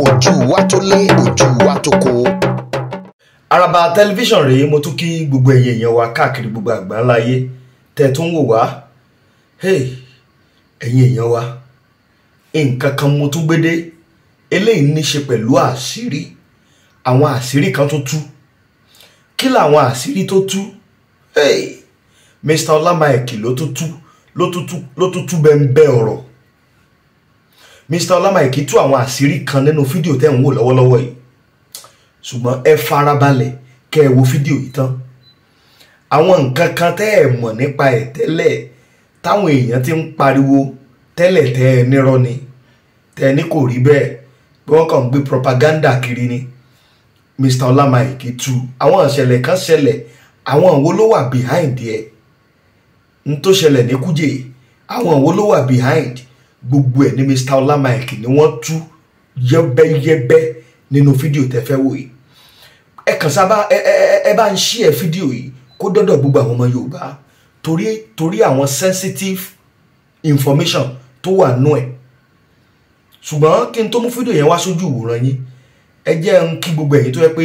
ojú wa tó lé ojú wa tó kó. Àràbà tẹlifíṣàn rèé mo tún kí gbogbo ẹ̀yẹ èèyàn wa káàkiri gbogbo àgbáńlá ayé tẹ̀ tó ń wò wá ẹ̀yin èèyàn wa nǹkan kan mo tún gbédé eléyìí ní í ṣe pẹ̀lú àṣírí àwọn àṣírí kan tó tú kí làwọn àṣírí tó tú Mr. Ọlámáìkì ló tó tú ló tó tú bẹ́ẹ̀ ń ọ̀rọ̀ Mr Ọlámàìkì tú àwọn àṣírí kan nínú fídíò tẹ́ ń wò lọ́wọ́lọ́wọ́ yìí ṣùgbọ́n ẹ farabalẹ̀ kẹ́ ẹ wo fídíò yìí tán àwọn nǹkan kan tẹ́ ẹ mọ̀ nípa ẹ̀ tẹ́lẹ̀ táwọn èèyàn ti ń pariwo tẹ́lẹ̀ tẹ́ ẹ nírọ́ ni tẹ́ ẹ ní kò rí bẹ́ẹ̀ pé wọ́n kàn ń gbé propaganda kiri ni Mr Ọlámàìkì tú àwọn ìṣẹ̀lẹ̀ kan ṣẹlẹ̀ àwọn wo ló wà behind ẹ̀ n tó ṣẹlẹ̀ ní Kújè àwọn wo ló wà behind ẹ̀ gbogbo ẹ̀ ní Mr Ọlá Mike ni wọ́n tú yẹ́bẹ́yẹ́bẹ́ nínú fídíò tẹ́ fẹ́ wò yìí ẹ kàn sábà ẹ ẹ ẹ bá ń ṣí ẹ fídíò yìí kó dọ́dọ̀ gbogbo àwọn ọmọ Yorùbá torí torí àwọn sensitive information tó wà nú ẹ̀ ṣùgbọ́n kí n tó mú fídíò yẹn wá sójú ìwòran yín ẹ jẹ́ ń kí gbogbo ẹ̀yin tó yẹ pé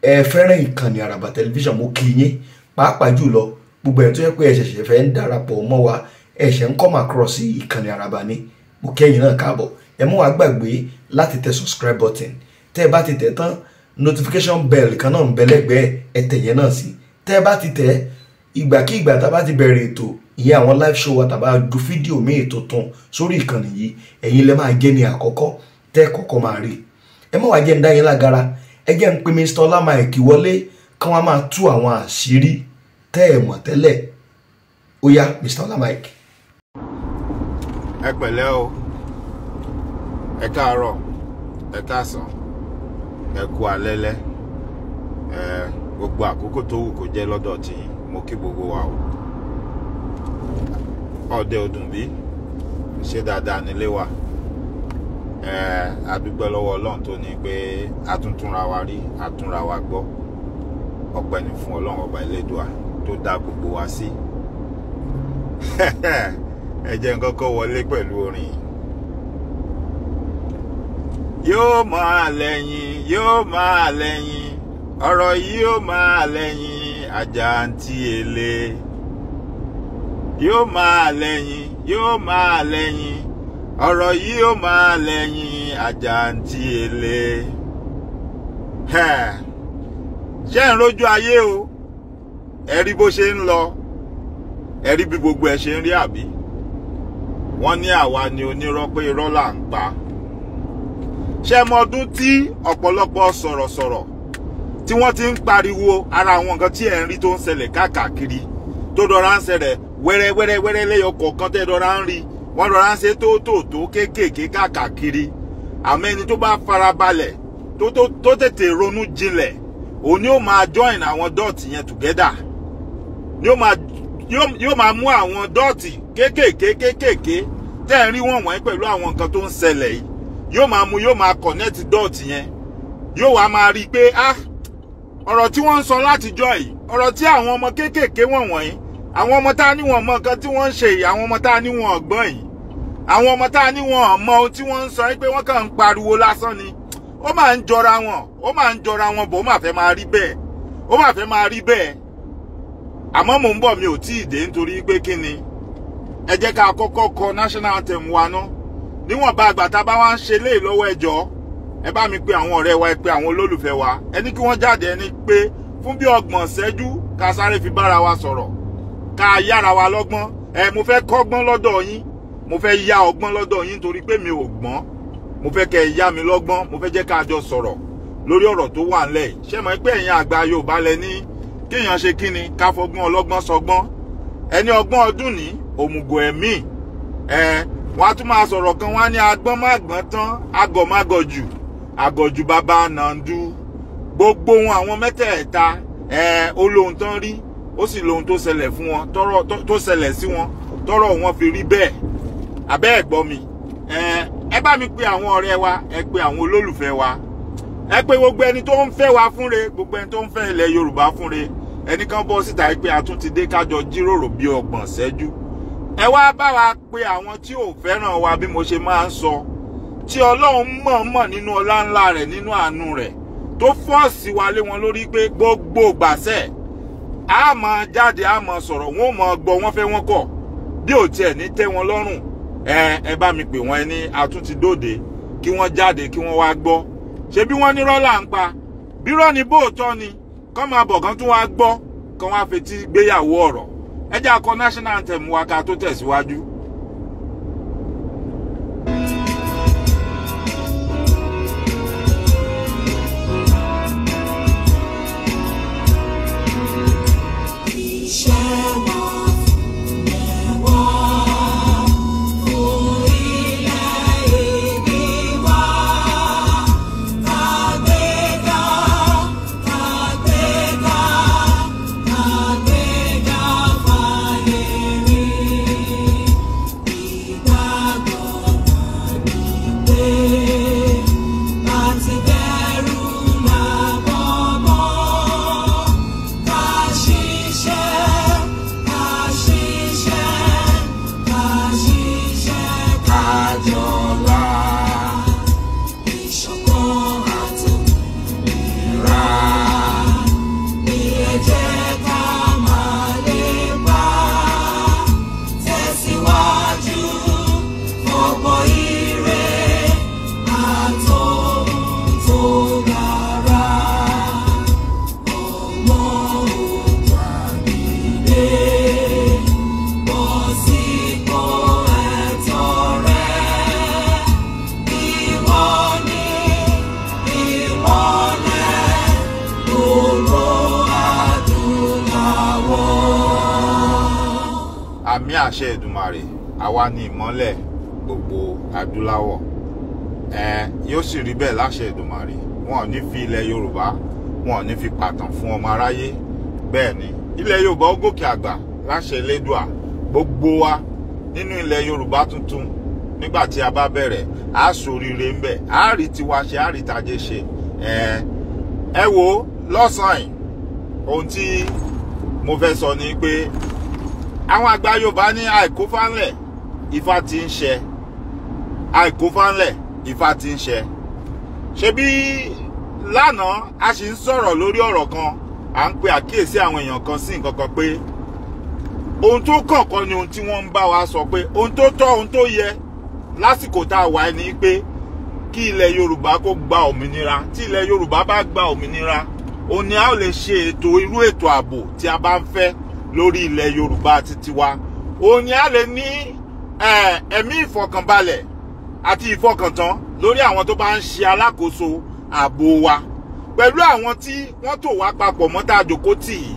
ẹ fẹ́ràn ìkànnì Àràbà tẹlifíṣàn mo kí yín pàápàá jùlọ gbogbo ẹ̀yin tó yẹ pé ẹ ṣẹ̀ṣẹ̀ fẹ́ ń darapọ̀ mọ́ wa ẹ̀ṣẹ̀ ń come across ìkànnì àràbà ni mo kẹ́yìn náà káàbọ̀ ẹ mú wàá gbàgbé láti tẹ subscribe button tẹ́ ẹ bá ti tẹ̀ tán notification bell kan náà ń bẹ lẹ́gbẹ̀ẹ́ ẹ tẹ̀ yẹn náà sí tẹ́ ẹ bá ti tẹ̀ ìgbàkigbà tá a bá ti bẹ̀rẹ̀ ètò ìyẹn àwọn live show wa tàbá ju fídíò míì tuntun sórí ìkànnì yìí ẹ̀yin lẹ́ máa jẹ́ ní àkọ́kọ́ tẹ́ kọ́kọ́ máa rí ẹ mọ̀ wá jẹ́ ń dá yín lágara ẹ jẹ́ ń pe Mr. Ọlá Mike wọlé kán wá máa tú àwọn àṣírí tẹ́ ẹ̀ mọ̀ tẹ́lẹ̀ ó yá Mr. Ọlá ẹ pẹ̀lẹ́ o ẹ káàárọ̀ ẹ káàsán ẹ kú alẹ́lẹ́ ẹ gbogbo àkókò tó wù kó jẹ́ lọ́dọ̀ tí mo kí gbogbo wa o ọdẹ ọdún bí ṣe dáadáa nílé wa ẹ a dúpẹ́ lọ́wọ́ ọlọ́run tó ní pé atúntúnra wa rí atúnra wa gbọ́ ọpẹ́ ni fún ọlọ́run ọba elédùà tó dá gbogbo wa sí. ẹ jẹ́ n kọ́kọ́ wọlé pẹ̀lú orin yóò máa lẹ́yìn yóò máa lẹ́yìn ọ̀rọ̀ yìí yóò máa lẹ́yìn àjàǹtí èlé yóò máa lẹ́yìn yóò máa lẹ́yìn ọ̀rọ̀ yìí yóò máa lẹ́yìn àjàǹtí èlé ṣé ń rójú ayé o ẹ rí bó ṣe ń lọ ẹ rí bí gbogbo ẹ ṣe ń rí àbí. wọ́n ní àwa ni onírọ́ pé irọ́ là ń pa ṣe mọ ọdún tí ọ̀pọ̀lọpọ̀ sọ̀rọ̀sọ̀rọ̀ tí wọ́n ti ń pariwo ara àwọn nǹkan tí ẹ̀ ń rí tó ń ṣẹlẹ̀ káàkiri tó dọ̀ra ń ṣẹlẹ̀ wẹ́rẹ́wẹ́rẹ́wẹ́rẹ́ lẹ́yọ kọ̀ọ̀kan tẹ́ dọ̀ra ń rí wọ́n dọ̀ra ń ṣe tóótòótó kéékèèké káàkiri àmọ́ ẹni tó bá farabalẹ̀ tó tètè ronú jinlẹ̀ òun yóò máa join àwọn dọ́ọ̀tì yẹn together yóò máa mú àwọn dọ́ọ̀tì kéékèèké kéékèèké tẹ́ ń rí wọ̀n wọ̀nyí pẹ̀lú àwọn nǹkan tó ń ṣẹlẹ̀ yìí yóò máa mu yóò máa connect dot yẹn yóò wá máa rí i pé ah ọ̀rọ̀ tí wọ́n ń sọ látijọ́ yìí ọ̀rọ̀ tí àwọn ọmọ kéékèèké wọ̀n wọ̀nyí àwọn ọmọ tá a ní wọn mọ nǹkan tí wọ́n ń ṣe yìí àwọn ọmọ tá a ní wọn ọ̀gbọ́n yìí àwọn ọmọ tá a ní wọn mọ ohun tí wọ́n ń sọ pé wọ́n kàn ń pariwo lásán ni ó máa ń jọra wọn ó máa ń jọra wọn bò ó máa fẹ́ máa rí bẹ́ẹ̀ ó máa fẹ́ máa rí bẹ́ẹ̀ àmọ́ mò ń bọ̀ mi ò tíì dé nítorí pé kí ni ẹ jẹ́ ká kọ́kọ́ kọ national anthem wa ná níwọ̀nba àgbà tá a bá wá ń ṣe léè lọ́wọ́ ẹjọ́ ẹ bá mi pe àwọn ọ̀rẹ́ wa ẹ pe àwọn olólùfẹ́ wa ẹ ní kí wọ́n jáde ẹni pé fún bí ọgbọ̀n ṣẹ́jú ká sáré fi bára wa sọ̀rọ̀ ká yára wa lọ́gbọ́n ẹ mo fẹ́ kọ́gbọ́n lọ́dọ̀ yín mo fẹ́ yá ọgbọ́n lọ́dọ̀ yín torí pé mi ò gbọ́n mo fẹ́ kẹ́ ẹ yá mi lọ́gbọ́n mo fẹ́ jẹ́ ká jọ sọ̀rọ̀ lórí ọ̀rọ̀ tó wà ńlẹ̀ ṣé mọ̀ pé ẹ̀yin àgbà Yorùbá lẹ ní kéèyàn ṣe kíni ká fọgbọ́n ọlọ́gbọ́n sọgbọ́n ẹni ọgbọ́n ọdún ní òmùgọ̀ ẹ̀mí ẹ wọ́n á tún máa sọ̀rọ̀ kan wọ́n á ní agbọ́n má gbọ́n tán agọ̀ má gọ̀ jù àgọ̀jù bàbá nàndú gbogbo wọn àwọn mẹ́tẹ̀ẹ̀ta ẹ ó lóhun tán rí ó sì lóhun tó ṣẹlẹ̀ fún wọn tọ́rọ̀ tó ṣẹlẹ̀ sí wọn tọ́rọ̀ wọn fi rí bẹ́ẹ̀ abẹ́ ẹ̀ gbọ́ mi ẹ bá mi pe àwọn ọ̀rẹ́ wa ẹ pe àwọn olólùfẹ́ wa ẹ pé gbogbo ẹni tó ń fẹ́ wa fúnre gbogbo ẹni tó ń fẹ́ ilẹ̀ yorùbá fúnre ẹnìkan bọ́ síta ẹ pé a tún ti dé kájọ jíròrò bíi ọgbọ̀n ṣẹ́jú ẹ wá bá wa pé àwọn tí ò fẹ́ràn wa bí mo ṣe máa ń sọ tí ọlọ́run mọ̀ọ́mọ̀ nínú ọlá ńlá rẹ̀ nínú àánú rẹ̀ tó fọ́ọ̀sì wa lé wọn lórí pé gbogbo gbàṣẹ́ a máa jáde a máa sọ̀rọ̀ wọn ò máa gbọ́ wọn fẹ́ wọn kọ̀ bí ò tiẹ̀ ní tẹ́ wọn lọ́rùn ẹ ẹ bá mi pè wọ́n ẹni àtúntì dòde kí wọ́n jáde kí wọ́n wá gbọ́ ṣé bí wọ́n ní rọ́là ń pa bírọ́ ni bóòtọ́ ni kọ́ máa bọ̀ kán tún wá gbọ́ kán wá fetí gbéyàwó ọ̀rọ̀ ẹ jẹ́ àkọ national anthem wa ká tó tẹ̀síwájú. àṣẹ Èdùmàrè àwa ni ìmọ́lẹ̀ gbogbo adúláwọ̀ ẹ yóò sì rí bẹ́ẹ̀ láṣẹ Èdùmàrè wọn ò ní fi ilẹ̀ Yorùbá wọn ò ní fi pàtàn fún ọmọ aráyé bẹ́ẹ̀ ni ilẹ̀ Yorùbá ó gòkè àgbà láṣẹ Elédùà gbogbo wa nínú ilẹ̀ Yorùbá tuntun nígbà tí a bá bẹ̀rẹ̀ a ṣoríire ń bẹ̀ a rí tiwa ṣe a rí tajé ṣe ẹ ẹ wo lọ́sàn-án ohun tí mo fẹ́ sọ ni pé àwọn àgbà Yorùbá ní àìkú fánlẹ̀ Ifá ti ń ṣe àìkú fánlẹ̀ Ifá ti ń ṣe ṣebí lánàá a sì ń sọ̀rọ̀ lórí ọ̀rọ̀ kan à ń pe àkíyèsí àwọn èèyàn kan sí nǹkan kan pé ohun tó kọ̀ọ̀kan ni ohun tí wọ́n ń bá wa sọ pé ohun tó tọ́ ohun tó yẹ lásìkò tá a wà ní pé kí ilẹ̀ Yorùbá kó gba òmìnira tí ilẹ̀ Yorùbá bá gba òmìnira òun a ó lè ṣe ètò irú ètò ààbò tí a bá ń fẹ́ lórí ilẹ̀ yorùbá títí wa òun ni a lè ní ẹ̀mí ìfọkànbalẹ̀ àti ìfọkàntán lórí àwọn tó bá ń ṣe alákòóso ààbò wa pẹ̀lú àwọn tí wọ́n tò wá papọ̀ mọ́ tá a jòkó tì í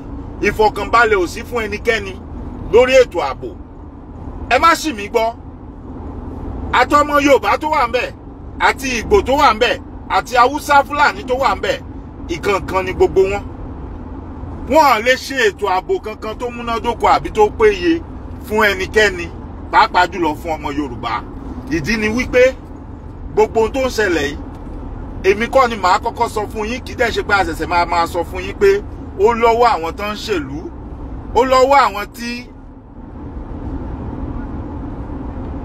ìfọkànbalẹ̀ ò sí fún ẹnikẹ́ni lórí ètò ààbò ẹ má ṣì mí gbọ́ àtọmọ yorùbá tó wà ń bẹ̀ àti ìgbò tó wà ń bẹ̀ àti haúsá fúlàní tó wà ń bẹ̀ ìkankan ni gbogbo wọn wọn lè ṣe ètò ààbò kankan tó múnádóko àbí tó péye fún ẹnikẹ́ni pàápàá jùlọ fún ọmọ Yorùbá ìdí ni wípé gbogbo ohun tó ń ṣẹlẹ̀ yìí èmi kọ́ ni màá kọ́kọ́ sọ fún yín kì í dẹ̀ ṣe pé àṣẹ̀ṣẹ̀ máa máa sọ fún yín pé ó lọ́wọ́ àwọn tó ń ṣèlú ó lọ́wọ́ àwọn tí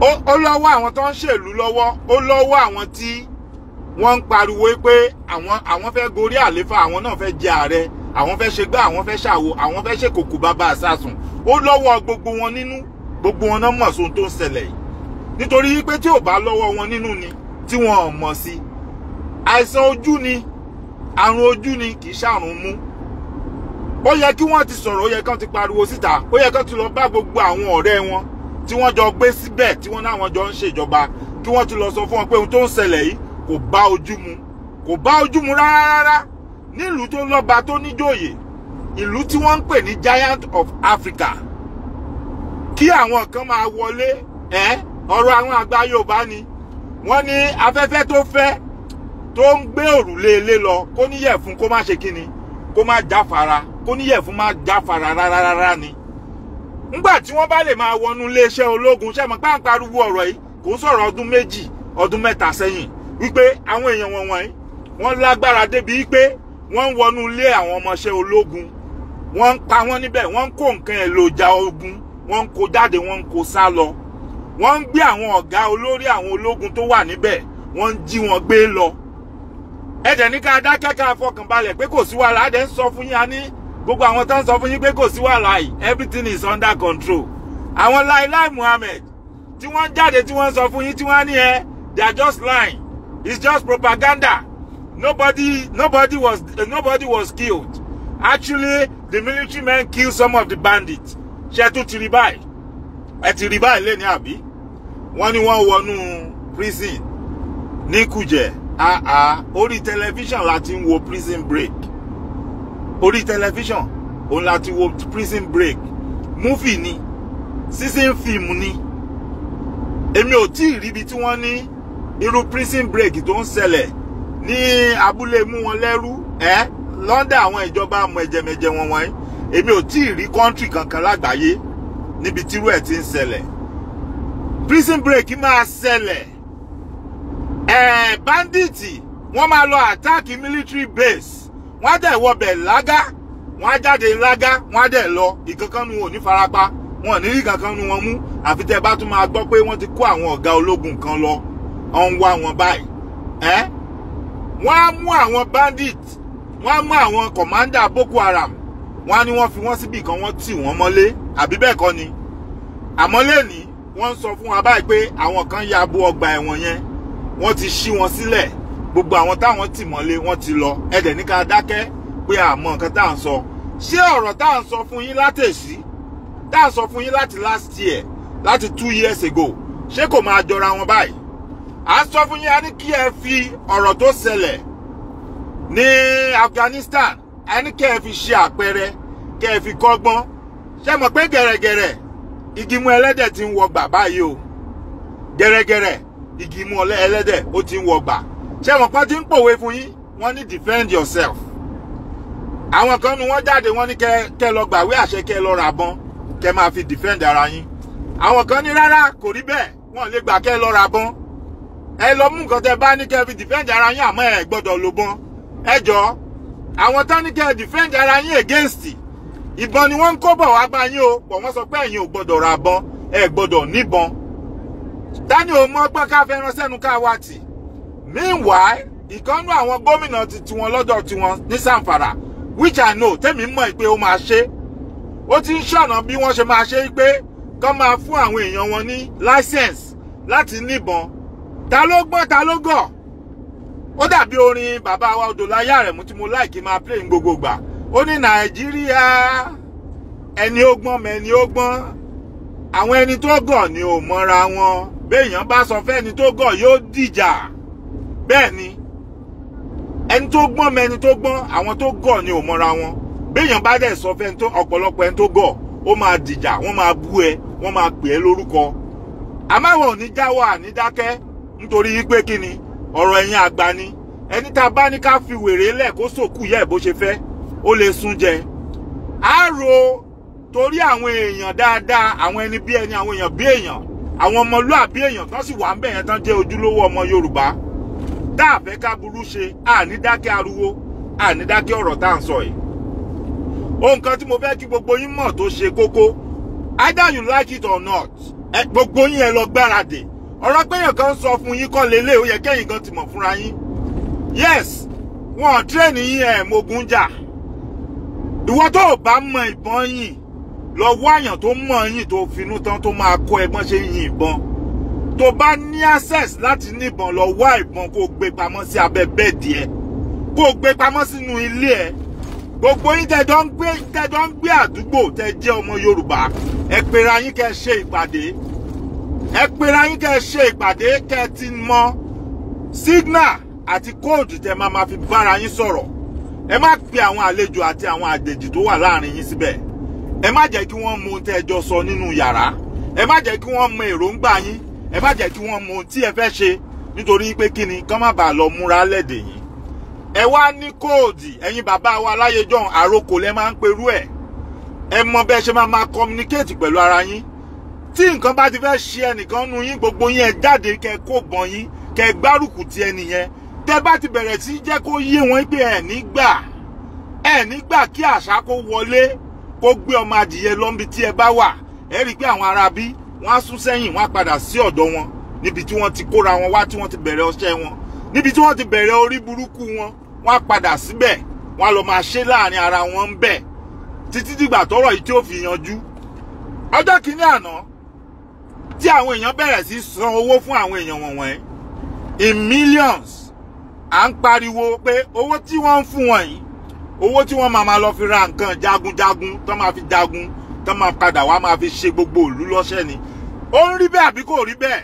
ó lọ́wọ́ àwọn tó ń ṣèlú lọ́wọ́ ó lọ́wọ́ àwọn tí wọ́n ń pariwo pé àwọn fẹ́ gorí àléfà àwọn náà fẹ́ jẹ ààrẹ àwọn fẹ́ ṣe gbá àwọn fẹ́ ṣàwo àwọn fẹ́ ṣe kòkò bàbá àsásùn ó lọ́wọ́ gbogbo wọn nínú gbogbo wọn náà mọ̀ sóhun tó ń ṣẹlẹ̀ yìí nítorí pé tí ò bá lọ́wọ́ wọn nínú ni tí wọn ò mọ̀ sí àìsàn ojú ni àrùn ojú ni kì í ṣàrùn mú ó yẹ kí wọ́n ti sọ̀rọ̀ ó yẹ kí wọ́n ti pariwo síta ó yẹ kí wọ́n ti lọ bá gbogbo àwọn ọ̀rẹ́ wọn tí wọ́n jọ gbé síbẹ̀ tí wọ́n náà wọ́n jọ ń ṣèjọba kí wọ́n ti lọ sọ fún wọn pé ohun tó ń ṣẹlẹ̀ yìí kò bá ojú mu kò bá ojú mu rárá nílùú tó lọ́ba tó níjòyè ìlú tí wọ́n ń pè ní giant of Africa kí àwọn kan máa wọlé ẹ ọ̀rọ̀ àwọn àgbà Yorùbá ni wọ́n ní afẹ́fẹ́ tó fẹ́ tó ń gbé òrùlé ilé lọ kó níyẹ̀fun kó má ṣe kíni kó má jáfara kó níyẹ̀fun má jáfara rárá ni ńgbà tí wọ́n bá lè máa wọnú iléeṣẹ́ ológun ṣe mọ̀ páńpá arúgbó ọ̀rọ̀ yìí kò ń sọ̀rọ̀ ọdún méjì ọdún mẹ́ta sẹ́yìn wípé àwọn èèyàn wọ̀nyí wọ́n lágbára débi wípé wọ́n ń wọnú ilé àwọn ọmọọṣẹ́ ológun wọ́n ń pa wọ́n níbẹ̀ wọ́n ń kó nǹkan èlò ìjà ogun wọ́n ń kó jáde wọ́n ń kó sá lọ wọ́n ń gbé àwọn ọ̀gá olórí àwọn ológun tó wà níbẹ̀ wọ́n ń jí wọn gbé lọ ẹ̀jẹ̀ ní ká dákẹ́ ká fọkànbalẹ̀ pé kò sí wàhálà á ń sọ fún yín ní gbogbo àwọn tó ń sọ fún yín pé kò sí wàhálà yìí everything is under control àwọn láìláì Muhammed tí wọ́n jáde tí wọ́n sọ fún yín tí wọ́n ní ẹ they are just lying it's just propaganda Nobody, nobody was, uh, nobody was killed. Actually, the military men killed some of the bandits. Ṣé tún at rí báyìí? Ẹ ti rí báyìí lẹ́ni àbí? Wọ́n ní wọ́n wọnú prison ní Kùjẹ́. Àà orí tẹlifíṣàn láti wo prison break. Orí television, òun láti wo prison break. Movie ni, season film ni. Èmi ò tí ì ríbi tí wọ́n ní irú prison break tó sell it ní abúlé mú wọn lẹ́rú ẹ́ lọ́ndà àwọn ìjọba àmọ́ ẹ̀jẹ̀mẹ̀jẹ̀ wọn wọ̀nyí èmi ò tí ì rí kọ́ńtì kankan lágbàáyé níbi tírú ẹ̀ ti ń ṣẹlẹ̀ prison break máa ṣẹlẹ̀ ẹ̀ẹ́ bandits wọ́n máa lọ attack military base wọ́n á dẹ̀ wọbẹ̀ lágá wọ́n á jáde lágá wọ́n á dẹ̀ lọ ìkankan nu wọn ò ní farapa wọn ò ní rí kankan nu wọn mú àfi tẹ́ bá tún máa gbọ́ pé wọ́n ti kó àwọn ọ̀gá ológun kan lọ ọ̀hún wá wọn báyìí ẹ́ wọ́n á mú àwọn bandit wọ́n á mú àwọn commander Boko Haram wọ́n á ní wọ́n fi wọ́n síbì kan wọ́n tì wọ́n mọ́lé àbí bẹ́ẹ̀ kọ́ ni àmọ́ lẹ́ni wọ́n ń sọ fún wa báyìí pé àwọn kan ya bo ọgbà ẹ̀wọ̀n yẹn wọ́n ti ṣí wọn sílẹ̀ gbogbo àwọn táwọn tì mọ́lé wọ́n ti lọ ẹ̀dẹ̀ ní ká dákẹ́ pé àmọ́ nǹkan tá à ń sọ ṣé ọ̀rọ̀ tá à ń sọ fún yín látèsí tá à ń sọ fún yín láti last year láti two years ago ṣé kò máa jọra wọn báyìí a sọ ni yín a ní kí ẹ fi ọ̀rọ̀ tó ṣẹlẹ̀ ní Afghanistan a ní kí ẹ fi ṣe àpẹẹrẹ kí ẹ fi kọ́gbọ́n ṣe mọ̀ pé gẹ̀rẹ́gẹ̀rẹ́ igimu ẹlẹ́dẹ̀ ti ń wọgbà báyìí o gẹ̀rẹ́gẹ̀rẹ́ igimu ẹlẹ́dẹ̀ ó ti ń wọgbà ṣe mọ̀ pé ti ń pòwe fún yín wọ́n ní defend yourself àwọn kan nu wọ́n jáde wọ́n ní kẹ́ lọ gbàwé àṣẹ kẹ́ lọ ra bọ́n kẹ́ máa fi defend ara yín àwọn kan ní rárá kò rí bẹ́ẹ̀ wọ́n lè gbà kẹ́ lọ ra bọ́n ẹ lọ mú nǹkan tẹ bá ní kẹ́ fi defend ara yín àmọ́ ẹ gbọ́dọ̀ lo bọn ẹ jọ àwọn tán ní kẹ́ defend ara yín against ìbọn ni wọ́n ń kó bọ̀ wá bá yín o pọ̀ wọ́n sọ pé ẹ̀yin ò gbọ́dọ̀ ra bọn ẹ gbọ́dọ̀ níbọn tani ò mọ ọgbọ́n ká fẹ́ ránṣẹ́ nu ká wá tì meanwhile ìkànnú àwọn gómìnà ti tiwọn lọ́dọ̀ tiwọn ní Zamfara which I know tẹ́mi mọ̀ pé ó máa ṣe ó ti ń ṣọ̀nà bí wọ́n ṣe máa ṣe pé kán máa fún àwọn èèyàn wọn ní license láti níbọn ta ló gbọ́n ta ló gọ̀ ó dàbí orin bàbá wa Odòláyé Àrẹ̀mú tí mo láìkí máa play ní gbogbo ìgbà ó ní Nàìjíríà ẹni ó gbọ́n mẹ́ni àwọn ẹni tó gọ̀ ni ò mọ́ra wọn béèyàn bá sọ fẹ́ni tó gọ̀ yóò dìjà bẹ́ẹ̀ ni ẹni tó gbọ́n mẹ́ni tó gbọ́n àwọn tó gọ̀ ni ò mọ́ra wọn béèyàn bá dẹ̀ sọ fẹ́ni tó ọ̀pọ̀lọpọ̀ ẹni tó gọ̀ ó máa dìjà wọ́n máa bú ẹ wọ́n máa pè é lórúkọ àmọ́ àwọn ò ní jáwọ́ àní nítorí pé kí ni ọ̀rọ̀ ẹ̀yin àgbà ni ẹni tá a bá ní ká fi wèrè lẹ̀ kó sòkù yẹ bó ṣe fẹ́ ó lè sun jẹ á ro torí àwọn èèyàn dáadáa àwọn ẹni bí ẹni àwọn èèyàn bí èèyàn àwọn ọmọlúàbí èèyàn tán sì wà ń bẹ̀ tán jẹ́ ojúlówó ọmọ Yorùbá tá a fẹ́ ká burú ṣe àní ariwo àní ọ̀rọ̀ tá à ń sọ yìí ohun kan tí mo fẹ́ kí gbogbo yín mọ̀ tó ṣe kókó either you like it or not gbogbo yín ẹ lọ gbáradì ọ̀rọ̀ péyàn kan sọ fún yín kọ́ lélẹ̀ ó yẹ kẹ́yìn gan ti mọ̀ fúnra yín yes wọn ò tírẹ̀nì yín ẹ̀ mogun jà ìwọ tó o bá mọ ìbọn yìn lọ wá àyàn tó mọ yìn tó finú tán tó máa kọ́ ẹgbọ́n ṣe yìn ìbọn tó bá ní access láti níbọn lọ wá ìbọn kó o gbé pamọ́ sí abẹ́ bẹ́ẹ̀dì ẹ kó o gbé pamọ́ sínú ilé ẹ gbogbo yín tẹ́ jọ ń gbé àdúgbò tẹ́ jẹ́ ọmọ Yorùbá ẹ pera yín kẹ́ ṣe ìpàdé ẹ pera yín kẹ́ ṣe ìpàdé kẹ́ ti mọ signal àti kóòdù tẹ́ máa ma fi bára yín sọ̀rọ̀ ẹ má pe àwọn àlejò àti àwọn àjèjì tó wà láàrin yín síbẹ̀ ẹ má jẹ́ kí wọ́n mọ ohun tẹ́ ẹ jọ sọ nínú yàrá ẹ má jẹ́ kí wọ́n mọ èròǹgbà yín ẹ má jẹ́ kí wọ́n mọ ohun tí ẹ fẹ́ ṣe nítorí pé kí ni kán má bàa lọ múra lẹ́dẹ̀ yín ẹ wá ní kóòdì ẹ̀yin bàbá wa láyé jọ̀hún àròkò lẹ máa ń perú ẹ̀ ẹ mọ bẹ́ẹ̀ ṣe máa máa communicate pẹ̀lú ara yín tí nǹkan bá ti fẹ́ ṣe ẹnìkan nu yín gbogbo yín ẹ jáde kẹ́ kó bọ̀ yín kẹ́ gbárùkù ti ẹni yẹn tẹ́ bá ti bẹ̀rẹ̀ sí jẹ́ kó yé wọn pé ẹ̀ nígbà ẹ̀ nígbà kí àṣà kó wọlé kó gbé ọmọ adìyẹ lọ́nbi tí ẹ bá wà ẹ rí i pé àwọn ará bí wọ́n á sún sẹ́yìn wọ́n á padà sí ọ̀dọ̀ wọn níbi tí wọ́n ti kóra wọn wá tí wọ́n ti bẹ̀rẹ̀ ọṣẹ́ wọn níbi tí wọ́n ti bẹ̀rẹ̀ orí burúkú wọn wọ́n á padà síbẹ̀ wọ́n á lọ máa ṣe láàrin ara wọn ń bẹ̀ títí dìgbà tọ́rọ̀ yìí tí ó fi yanjú ọjọ́ kìíní àná tí àwọn èèyàn bẹ̀rẹ̀ sí san owó fún àwọn èèyàn wọ̀nyí in millions à ń pariwo pé owó tí wọ́n ń fún wọn yìí owó tí wọ́n máa máa lọ fi ra nǹkan jagunjagun tó máa fi jagun tó máa padà wá máa fi ṣe gbogbo ìlú lọ́ṣẹ́ ni ó ń rí bẹ́ẹ̀ àbí kò rí bẹ́ẹ̀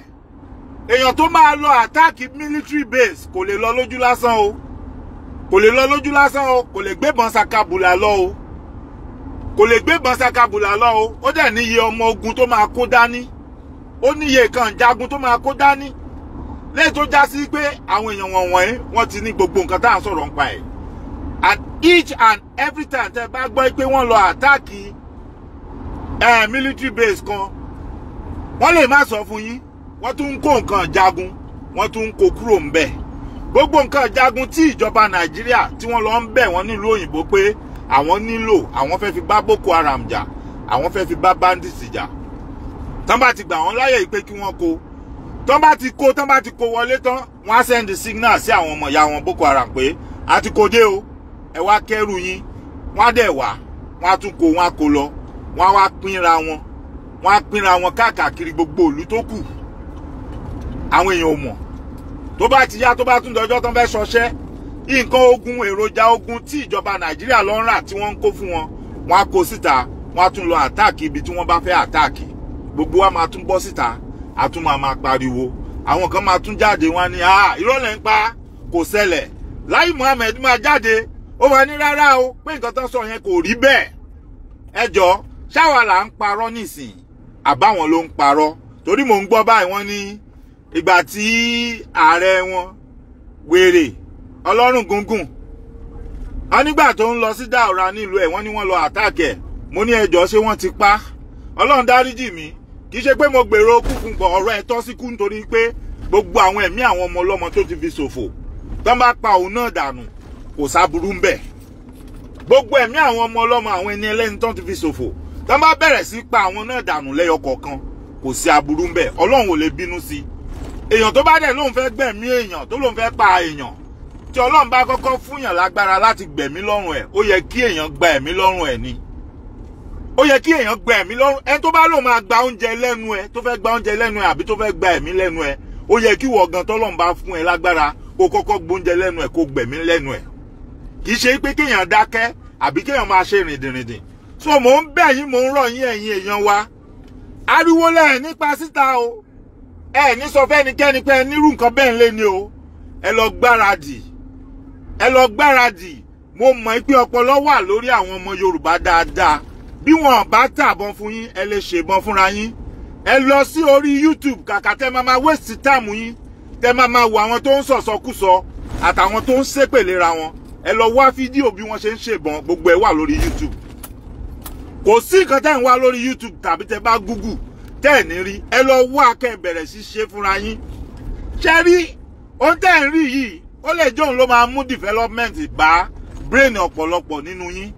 èèyàn tó máa lọ àtáàkì military base kò lè lọ lójú lásán o kò lè lọ lójú lásán o kò lè gbébọn sakabula lọ o kò lè gbébọn sakabula lọ o ó dẹ̀ níye ọmọ ogun tó máa kó dání ó ní iye kan jagun tó máa kó dání lẹ́yìn tó já sí pé àwọn èèyàn wọ̀nyí wọ́n ti ní gbogbo nǹkan tá à ń sọ̀rọ̀ nípa ẹ̀ at each and every time tẹ́ bá gbọ́ pé wọ́n lọ àtáàkì military base kan wọ́n lè má sọ fún yín wọ́n tún ń kó nǹkan jagun wọ́n tún ń kó kúrò ń bẹ̀ gbogbo nǹkan jagun tí ìjọba nàìjíríà tí wọ́n lọ ń bẹ̀ wọ́n nílùú òyìnbó pé àwọn nílò àwọn fẹ́ fi bá boko haram jà àwọn fẹ́ fi bá bandits jà tán bá ti gbà wọ́n láyè pé kí wọ́n kó tán bá ti kó tán bá ti kó wọlé tán wọ́n á send signal sí àwọn ọmọ ìyá wọn Boko Haram pé a ti kó dé o ẹ wá kẹ́rù yín wọ́n á dẹ̀ wá wọ́n á tún kó wọ́n á kó lọ wọ́n á wá pínra wọn wọ́n á pínra wọn káàkiri gbogbo ìlú tó kù àwọn èèyàn ò mọ̀ tó bá ti yá tó bá tún dọjọ́ tán fẹ́ ṣọṣẹ́ nǹkan ogun èròjà ogun tí ìjọba Nàìjíríà lọ ń rà tí wọ́n ń kó fún wọn wọ́n á kó síta wọ́n á tún lọ àtáàkì ibi tí wọ́n bá fẹ́ àtáàkì gbogbo wa máa tún bọ́ síta a tún máa máa pariwo àwọn kan máa tún jáde wọn ni ah, irọ́ lẹ̀ ń pa kò ṣẹlẹ̀ Lai Muhammed máa jáde ó máa ní rárá o pé nǹkan tán sọ yẹn kò rí bẹ́ẹ̀ ẹ jọ ṣáwa là ń parọ́ nísìnyí àbáwọn ló ń parọ́ torí mò ń gbọ́ báyìí wọ́n ní ìgbà tí ààrẹ wọn wèrè ọlọ́run gúngùn a nígbà tó ń lọ sí dáòra nílùú ẹ̀ wọ́n ní wọ́n lọ àtàkẹ́ mo ní ẹjọ́ ṣé wọ́n ti pa ọlọ́run dáríjì mi kì í ṣe pé mo gbèrò kú fún gbọ ọ̀rọ̀ ẹ̀ tọ́ sí kú nítorí pé gbogbo àwọn ẹ̀mí àwọn ọmọ ọlọ́mọ tó ti fi ṣòfò tán bá pa òun náà dànù kò sáburú ń bẹ̀ gbogbo ẹ̀mí àwọn ọmọ ọlọ́mọ àwọn ẹni ẹlẹ́ni tán ti fi ṣòfò tán bá bẹ̀rẹ̀ sí pa àwọn náà dànù lẹ́yọ kọ̀ọ̀kan kò sí aburú ń bẹ̀ ọlọ́run ò lè bínú sí i èèyàn tó bá dẹ̀ lóun fẹ́ gbẹ̀mí èèyàn tó lóun fẹ́ pa èèyàn tí ọlọ́run bá kọ́kọ́ fúnyàn lágbára láti gbẹ̀mí lọ́rùn ẹ̀ ó yẹ kí èèyàn gba ẹ̀mí lọ́rùn ẹ̀ ni ó yẹ kí èèyàn gba ẹ̀mí lọ́rùn ẹni tó bá lòun máa gba oúnjẹ lẹ́nu ẹ tó fẹ́ gba oúnjẹ lẹ́nu ẹ àbí tó fẹ́ gba ẹ̀mí lẹ́nu ẹ ó yẹ kí ìwọ gan tọ́lọ́run bá fún ẹ lágbára kó kọ́kọ́ gbóúnjẹ lẹ́nu ẹ kó gbẹ̀mí lẹ́nu ẹ kì í ṣe pé kéèyàn dákẹ́ àbí kéèyàn máa ṣe rìndìnrìndìn so mò ń bẹ̀ yín mò ń rọ̀ yín ẹ̀yin èèyàn wa ariwo lẹ̀ nípa síta o ẹ ní sọ fẹ́nikẹ́ni pé ẹ nírú ni o ẹ lọ gbáradì ẹ lọ gbáradì mo mọ̀ pé ọpọlọ wà lórí bí wọn bá tàbọn fún yín ẹ lè ṣèbọn fúnra yín ẹ lọ sí orí youtube kàkà tẹ máa máa waste time yín tẹ máa máa wo àwọn tó ń sọ̀sọkúsọ àtàwọn tó ń ṣépèlera wọn ẹ lọ wá fídíò bí wọ́n ṣe ń ṣèbọn gbogbo ẹ wà lórí youtube kò sí nǹkan tẹ́ ń wá lórí youtube tàbí tẹ bá google tẹ́ ẹ̀ ní rí ẹ lọ wá kẹ́ ẹ bẹ̀rẹ̀ sí ṣe fúnra yín ṣe rí ohun tẹ́ ń rí yìí ó lè jóun ló máa mú development bá brain ọ̀pọ̀lọpọ̀ nínú yín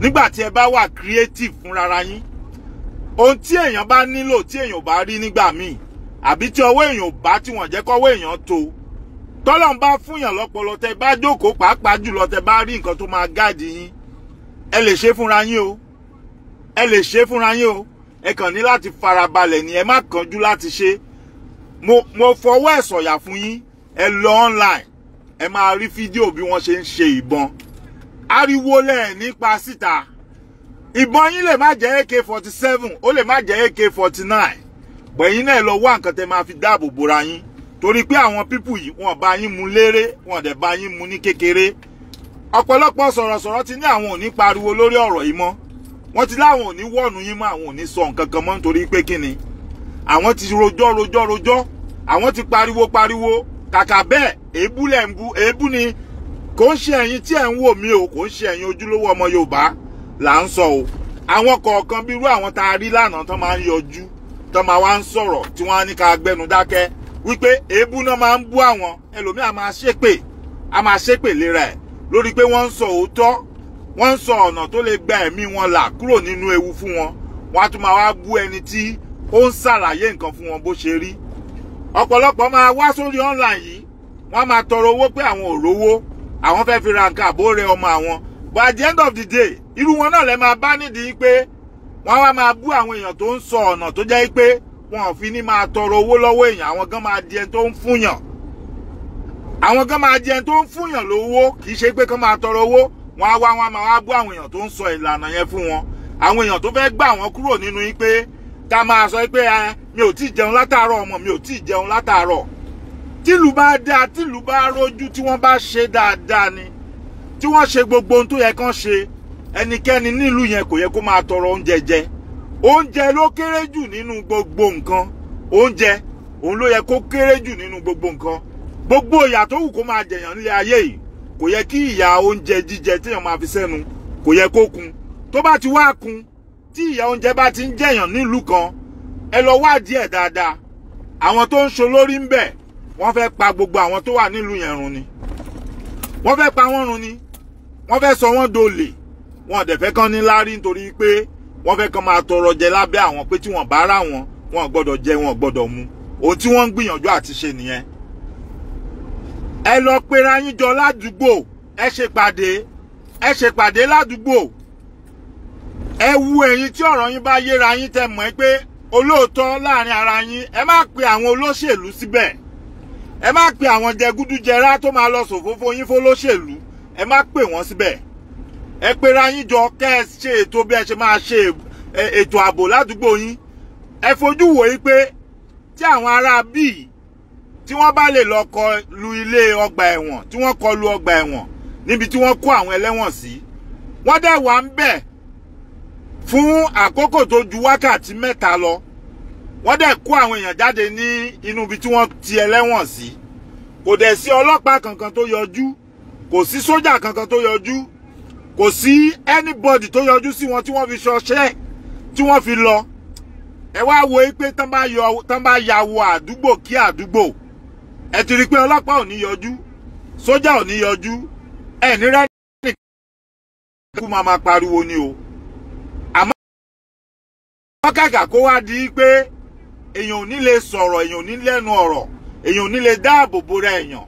nígbà tí ẹ bá wà creative fúnra yín ohun tí èèyàn bá nílò tí èèyàn bá rí nígbà míì àbí tí ọwọ́ èèyàn bá tí wọ́n jẹ́ kọ́wọ́ èèyàn tó tọ́lọ́n bá fúnyàn lọ́pọlọ tẹ bá jókòó pàápàá jùlọ tẹ bá rí nǹkan tó máa gáàdì yín ẹ lè ṣe fúnra yín o ẹ lè ṣe fúnra yín o ẹ kàn ní láti farabalẹ̀ ni ẹ má kánjú láti ṣe mo mo fọwọ́ ẹ̀ sọ̀yà fún yín ẹ lọ online ẹ máa rí fídíò bí wọ́n ṣe ń ṣe ìbọn ariwo lẹ̀ nípa síta ìbọn yín lè má jẹ́ AK47 ó lè má jẹ́ AK49 gbẹ̀yìn náà lọ wá nǹkan tẹ́ máa fi dáàbò bora yín torí pé àwọn pípù yìí wọ́n bá yín mu léré wọ́n dẹ̀ bá yín mu ní kékeré ọ̀pọ̀lọpọ̀ sọ̀rọ̀sọ̀rọ̀ ti ní àwọn ò ní pariwo lórí ọ̀rọ̀ yìí mọ́ wọ́n ti láwọn ò ní wọ́ọ̀nù yín mọ́ àwọn ò ní sọ nǹkan kan mọ́ nítorí pé kí ni àwọn ti rojọ́ rojọ́ rojọ́ àwọn ti pariwo pariwo kàkà bẹ́ẹ̀ èébú lẹ̀ èébú ni kò ń ṣe ẹ̀yin tí ẹ̀ ń wò mí o kò ń ṣe ẹ̀yin ojúlówó ọmọ Yorùbá là ń sọ o àwọn kọ̀ọ̀kan bíi irú àwọn tá a rí lánàá tán máa ń yọjú tán máa wá ń sọ̀rọ̀ tí wọ́n á ní ká gbẹnu dákẹ́ wípé èébú náà máa ń bú àwọn ẹlòmíà máa ṣépè a máa ṣépè lera ẹ̀ lórí pé wọ́n ń sọ òótọ́ wọ́n ń sọ ọ̀nà tó lè gba ẹ̀mí wọn là kúrò nínú ewu fún wọn wọ́n á tún máa wá bú ẹni tí ó ń ṣàlàyé nǹkan fún wọn bó ṣe rí ọ̀pọ̀lọpọ̀ máa wá sórí online yìí wọ́n máa tọrọ owó pé àwọn ò àwọn fẹ́ fi ra nǹkan àbóore ọmọ àwọn but at the end of the day irú wọn náà lẹ máa bá nídìí pé wọ́n wá máa bú àwọn èèyàn tó ń sọ ọ̀nà tó jẹ́ pé wọn ò fi ní máa tọrọ owó lọ́wọ́ èèyàn àwọn gan máa di ẹni tó ń fúnyàn àwọn gan máa di ẹni tó ń fúnyàn lówó kì í ṣe pé kán máa tọrọ owó wọn á wá wọn á máa wá bú àwọn èèyàn tó ń sọ ìlànà yẹn fún wọn àwọn èèyàn tó fẹ́ gbà wọ́n kúrò nínú yín pé ká máa sọ pé mi ò tí jẹun látàárọ̀ ọmọ mi ò tí jẹun látàárọ̀ tílù bá dáa tílù bá rójú tí wọ́n bá ṣe dáadáa ni tí wọ́n ṣe gbogbo ohun tó yẹ kán ṣe ẹnikẹ́ni nílùú yẹn kò yẹ kó máa tọrọ oúnjẹ jẹ oúnjẹ ló kéré jù nínú gbogbo nǹkan oúnjẹ òun ló yẹ kó kéré jù nínú gbogbo nǹkan gbogbo ìyà tó wù kó máa jẹyàn nílé ayé yìí kò yẹ kí ìyà oúnjẹ jíjẹ téèyàn máa fi sẹ́nu kò yẹ kó kun tó bá ti wá kun tí ìyà oúnjẹ bá ti ń jẹyàn nílùú kan ẹ lọ wádìí ẹ̀ dáadáa àwọn tó ń ṣolórí ń bẹ̀ wọ́n fẹ́ pa gbogbo àwọn tó wà nílùú yẹn run ni wọ́n fẹ́ pa wọ́n run ni wọ́n fẹ́ sọ wọ́n dolè wọ́n dẹ̀ fẹ́ kán ní láárí nítorí pé wọ́n fẹ́ kán máa tọrọ jẹ lábẹ́ àwọn pé tí wọ́n bá rà wọ́n wọ́n gbọ́dọ̀ jẹ wọ́n gbọ́dọ̀ mu ohun tí wọ́n ń gbìyànjú àti ṣe nìyẹn. ẹ lọ pera yín jọ ládùúgbò ẹ ṣe pàdé ẹ ṣe pàdé ládùúgbò ẹ wu ẹ̀yin tí ọ̀rọ̀ yín bá yéra yín tẹ́ mọ̀ pé olóòótọ́ láàrin ara yín ẹ má pe àwọn olóṣèlú síbẹ̀. Si ẹ má pe àwọn jẹgúdújẹrá tó máa lọ ṣòfófó yín fólóṣèlú ẹ má pè wọ́n síbẹ̀ ẹ pera yín jọ kẹ́ ẹ ṣe ètò bí ẹ ṣe máa ṣe ètò ààbò ládùúgbò yín ẹ fojú wò yí pé tí àwọn ará bíi tí wọ́n bá lè lọ kọ lu ilé ọgbà ẹ̀wọ̀n tí wọ́n kọ lu ọgbà ẹ̀wọ̀n níbi tí wọ́n kó àwọn ẹlẹ́wọ̀n sí wọ́n dẹ̀ wà ń bẹ̀ fún àkókò tó ju wákàtí mẹ́ta lọ wọ́n dẹ̀ kó àwọn èèyàn jáde ní inú ibi tí wọ́n ti ẹlẹ́wọ̀n sí kò dẹ̀ sí ọlọ́pàá kankan tó yọjú kò sí sójà kankan tó yọjú kò sí anybody tó yọjú sí wọn tí wọ́n fi ṣọṣẹ́ tí wọ́n fi lọ ẹ wá wo pé tán bá yọ tán bá ya wo àdúgbò kí àdúgbò ẹ ti rí i pé ọlọ́pàá ò ní yọjú sójà ò ní yọjú ẹ ní rẹ́ nìkan kú máa máa pariwo ni o àmọ́ kàkà kó wá di pé èèyàn ò ní lè sọ̀rọ̀ èèyàn ò ní lẹ́nu ọ̀rọ̀ èèyàn ò ní lè dáàbò bora èèyàn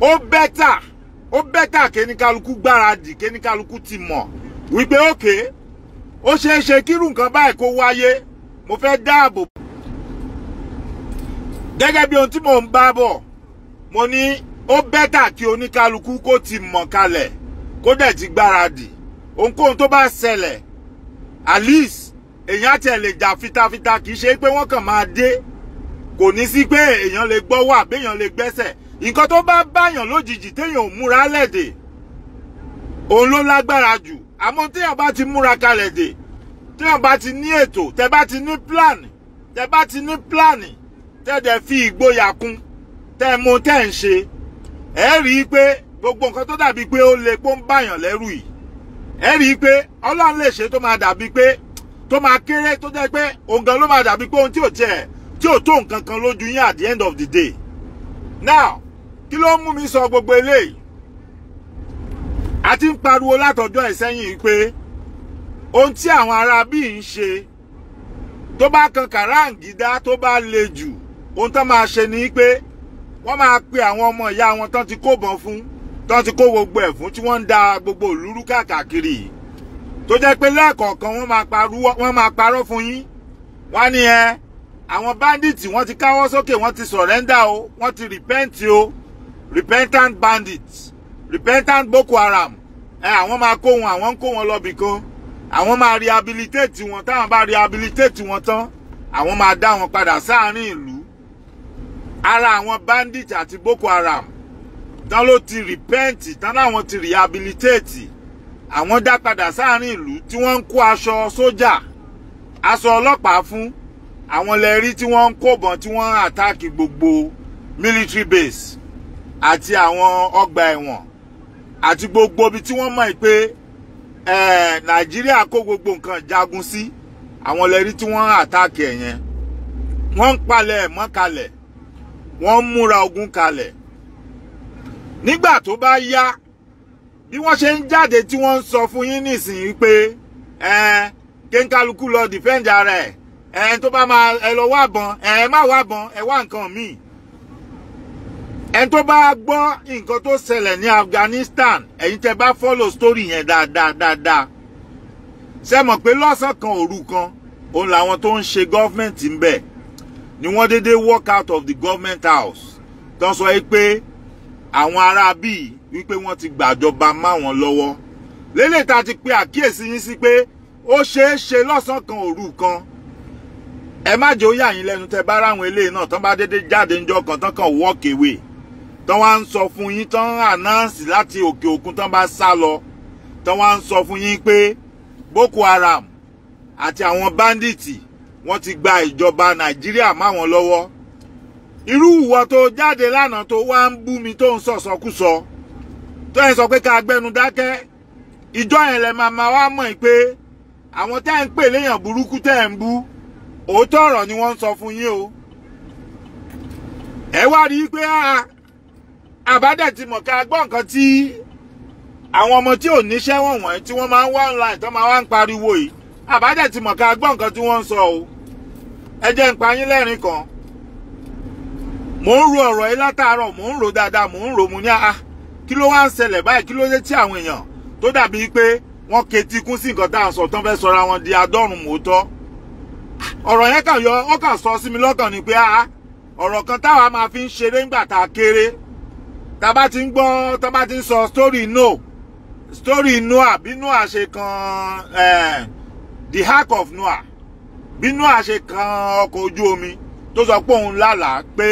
ó bẹ́tà ó bẹ́tà kéníkálukú gbáradì kéníkálukú ti mọ̀ wípé òkè ó ṣeé ṣe kírú nǹkan báyìí kó wáyé mo fẹ́ dáàbò. gẹ́gẹ́ bí ohun tí mò ń bá bọ̀ mo ní ó bẹ́tà kí oníkálukú kó ti mọ̀ kalẹ̀ kó dẹ̀ ti gbáradì ohunkóhun tó bá ṣẹlẹ̀ at èèyàn àti ẹ̀ lè jà fitafita kì í ṣe pé wọ́n kàn máa dé kò ní sí pé èèyàn lè gbọ́ wà béèyàn lè gbẹ́sẹ̀ nǹkan tó bá báyàn lójijì téèyàn ò múra lẹ́dẹ̀ òun ló lágbára jù àmọ́ téèyàn bá ti múra kalẹ̀ dè téèyàn bá ti ní ètò tẹ́ bá ti ní plan tẹ́ bá ti ní plan tẹ́ dẹ̀ fi ìgboyà kún tẹ́ mọ̀ tẹ́ ń ṣe ẹ rí i pé gbogbo nǹkan tó dàbí pé ó le pé ń báyàn lẹ́rù yìí ẹ rí i pé ọlọ́run lè ṣe tó máa dàbí pé tó máa kéré tó jẹ́ pé òun gan ló máa dàbí pé ohun tí ò tiẹ̀ tí ò tó nǹkan kan lójú yín at the end of the day now kí ló ń mú mi sọ gbogbo eléyìí a ti ń pariwo látọjọ́ ìsẹ́yìn pé ohun tí àwọn ará bíi ń ṣe tó bá kan kàráǹgídá tó bá le jù ohun tán máa ṣe ni pé wọ́n máa pe àwọn ọmọ ìyá wọn tán ti kó bọn fún tán ti kó gbogbo ẹ̀ fún tí wọ́n ń da gbogbo ìlú káàkiri yìí tó jẹ́ pé lẹ́ẹ̀kọ̀ọ̀kan wọ́n máa parọ́ fún yín wọ́n ní ẹ àwọn bandits wọ́n ti káwọ́ sókè wọ́n ti surrender o wọ́n ti repent o repentant bandits repentant Boko Haram ẹ àwọn máa kó wọn àwọn ń kó wọn lọ bìkan àwọn máa rehabilitate wọn táwọn bá rehabilitate wọn tán àwọn máa dá wọn padà sáàárín ìlú ara àwọn bandits àti Boko Haram tán ló ti repent tán láwọn ti rehabilitate àwọn dá padà sáàrin ìlú tí wọ́n ń kó aṣọ sójà aṣọ ọlọ́pàá fún àwọn lẹ́rí tí wọ́n ń kóbọn tí wọ́n ń àtáàkì gbogbo military base àti àwọn ọgbà ẹ̀wọ̀n àti gbogbo ibi tí wọ́n mọ̀ pé nàìjíríà kó gbogbo nǹkan jagun sí àwọn lẹ́rí tí wọ́n ń àtáàkì ẹ̀ yẹn wọ́n ń palẹ̀ ẹ̀mọ́ kalẹ̀ wọ́n ń múra ogun kalẹ̀ nígbà tó bá yá bí wọ́n ṣe ń jáde tí wọ́n ń sọ fún yín nísìnyí pé ẹ kéńkálukú lọ defend ara ẹ ẹ tó bá máa ẹ lọ wá bọn ẹ má wá bọn ẹ wá nǹkan míì ẹ tó bá gbọ́ nǹkan tó ṣẹlẹ̀ ní Afghanistan ẹ̀yin tẹ́ bá follow story yẹn dáadáa dáadáa ṣe mọ̀ pé lọ́sàn kan òru kan òun làwọn tó ń ṣe gọ́fmẹ̀ntì ń bẹ̀ ni wọ́n déédéé walk out of the government house tó sọ pé àwọn ará bíi wípé wọ́n ti gbàjọba máwọn lọ́wọ́ lélẹ̀ ta ti pe àkíyèsí yín sí pé ó ṣeé ṣe lọ́sàn kan òru kan ẹ má jẹ́ ó yà lẹ́nu tẹ́ bá ráwọn eléyìí náà tán bá dédé jáde ńjọ́ kan tán kàn walk away tán wá ń sọ fún yín tán ànáǹsì láti òkè òkun tán bá sá lọ tán wá ń sọ fún yín pé Boko Haram àti àwọn bandits wọ́n ti gba ìjọba Nàìjíríà máwọn lọ́wọ́ irú ìwọ tó jáde lánàá tó wá ń bú mi tó ń sọ̀sọ̀kúsọ tó yẹn sọ pé ká gbẹnu dákẹ́ ìjọ yẹn lẹ máa máa wá mọ̀ pé àwọn tẹ́ ń pè léèyàn burúkú tẹ́ ń bú òótọ́ ọ̀rọ̀ ni wọ́n ń sọ fún yín o ẹ wá rí i pé àbádẹ̀ ti mọ̀ ká gbọ́ nǹkan tí àwọn ọmọ tí ò níṣẹ́ wọ̀nwọ̀n tí wọ́n máa ń wá online tó máa wá ń pariwo yìí àbádẹ̀ ti mọ̀ ká gbọ́ nǹkan tí wọ́n ń sọ o ẹ jẹ́ ń pa yín lẹ́rìn kan mò ń ro ọ̀rọ̀ yìí látàárọ̀ mò ń ro dáadáa mò ń ro mu ní a ah, ah, kí ló wá ń ṣẹlẹ̀ báyìí kí ló dé tí àwọn èèyàn tó dàbí pé wọ́n ketí kún sí nǹkan tá à ń sọ tán fẹ́ sọra wọn di adọ́rùn mòótọ́ ah, ọ̀rọ̀ yẹn kàn yọ ó kàn sọ sí mi lọ́kàn ni pé a ọ̀rọ̀ kan táwa máa fi ń ṣeré ńgbà tá a kéré tá bá ti ń gbọ́ tá bá ti ń sọ story no story noah bí noah ṣe kan eh, the ark of noah bí noah ṣe kan ọkọ̀ ojú omi tó sọ pé òun lálàá pé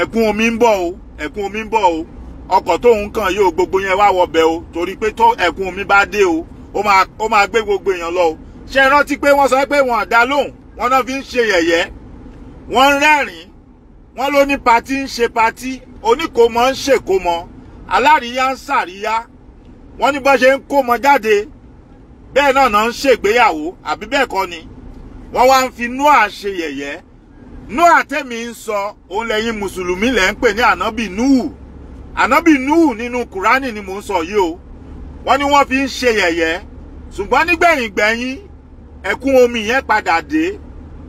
ẹ̀kún omi ń bọ̀ o ẹ̀kún omi ń bọ̀ o ọkọ̀ tóun kàn yóò gbogbo yẹn wá wọbẹ̀ o torí pé tó ẹ̀kún omi bá dé o ó máa gbé gbogbo èèyàn lọ o ṣe rántí pé wọ́n sọ pé wọ́n àdá lóhùn wọ́n náà fi ń ṣe yẹ̀yẹ́ wọ́n ń rẹ́rìn-ín wọ́n ló ní patí ń ṣe patí oníkòmọ ń ṣèkómọ aláríyá ń sàríyá wọ́n ní bọ́ ṣe ń kómọ jáde bẹ́ẹ̀ náà náà ń ṣègbéyàwó àbí bẹ́ẹ̀ kọ́ ni wọ́n wá ń fi noah ṣe yẹ̀yẹ́ nú àtẹ́mi ń sọ òun lẹ́yìn mùsùlùmí lẹ́ ń pè ní ànábì núhù ànábì núhù nínú kùránì ni mò ń sọ yìí o wọ́n ní wọ́n fi ń ṣe yẹ̀yẹ́ ṣùgbọ́n nígbẹ̀yìn gbẹ̀yìn ẹ̀kún omi yẹn padà dé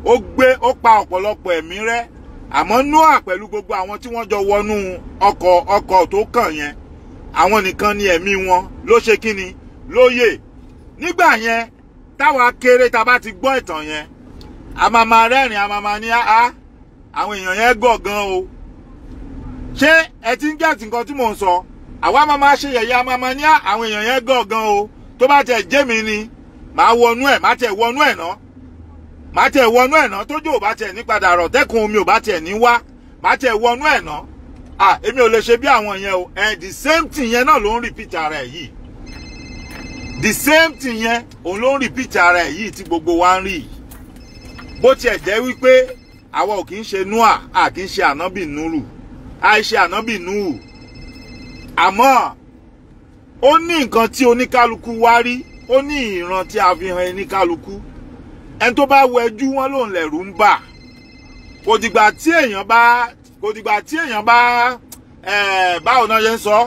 ó gbé ó pa ọ̀pọ̀lọpọ̀ ẹ̀mí rẹ́ àmọ́ noah pẹ̀lú gbogbo àwọn tí wọ́n jọ wọnú ọkọ̀ ọkọ̀ tó kàn yẹn àwọn nìkan ni ẹ̀mí wọn ló ṣe kíni lóye nígbà yẹn táwa kéré ta bá ti gbọ́ ìtàn yẹn a máa máa rẹ́rìn a máa máa ní áá àwọn èèyàn yẹn gọ̀ gan o ṣé ẹ ti ń gẹ̀tì nǹkan tí mò ń sọ àwa máa máa ṣe yẹ̀yẹ́ a máa máa ní àwọn èèyàn yẹn gọ̀ gan o tó bá tẹ̀ jẹ́ mi ni màá wọnú ẹ̀ màá tẹ̀ wọnú ẹ̀ ná màá tẹ̀ wọnú ẹ̀ ná tójú ò bá tẹ̀ ní padà rọ̀ tẹ́kùn omi ò bá tẹ̀ ní wá màá tẹ̀ wọnú ẹ̀ ná ah èmi ò lè ṣe bí àwọn yẹn o and the same thing yẹn náà ló ń repeat ara ẹ̀ yìí the same thing yẹn òun ló ń repeat ara ẹ̀ yìí tí gbogbo wa ń rí yìí bó tiẹ̀ jẹ́ wípé àwa ò kì í ṣe nua a kì í ṣe ànábì nuru a ṣe ànábì nuru àmọ́ ó ní nǹkan tí oníkálukú wá rí ó ní ìran tí a fi hàn oníkálukú ẹni tó bá wẹjú wọn lòun lẹ̀rù ń bà kò dìgbà tí èèyàn bá kò dìgbà tí èèyàn bá báwo náà ṣe ń sọ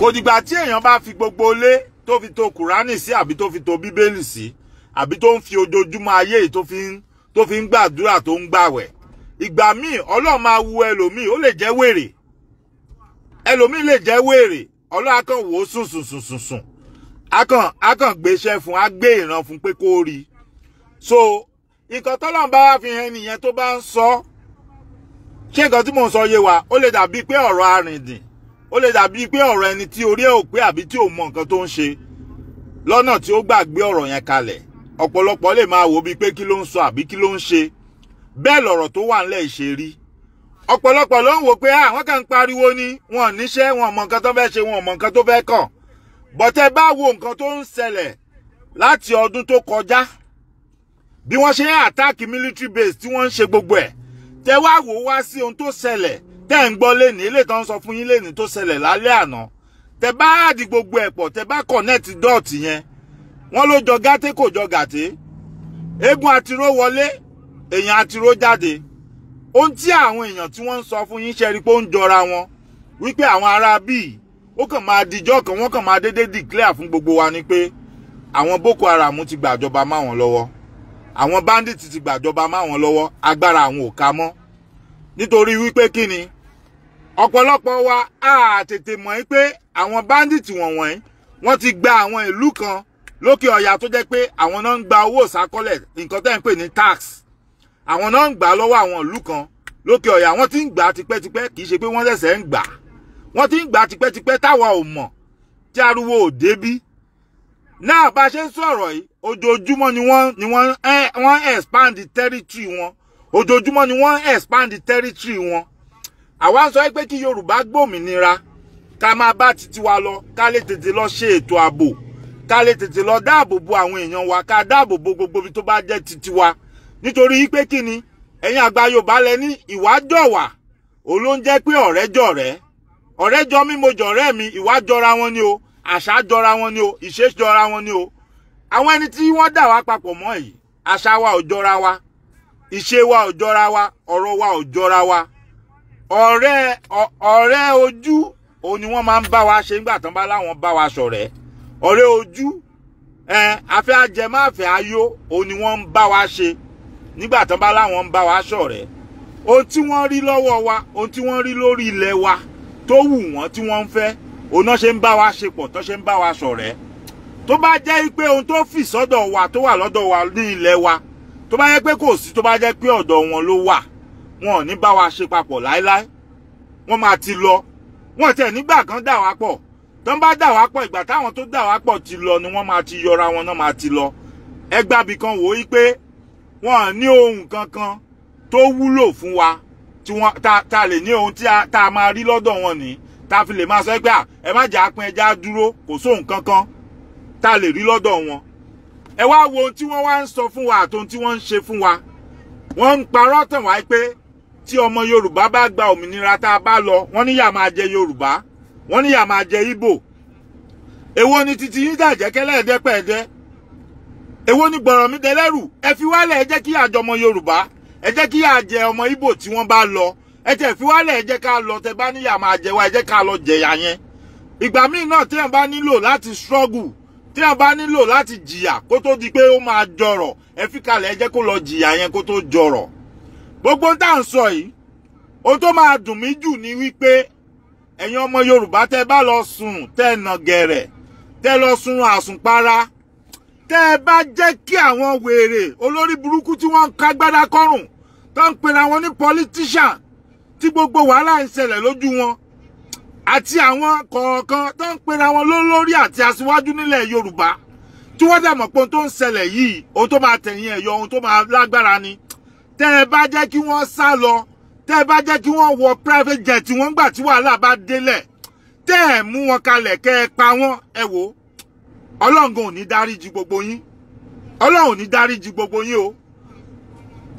kò dìgbà tí èèyàn bá fi gbogbo ilé tó fi to kùránì sí àbí tó fi to bíbélì sí. Si àbí tó ń fi ojoojúmọ́ ayé yìí tó fi ń gbàdúrà tó ń gbàwẹ̀ ìgbà míì ọlọ́run máa wu ẹlòmíì ó lè jẹ́ wèrè ẹlòmíì lè jẹ́ wèrè ọlọ́run akàn wò ó sùn sùn sùn sùn sùn akàn akàn gbéṣẹ́ fún á gbé ìran fún pé kó rí so nǹkan tọ́lọ́run bá wá fi hàn nìyẹn tó bá ń sọ ṣé nǹkan tí mò ń sọ yé wa ó lè dàbí pé ọ̀rọ̀ arìndìn ó lè dàbí pé ọ̀rọ̀ ẹni tí orí ẹ̀ ò pé àbí tí ò mọ nǹkan tó ń ṣe lọ́nà tí ó gbàgbé ọ̀rọ̀ yẹn kalẹ̀ ọ̀pọ̀lọpọ̀ lè máa wò bíi pé kí ló ń sọ àbí kí ló ń ṣe bẹ́ẹ̀ lọ̀rọ̀ tó wà ńlẹ̀ ṣe rí ọ̀pọ̀lọpọ̀ ló ń wò pé àwọn kan ń pariwo ni wọn ò níṣẹ́ wọn ò mọ nǹkan tó fẹ́ ṣe wọn ò mọ nǹkan tó fẹ́ kàn bọ́tẹ́ bá wo nǹkan tó ń ṣẹlẹ̀ láti ọdún tó kọjá bí wọ́n ṣe ń àtáàkì military base tí wọ́n ń ṣe gbogbo ẹ̀ tẹ́ wá wò wá sí ohun tó ṣẹlẹ̀ tẹ́ ń gbọ́ lẹ́nì ilé tó ń sọ fún yín lẹ́nì tó ṣẹlẹ̀ lálẹ́ àná tẹ́ bá àdì gbogbo ẹ̀ pọ̀ tẹ́ bá connect dọ́ọ̀tì yẹn wọ́n ló jọ gàté kò jọ gàté eégún àtiró wọlé èèyàn àtiró jáde ohun tí àwọn èèyàn tí wọ́n ń sọ fún yín ṣe rí pé ó ń jọra wọn wípé àwọn ará bíi ó kàn máa dijọ́ kan wọ́n kàn máa déédéé declare fún gbogbo wa ni pé àwọn Boko Haram ti gbàjọba máwọn lọ́wọ́ àwọn bandit ti gbàjọba máwọn lọ́wọ́ agbára àwọn ò ká mọ́ nítorí wípé kí ni ọ̀pọ̀lọpọ̀ wa a tètè mọ̀ pé àwọn bandit wọ̀nyí wọ́n ti gba àwọn ìlú kan lókè ọ̀yà tó jẹ́ pé àwọn náà ń gba owó ìsákọ́lẹ̀ nǹkan tẹ́ ń pè ní tax àwọn náà ń gbà lọ́wọ́ àwọn ìlú kan lókè ọ̀yà wọ́n ti ń gbà tipẹ́tipẹ́ kì í ṣe pé wọ́n ṣẹ̀ṣẹ̀ ń gbà wọ́n ti ń gbà tipẹ́tipẹ́ táwa ò mọ̀ tí ariwo ò débí náà bá ṣe ń sọ̀rọ̀ yìí ojoojúmọ́ ni wọ́n ni wọ́n wọ́n expand territory wọn ojoojúmọ́ ni wọ́n expand territory wọn àwa ń sọ pé kí Yorùbá gbòmìnira ká máa bá titi wa lọ ká lè tètè lọ ṣe ètò ààbò ká lè tètè lọ dáàbò bo àwọn èèyàn wa ká dáàbò bo gbogbo ibi tó bá jẹ́ titi wa nítorí pé kí ni ẹ̀yin àgbà Yorùbá lẹ ní ìwájọ̀wà pé ọ̀rẹ́ jọ̀rẹ́ ọ̀rẹ́ jọ mí mo mi ìwà jọra wọn ni o àṣà jọra wọn ni o ìṣe jọra wọn ni o àwọn ẹni tí wọ́n dà wá papọ̀ mọ́ yìí àṣà wa ò jọra wa ìṣe wa ò jọra wa ọ̀rọ̀ wa ò jọra wa ọ̀rẹ́ ọ̀rẹ́ ojú òun ni wọ́n máa ń bá wa ṣe nígbà tán bá láwọn bá wa ṣọ̀rẹ́ ọ̀rẹ́ ojú ẹ afẹ́ ajẹmáfẹ́ ayó òun ni wọ́n ń bá wa ṣe nígbà tán bá láwọn ń bá wa ṣọ̀rẹ́ ohun tí wọ́n rí lọ́wọ́ wa ohun tí wọ́n rí lórí ilẹ̀ wa tó wù wọ́n tí wọ́n ń fẹ́ òun náà ṣe ń bá wa ṣe pọ̀ tó ṣe ń bá wa ṣọ̀rẹ́ tó bá jẹ́ pé ohun tó fì sọ́dọ̀ wa tó wà lọ́dọ̀ wa ní ilẹ̀ wa tó bá yẹ pé kò sí tó bá jẹ́ pé ọ̀dọ̀ wọn ló wà wọn ò ní bá wa ṣe papọ̀ láéláé wọ́n máa ti lọ wọ́n tẹ̀ nígbà kan dà wá pọ̀ tán bá dà wá pọ̀ ìgbà táwọn tó dà wá pọ̀ ti lọ ni wọ́n máa ti yọra wọn náà máa ti lọ ẹgbà bìkan wò ó pé wọ́n ní ohun kankan tó wúlò fún wa tí wọ́n ta ta lè ní ohun tí a máa rí lọ́dọ̀ wọn ní ta fi lè máa sọ pé ẹ má jà pin ẹja dúró kò sóhun kankan ta lè rí lọ́dọ̀ wọn ẹ wá wo ohun tí wọ́n wá ń sọ fún wa àti ohun tí wọ́n ń ṣe fún wa wọ́n ń parọ́ tàn wá pé tí ọmọ Yorùbá bá gba òmìnira tá a bá lọ wọ́n níyà máa jẹ Yorùbá wọ́n ní yà máa jẹ Igbo èwo ni titi yín dàjẹ́kẹ́lẹ́ ẹ̀ẹ́dẹ́pẹ̀ẹ́dẹ́ èwo ni gbọ̀rọ̀ mi dẹlẹ́rù ẹ fi wálẹ̀ ẹ jẹ́ kí àjọmọ Yorùbá ẹ jẹ́ kí àjẹ ọmọ Igbo tí wọ́n bá lọ ẹ tẹ̀ fi wálẹ̀ ẹ jẹ́ ká lọ tẹ bá níyà máa jẹ wá ẹ jẹ́ ká lọ jẹ̀yà yẹn ìgbà míì náà téèyàn bá nílò láti struggle téèyàn bá nílò láti jìyà kó tó di pé ó máa jọrọ̀ ẹ fi kalẹ̀ ẹ jẹ́ kó lọ jìyà yẹn kó tó jọrọ̀ gbogbo tá à ń sọ yìí ohun tó máa dùn mí jù ni wípé ẹ̀yin ọmọ yorùbá tẹ́ bá lọ sùn tẹ́ nà gẹ̀rẹ̀ tẹ́ lọ sùn àsùnpara tẹ́ ẹ bá jẹ́ kí àwọn wèrè olórí burúkú tí wọ́n ń ká gbádá kọ́rùn tó ń pera wọn ní politician tí gbogbo wàhálà ń ṣẹlẹ̀ lójú wọn àti àwọn kọ̀ọ̀kan tó ń pera wọn lólórí àti aṣíwájú nílẹ̀ yorùbá tí wọ́n dà mọ̀ pé ohun tó ń ṣẹlẹ̀ yìí ohun tó máa tẹ̀yìn ẹ̀yọ ohun tó máa lágbára ni tẹ́ ẹ bá jẹ́ kí wọ́n sá lọ tẹ́ ẹ bá jẹ́ kí wọ́n wọ private jet wọ́n gbà tí wàhálà bá délẹ̀ tẹ́ ẹ mú wọn kalẹ̀ kẹ́ ẹ pa wọ́n ẹ wò ó ọlọ́run ò ní dáríjì gbogbo yín ọlọ́run ò ní dáríjì gbogbo yín o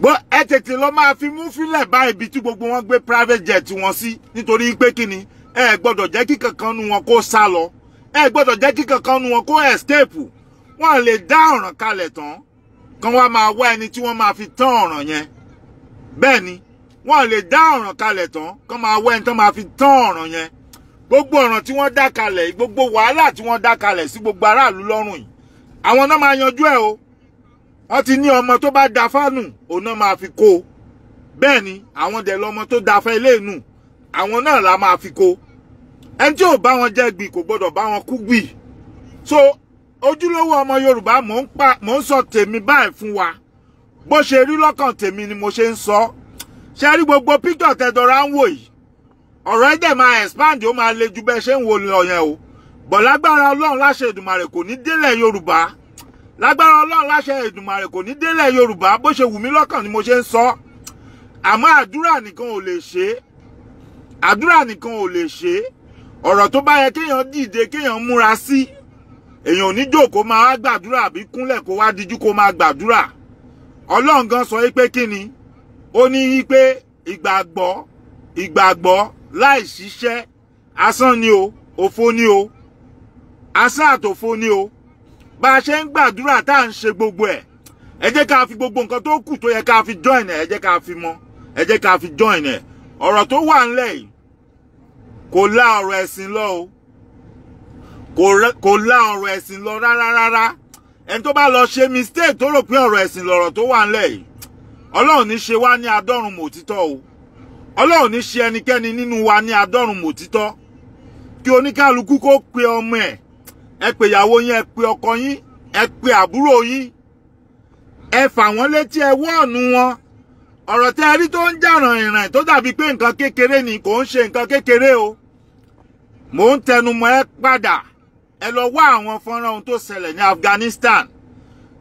bó ẹ tètè lọ máa fi mú fílẹ̀ bá ibi tí gbogbo wọn gbé private jet wọn sí nítorí pé kí ni ẹ gbọ́dọ̀ jẹ́ kí kankan nu wọn kó sá lọ ẹ gbọ́dọ̀ jẹ́ kí kankan nu wọn kó escape wọn lè dá ọ̀ràn kalẹ̀ tán kan wá máa wá ẹni tí wọ́n máa fi tán ọ̀ràn yẹn bẹ́ẹ̀ ni wọ́n lè dá ọ̀ràn kalẹ̀ tán kán máa wẹ́ni tán máa fi tán ọ̀ràn yẹn gbogbo ọ̀ràn tí wọ́n dá kalẹ̀ gbogbo wàhálà tí wọ́n dá kalẹ̀ sí gbogbo aráàlú lọ́rùn yìí àwọn náà máa yanjú ẹ̀ o wọ́n ti ní ọmọ tó bá da fánù òun náà máa fi kó o bẹ́ẹ̀ ni àwọn dẹ̀ lọ́mọ tó da fẹ́ ilé ìnù àwọn náà la máa fi kó ẹni tí ò bá wọn jẹ́ gbì kò gbọ́dọ̀ bá wọn kú gbì so ojúlówó ọmọ Yorùbá mò ń sọ tèmi báyìí fún wa bó ṣe rí lọ́kàn tèmi ni mo ṣe ń sọ ṣe rí gbogbo píkítọ̀ tẹ̀dọ̀rà ń wò yìí ọ̀rọ̀ ẹ̀dẹ̀ máa expand ó máa le ju bẹ́ẹ̀ ṣe ń wo lọ yẹn o bọ̀ lágbára ọlọ́run láṣẹ Èdùmàrè kò ní délẹ̀ yorùbá lágbára ọlọ́run láṣẹ Èdùmàrè kò ní délẹ̀ yorùbá bó ṣe wù mí lọ́kàn ni mo ṣe ń sọ àmọ́ àdúrà nìkan ò lè ṣe àdúrà nìkan ò lè ṣe ọ̀rọ̀ tó bá yẹ kéèyàn dìde kéèyàn múra sí èèyàn ò ní jókòó máa wá gbàdúrà àbí kúnlẹ̀ kó wá dijú kó máa gbàdúrà ọlọ́run gan sọ pé kí ni ó ní wípé ìgbàgbọ́ ìgbàgbọ́ láì ṣiṣẹ́ asán ni o òfo ni o asán àtòfo ni o bá a ṣe ń gbàdúrà tá à ń ṣe gbogbo ẹ̀ ẹ jẹ́ ká fi gbogbo nǹkan tó kù tó yẹ ká fi join ẹ̀ ẹ jẹ́ ká fi mọ́ ẹ jẹ́ ká fi join ẹ̀ ọ̀rọ̀ tó wà ńlẹ̀ yìí kò lá ọ̀rọ̀ ẹ̀sìn lọ o kò lá ọ̀rọ̀ ẹ̀sìn lọ rárá rárá ẹni tó bá lọ ṣe mistake tó rò pé ọ̀rọ̀ ẹ̀sìn lọ̀rọ̀ tó wà ńlẹ̀ yìí ọlọ́run ní ṣe wá ní adọ́run mòtítọ́ o ọlọ́run ní ṣe ẹnikẹ́ni nínú wa ní adọ́run mòtítọ́ kí oníkálukú kó pe ọmọ ẹ̀ ẹ pe ìyàwó yín ẹ pe ọkọ yín ẹ pe àbúrò yín ẹ fà wọ́n létí ẹ wọ́ọ̀nù wọn ọ̀rọ̀ tẹ́ ẹ rí tó ń jàràn ìrìn tó dàbí pé nǹkan kékeré ni kò ń ṣe nǹkan kékeré o mò ń tẹnumọ́ ẹ padà ẹ lọ wá àwọn fọ́nrán ohun tó ṣẹlẹ̀ ní Afghanistan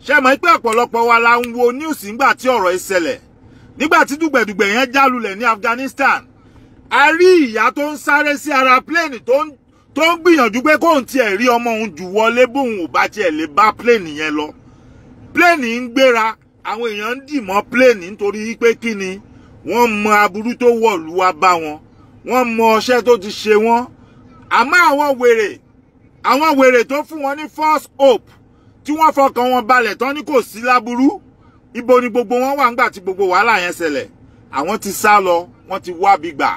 ṣe mọ̀ pé ọ̀pọ̀lọpọ̀ wa la ń wo news nígbà tí ọ̀rọ̀ yìí ṣẹlẹ̀ nígbà tí dùgbẹ̀dùgbẹ̀ yẹn jálulẹ̀ ní Afghanistan a rí ìyá tó ń sáré sí ara plane tó ń tó ń gbìyànjú pé kóun tiẹ̀ rí ọmọ òun jù wọlé bóun ò bá tiẹ̀ lè bá plane yẹn lọ plane ń gbéra àwọn èèyàn ń dì mọ́ plane nítorí pé kí ni wọ́n mọ aburú tó wọ̀lú wá bá wọn wọ́n mọ ọṣẹ́ tó ti ṣe wọ́n àmọ́ àwọn wèrè àwọn wèrè tó fún wọn ní false hope tí wọ́n fọkàn wọn balẹ̀ tán ní kò sí láburú ibo ni gbogbo wọn wà ńgbà tí gbogbo wàhálà yẹn ṣẹlẹ̀ àwọn ti sá lọ wọ́n ti wábi gbà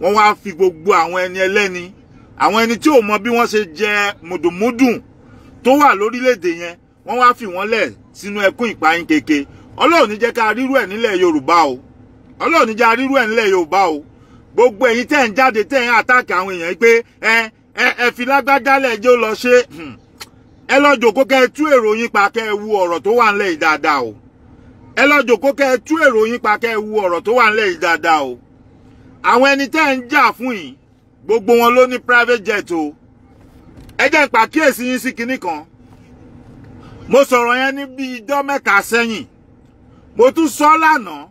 wọ́n wá fi gbogbo àwọn ẹni ẹlẹ́ni àwọn ẹni tí ò mọ bí wọ́n ṣe jẹ mùdùnmúdùn tó wà lórílẹ̀‐èdè yẹn wọ́n wá fi wọ́n lẹ̀ sínú ẹkún ìpayín keke ọlọ́run ní jẹ́ ká rírú ẹ̀ nílẹ̀ yorùbá o ọlọ́run ní jẹ́ ká rírú ẹ̀ nílẹ̀ o gbogbo ẹ̀yin tẹ́ ń jáde tẹ́ ń àtàkì àwọn èèyàn pé ẹ ẹ fi lágbájálẹ̀ jẹ́ ó lọ ṣe hmm ẹ lọ jòkó kẹ́ tú èrò yín pa kẹ́ wu ọ̀rọ̀ tó wà ńlẹ̀ yìí dáadáa o ẹ lọ jòkó kẹ́ tú èrò yín pa kẹ́ wu ọ̀rọ̀ tó wà ńlẹ̀ yìí dáadáa o àwọn ẹni tẹ́ ń jà fún yìí gbogbo wọn ló ní private jet o ẹ jẹ́ n pàkíyèsí yín sí kinní kan mo sọ̀rọ̀ yẹn ní bíi ijọ́ mẹ́ta sẹ́yìn mo tún sọ lánàá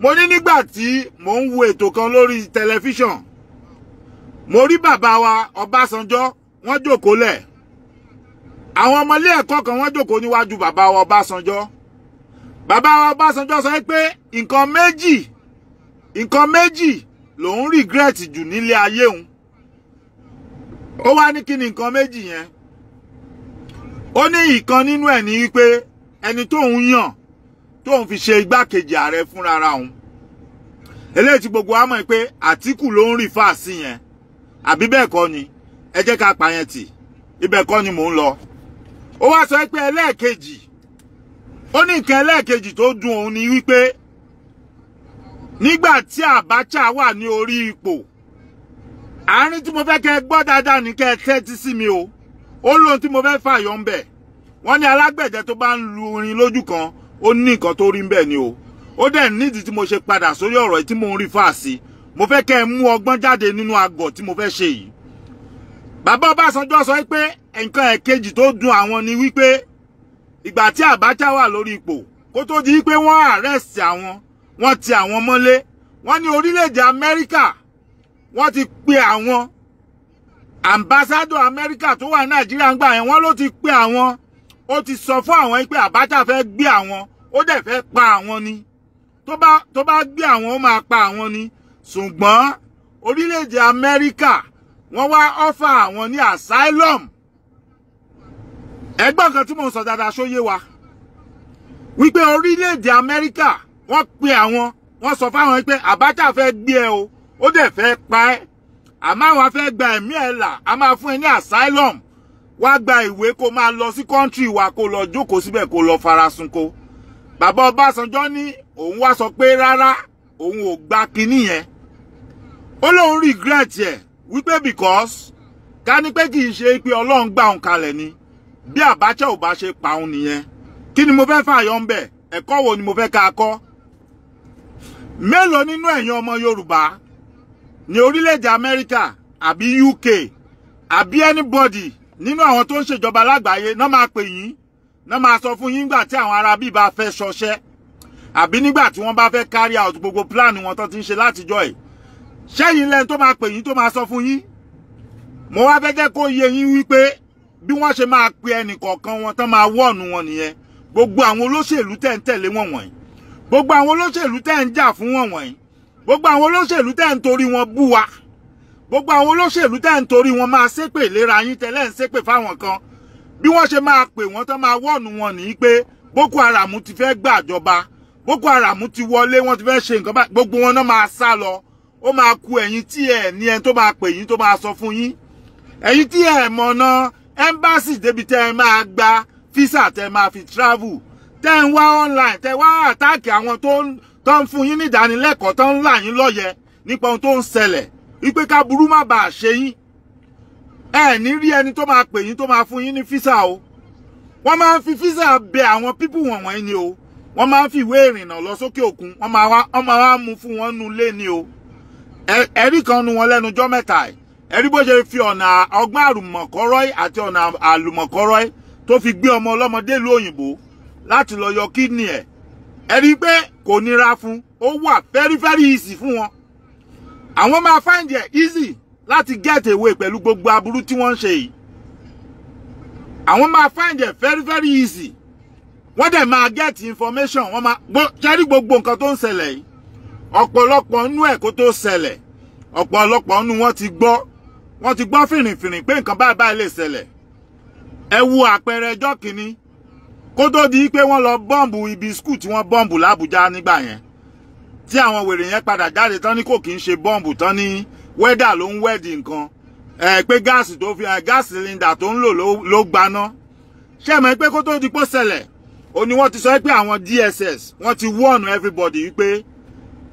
mo ní nígbà tí mò ń wo ètò kan lórí tẹlifíṣàn mo rí bàbá wa Ọbásanjọ́ wọ́n jòkó lẹ̀ àwọn ọmọ ilé ẹ̀kọ́ kan wọ́n jókòó níwájú bàbá wa Ọbásanjọ́ bàbá wa Ọbásanjọ́ sọ pé nǹkan méjì nǹkan méjì lòun regret jù nílé ayé òun ó wá ní kí ni nǹkan méjì yẹn ó ní ìkan nínú ẹ̀ ní wípé ẹni tóun yàn tóun fi ṣe igbákejì ààrẹ fúnra ra òun eléyìí tí gbogbo wa mọ̀ pé Àtíkù ló ń rìfà sí yẹn àbí bẹ́ẹ̀ kọ́ ni ẹ jẹ́ ká pa yẹn tì ibẹ̀ kọ́ ni mò ń lọ ó wá sọ pé ẹlẹ́ẹ̀kejì ó ní nǹkan ẹlẹ́ẹ̀kejì tó dùn òun ni wípé nígbà tí Abacha wà ní orí ipò àárín tí mo fẹ́ kẹ́ gbọ́ dáadáa ní kẹ́ tẹ́tí sí mi o ó lóhun tí mo fẹ́ fàyọ ń bẹ̀ wọ́n ní alágbẹ̀dẹ tó bá ń lu orin lójú kan ó ní nǹkan tó rí ń ni o ó dẹ̀ nídìí tí mo ṣe padà sórí ọ̀rọ̀ tí mo ń rí fà mo fẹ́ kẹ́ mú ọgbọ́n jáde nínú àgọ̀ tí mo fẹ́ ṣe yìí Baba Ọbásanjọ́ sọ pé nǹkan ẹ̀kejì tó dùn àwọn ni wípé ìgbà tí Abacha wà lórí ipò kó tó di pé wọ́n àrẹ́sì àwọn wọ́n ti àwọn mọ́lé wọ́n ní orílẹ̀-èdè Amẹ́ríkà wọ́n ti pe àwọn ambassador America tó wà Nigeria ń gbà yẹn wọ́n ló ti pe àwọn ó ti sọ fún àwọn pé Abacha fẹ́ gbé àwọn ó dẹ̀ fẹ́ pa àwọn ni tó bá tó bá gbé àwọn ó máa pa àwọn ni ṣùgbọ́n orílẹ̀-èdè Amẹ́ríkà wọ́n wá ọ́fà àwọn ní asylum ẹgbọ́n kan tí mo ń sọ dáadáa ṣó yé wa wípé orílẹ̀-èdè amẹ́ríkà wọ́n pe àwọn wọ́n sọ fáwọn pé Abacha fẹ́ gbé ẹ o ó dẹ̀ fẹ́ pa ẹ́ àmọ́ àwọn afẹ́ gba ẹ̀mí ẹ̀ là á máa fún ẹ ní asylum wá gba ìwé kó máa lọ sí kọ́ńtì wa kó lọ jókòó síbẹ̀ kó lọ farasunko bàbá Ọbásanjọ́ ní òun wá sọ pé rárá òun ò gba kinní yẹn ó lóun regret yẹn wípé because ká ní pé kì í ṣe pé ọlọ́run gbà òun kalẹ̀ ni bí Abacha ò bá ṣe pa òun nìyẹn kí ni mo fẹ́ fààyọ ń bẹ̀ ẹ̀kọ́ wo ni mo fẹ́ ká kọ́ mélòó nínú ẹ̀yin ọmọ Yorùbá ní orílẹ̀-èdè Amẹ́ríkà àbí UK àbí anybody nínú àwọn tó ń ṣèjọba lágbàáyé náà máa pè yín náà máa sọ fún yín nígbà tí àwọn ará bíi bá fẹ́ ṣọṣẹ́ àbí nígbà tí wọ́n bá fẹ́ carry out gbogbo plan wọn tó ti ń ṣe látijọ́ yìí sẹ́yìn lẹ́nu tó máa pè yín tó máa sọ fún yín mo wá fẹ́ jẹ́ kó yé yín wípé bí wọ́n ṣe máa pe ẹnì kọ̀ọ̀kan wọn tán máa wọ́ọ̀nù wọn nìyẹn gbogbo àwọn olóṣèlú tẹ̀ ń tẹ̀lé wọn wọ̀nyí gbogbo àwọn olóṣèlú tẹ̀ ń jà fún wọn wọ̀nyí gbogbo àwọn olóṣèlú tẹ̀ ń torí wọn bú wa gbogbo àwọn olóṣèlú tẹ̀ ń torí wọn máa ṣépè léra yín tẹ́lẹ̀ ń ṣépè fáwọn kan bí wọ́n ṣe máa pè wọ́n tán máa wọ́ọ̀nù wọn nìyí pé Boko Haram ti fẹ́ gbàjọba Boko Haram ti wọlé wọ́n ti fẹ́ ṣe nǹkan báyìí gbogbo wọn náà máa sá lọ ó máa ku ẹ̀yin tí ẹ̀ ní ẹni tó máa pè yín tó máa sọ fún yín ẹ̀yin tí ẹ̀ mọ̀nà ẹ́mbáàsì débi tẹ́ te máa gba físà tẹ́ ẹ máa fi travel tẹ́ ẹ online tẹ́ ẹ wá àtáàkì àwọn tó ń fún yín ní ìdánilẹ́kọ̀ọ́ tó ń là yín lọ́yẹ nípa ohun tó ń ṣẹlẹ̀ wípé ká burú má bàa ṣe yín ẹ ní rí ẹni tó máa pè yín tó máa fún yín ní o wọ́n máa ń fi físà bẹ àwọn pípù wọ̀nwọ̀n ni o wọ́n máa ń fi ìwé ìrìnnà lọ sókè òkun wọ́n máa wá mú fún wọn nulẹ̀ ni o ẹ̀rí kan nu wọn lẹ́nujọ́ mẹ́ta ẹ̀ ẹ̀rí bó ṣe fi ọ̀nà ọgbọ́n àlùmọ̀kọ́rọ́ àti ọ̀nà àlùmọ̀kọ́rọ́ tó fi gbé ọmọ ọlọ́mọdé ìlú òyìnbó láti lọ yọ kídìní ẹ̀ ẹ̀rí pé kò nira fún ó wà very very easy fún wọn àwọn máa find it easy láti get away pẹ̀lú gbogbo aburú tí wọ́n ń ṣe yìí àwọn máa find it very very easy wọ́n dẹ̀ máa get information wọ́n máa ṣẹ́rí gbogbo nǹkan tó ń ṣẹlẹ̀ yìí ọ̀pọ̀lọpọ̀ nú ẹ̀ kó tó ṣẹlẹ̀ ọ̀pọ̀lọpọ̀ nú wọn ti gbọ́ wọn ti gbọ́ fìrìnfìrìn pé nǹkan báyìí báyìí lè ṣẹlẹ̀ ẹ wo àpẹẹrẹ ẹjọ́ kìíní kó tó di pé wọ́n lọ bọ́ǹbù ibi skul tí wọ́n bọ́ǹbù lábújá nígbà yẹn tí àwọn wèrè yẹn padà jáde tán ní kò kí ń ṣe bọ́ǹbù tán ní wẹ́dà ló ń wẹ́dì nǹkan ẹ pé gáàsì tó fi gáàsì sílíndà tó ń lò ló gbaná ṣé mọ̀ pé kó tó di pó ṣẹlẹ̀ ó ní wọ́n ti sọ pé àwọn DSS wọ́n ti warn everybody wípé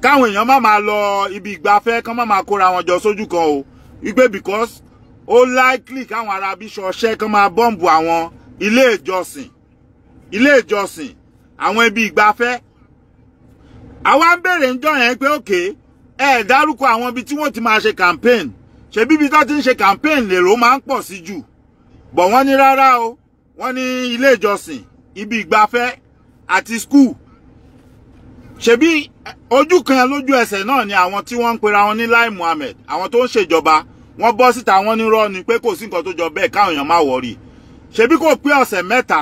káwọn èèyàn má máa lọ ibi ìgbafẹ́ kán má máa kóra wọn jọ sójú kan o wípé because ó likely káwọn ará bíṣọ ọṣẹ kán máa bọ́ǹbù àwọn ilé ìjọsìn ilé ìjọsìn àwọn ibi ìgbafẹ́ àwa ń bèrè ńjọ yẹn pé òkè ẹ dárúkọ àwọn ibi tí wọ́n ti máa ṣe campaign ṣe bíbi tó ti ń ṣe campaign lèrò máa ń pọ̀ sí jù bọ̀ wọ́n ní rárá o wọ́n ní ilé ìjọsìn ibi ìgbafẹ́ àti school ṣebí ojú kan lójú ẹsẹ̀ náà ni àwọn tí wọ́n ń pera wọn ní Lai Muhammed àwọn tó ń ṣèjọba wọ́n bọ́ síta wọ́n ní rọ́ ni pé kò sí nǹkan tó jọ bẹ́ẹ̀ káwọn èèyàn má wọ̀rí ṣebí kò pé ọ̀sẹ̀ mẹ́ta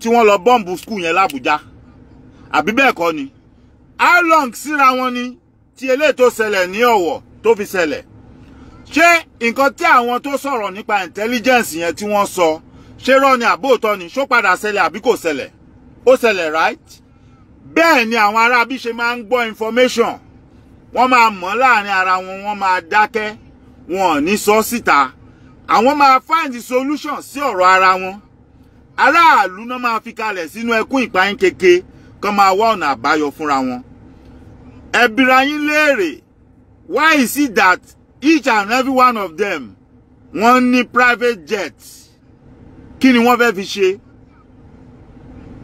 tí wọ́n lọ bọ́ǹbù skul yẹn l'Àbújá àbí bẹ́ẹ̀ kọ́ ni how long síra wọn ni tí eléyìí tó ṣẹlẹ̀ ní Ọ̀wọ̀ tó fi ṣẹlẹ̀ ṣé nǹkan tí àwọn tó sọ̀rọ̀ nípa intelligence yẹn tí wọ́n sọ ṣé rọ́ ni àbóòtọ́ ni ṣó padà ṣẹlẹ̀ àbí kò ṣẹlẹ̀ ó ṣẹlẹ̀ right bẹ́ẹ̀ ni àwọn aráabí ṣe máa ń gbọ́ information wọ́n máa mọ̀ láàrin ara wọn wọ́n máa dákẹ́ wọn ò ní sọ síta àwọn máa find solution sí ọ̀rọ̀ ara wọn aráàlú náà máa fi kalẹ̀ sínú ẹkún ìpayín keke kan máa wá ọ̀nà àbáyọ fúnra wọn ẹ bira yín léèrè why is it that each and every one of them wọ́n ní private jet kí ni wọ́n fẹ́ fi ṣe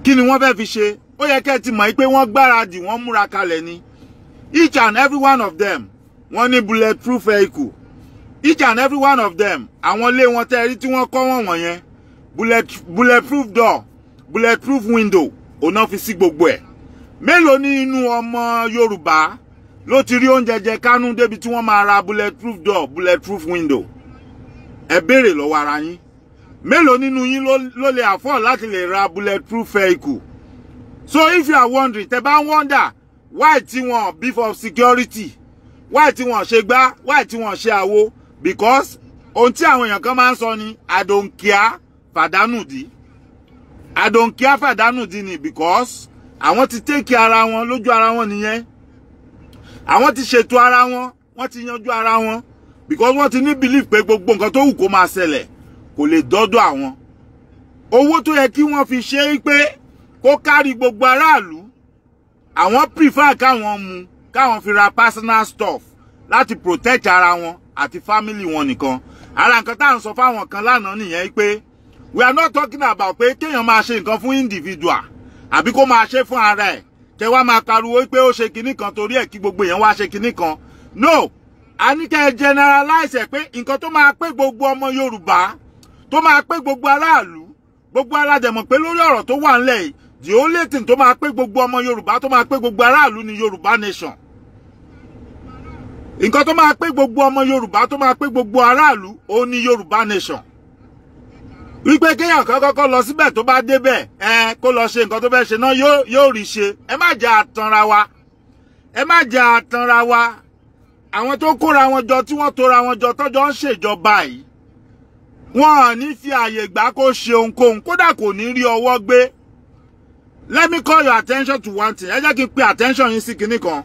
kí ni wọ́n fẹ́ fi ṣe ó yẹ kẹ́ ti mọ̀ pé wọ́n gbáradì wọ́n múra kalẹ̀ ni each and every one of them wọ́n ní bulletproof vehicle each and every one of them àwọn ilé wọn tẹ́ rí tí wọ́n kọ́ wọ̀n wọ̀nyẹn bullet bulletproof door bulletproof window ọ̀nà fi sí gbogbo ẹ̀ mélòó ní inú ọmọ Yorùbá ló ti rí oúnjẹ jẹ kánú débi tí wọ́n máa ra bulletproof door bulletproof window ẹ béèrè lọ́wọ́ ara yín mélòó nínú yín ló lè afford láti lè ra bulletproof vehicle so if you are wondering tẹ bá wonder why tí wọ́n beef of security why tí wọ́n ṣe gbá why tí wọ́n ṣe àwo because ohun tí àwọn èèyàn kan máa ń ni I don't care fàdánù dí I don't care fàdánù dí ni because àwọn ti take ara wọn lójú ara wọn nìyẹn àwọn ti ṣètò ara wọn wọ́n ti yanjú ara wọn because wọ́n ti ní belief pé gbogbo nǹkan tó wù kó máa ṣẹlẹ̀ kò lè dọ́dọ̀ àwọn owó tó yẹ kí wọ́n fi ṣe pe kó kárí gbogbo aráàlú àwọn prefer káwọn mu káwọn fi ra personal stuff láti protect ara wọn àti family wọn nìkan ara nǹkan tá à ń sọ fáwọn kan lánàá nìyẹn pé we are not talking about pé kéèyàn máa ṣe nǹkan fún individual àbí kó máa ṣe fún ara ẹ̀ kẹ wá máa pariwo pé ó ṣe kinní kan torí ẹ̀ kí gbogbo èèyàn wá ṣe kinní kan no a ní kẹ́ generalize ẹ̀ pé nǹkan tó máa pé gbogbo ọmọ yorùbá tó máa pé gbogbo aráàlú gbogbo aládẹ̀mọ̀ pé lórí ọ̀rọ̀ tó wà ńlẹ̀ yìí the only thing to máa pé gbogbo ọmọ yorùbá tó máa pé gbogbo aráàlú ni yorùbá nation nǹkan tó máa pé gbogbo ọmọ yorùbá tó máa pé gbogbo aráàlú ó ní yorùbá nation wípé kéèyàn kan kọ́kọ́ lọ síbẹ̀ tó bá débẹ̀ ẹ kó lọ ṣe nǹkan tó fẹ́ ṣe náà yóò rí ṣe ẹ má jẹ́ àtanra wa ẹ má jẹ́ àtanra wa àwọn tó kóra wọn jọ tí wọ́n tora wọn jọ tọ́jọ́ ń ṣèjọba yìí wọn ò ní fi àyè gbà kó ṣe ohunkóhun kódà kò ní rí ọwọ́ gbé let me call your attention to one thing ẹ jẹ́ kí n pe attention yín sí kinní kan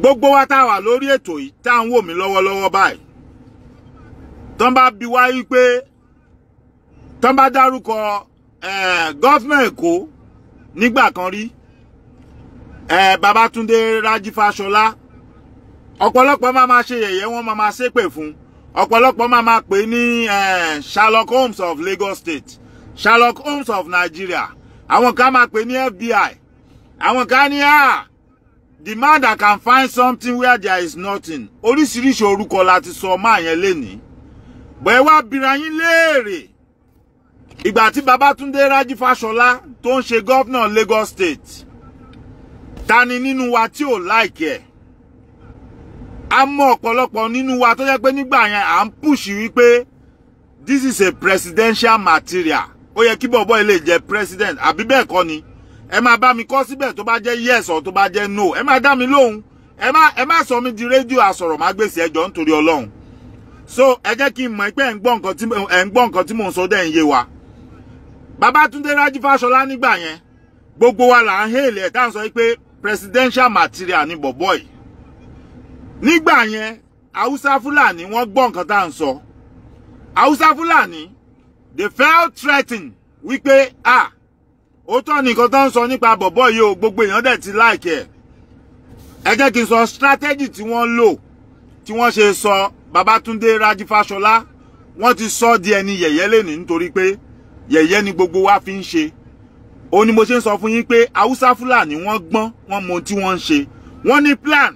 gbogbo wa tá a wà lórí ètò yìí tá à ń wò mí lọ́wọ́lọ́wọ́ báyìí tán bá bi wá wípé tán bá dárúkọ gọ́fìnà èkó nígbà kan rí babatunde rájí fáṣọlá ọ̀pọ̀lọpọ̀ máa ma ṣe yẹ̀yẹ́ wọ́n máa ma ṣépè fún ọ̀pọ̀lọpọ̀ máa ma pè ní Sherlock Holmes of Lagos State Sherlock Holmes of Nigeria àwọn kan máa pè ní FBI àwọn kan ní ah the man that can find something where there is nothing oríṣiríṣi orúkọ láti sọ ọmọ àyẹn lénìí bẹ́ẹ̀ wá bira yín léèrè ìgbà tí babatunde Rájí Fáṣọlá tó ń ṣe gọ́fúnà Lagos State ta ni nínú wa tí ò láìkẹ́ ẹ̀ a mọ ọ̀pọ̀lọpọ̀ nínú wa tó jẹ́ pé nígbà yẹn à ń pùṣì wípé this is a presidential material ó yẹ kí bọ̀bọ̀ ilé jẹ́ president àbí bẹ́ẹ̀ kọ́ ni ẹ máa bá mi kọ́ síbẹ̀ to ba je yes or to ba je no ẹ máa dá mi lóhùn ẹ má ẹ má sọ mi di rédíò àsọ̀rọ̀ má gbèsè ẹjọ́ nítorí ọlọ́run so ẹ jẹ́ kí n mọ̀ pé ẹ̀ ń gbọ́ nǹkan tí ẹ̀ ń gbọ́ nǹkan tí mò ń sọ dẹ́ ń yé wa Babátúndé Rájí gbogbo wa là ń hèlè ẹ̀ táwọn sọ presidential material ni bọ̀bọ̀ yìí nígbà yẹn Haúsá Fúlàní wọ́n gbọ́ nǹkan tá à ń sọ they felt threatened wípé ah ó tọ́ nìkan tó ń sọ nípa bọ̀bọ̀ yìí o gbogbo èèyàn dẹ̀ ti láìkì ẹ̀ ẹ jẹ́ kí n sọ strategy tí wọ́n lò tí wọ́n ṣe sọ babatunde Rájí Fáṣọlá wọ́n ti sọ di ẹni yẹ̀yẹ́ lénìí nítorí pé yẹ̀yẹ́ ni gbogbo wa fi ń ṣe ó ní mo ṣe ń sọ fún yín pé haúsá fúlàní wọ́n gbọ́n wọ́n mọ ohun tí wọ́n ń ṣe wọ́n ní plan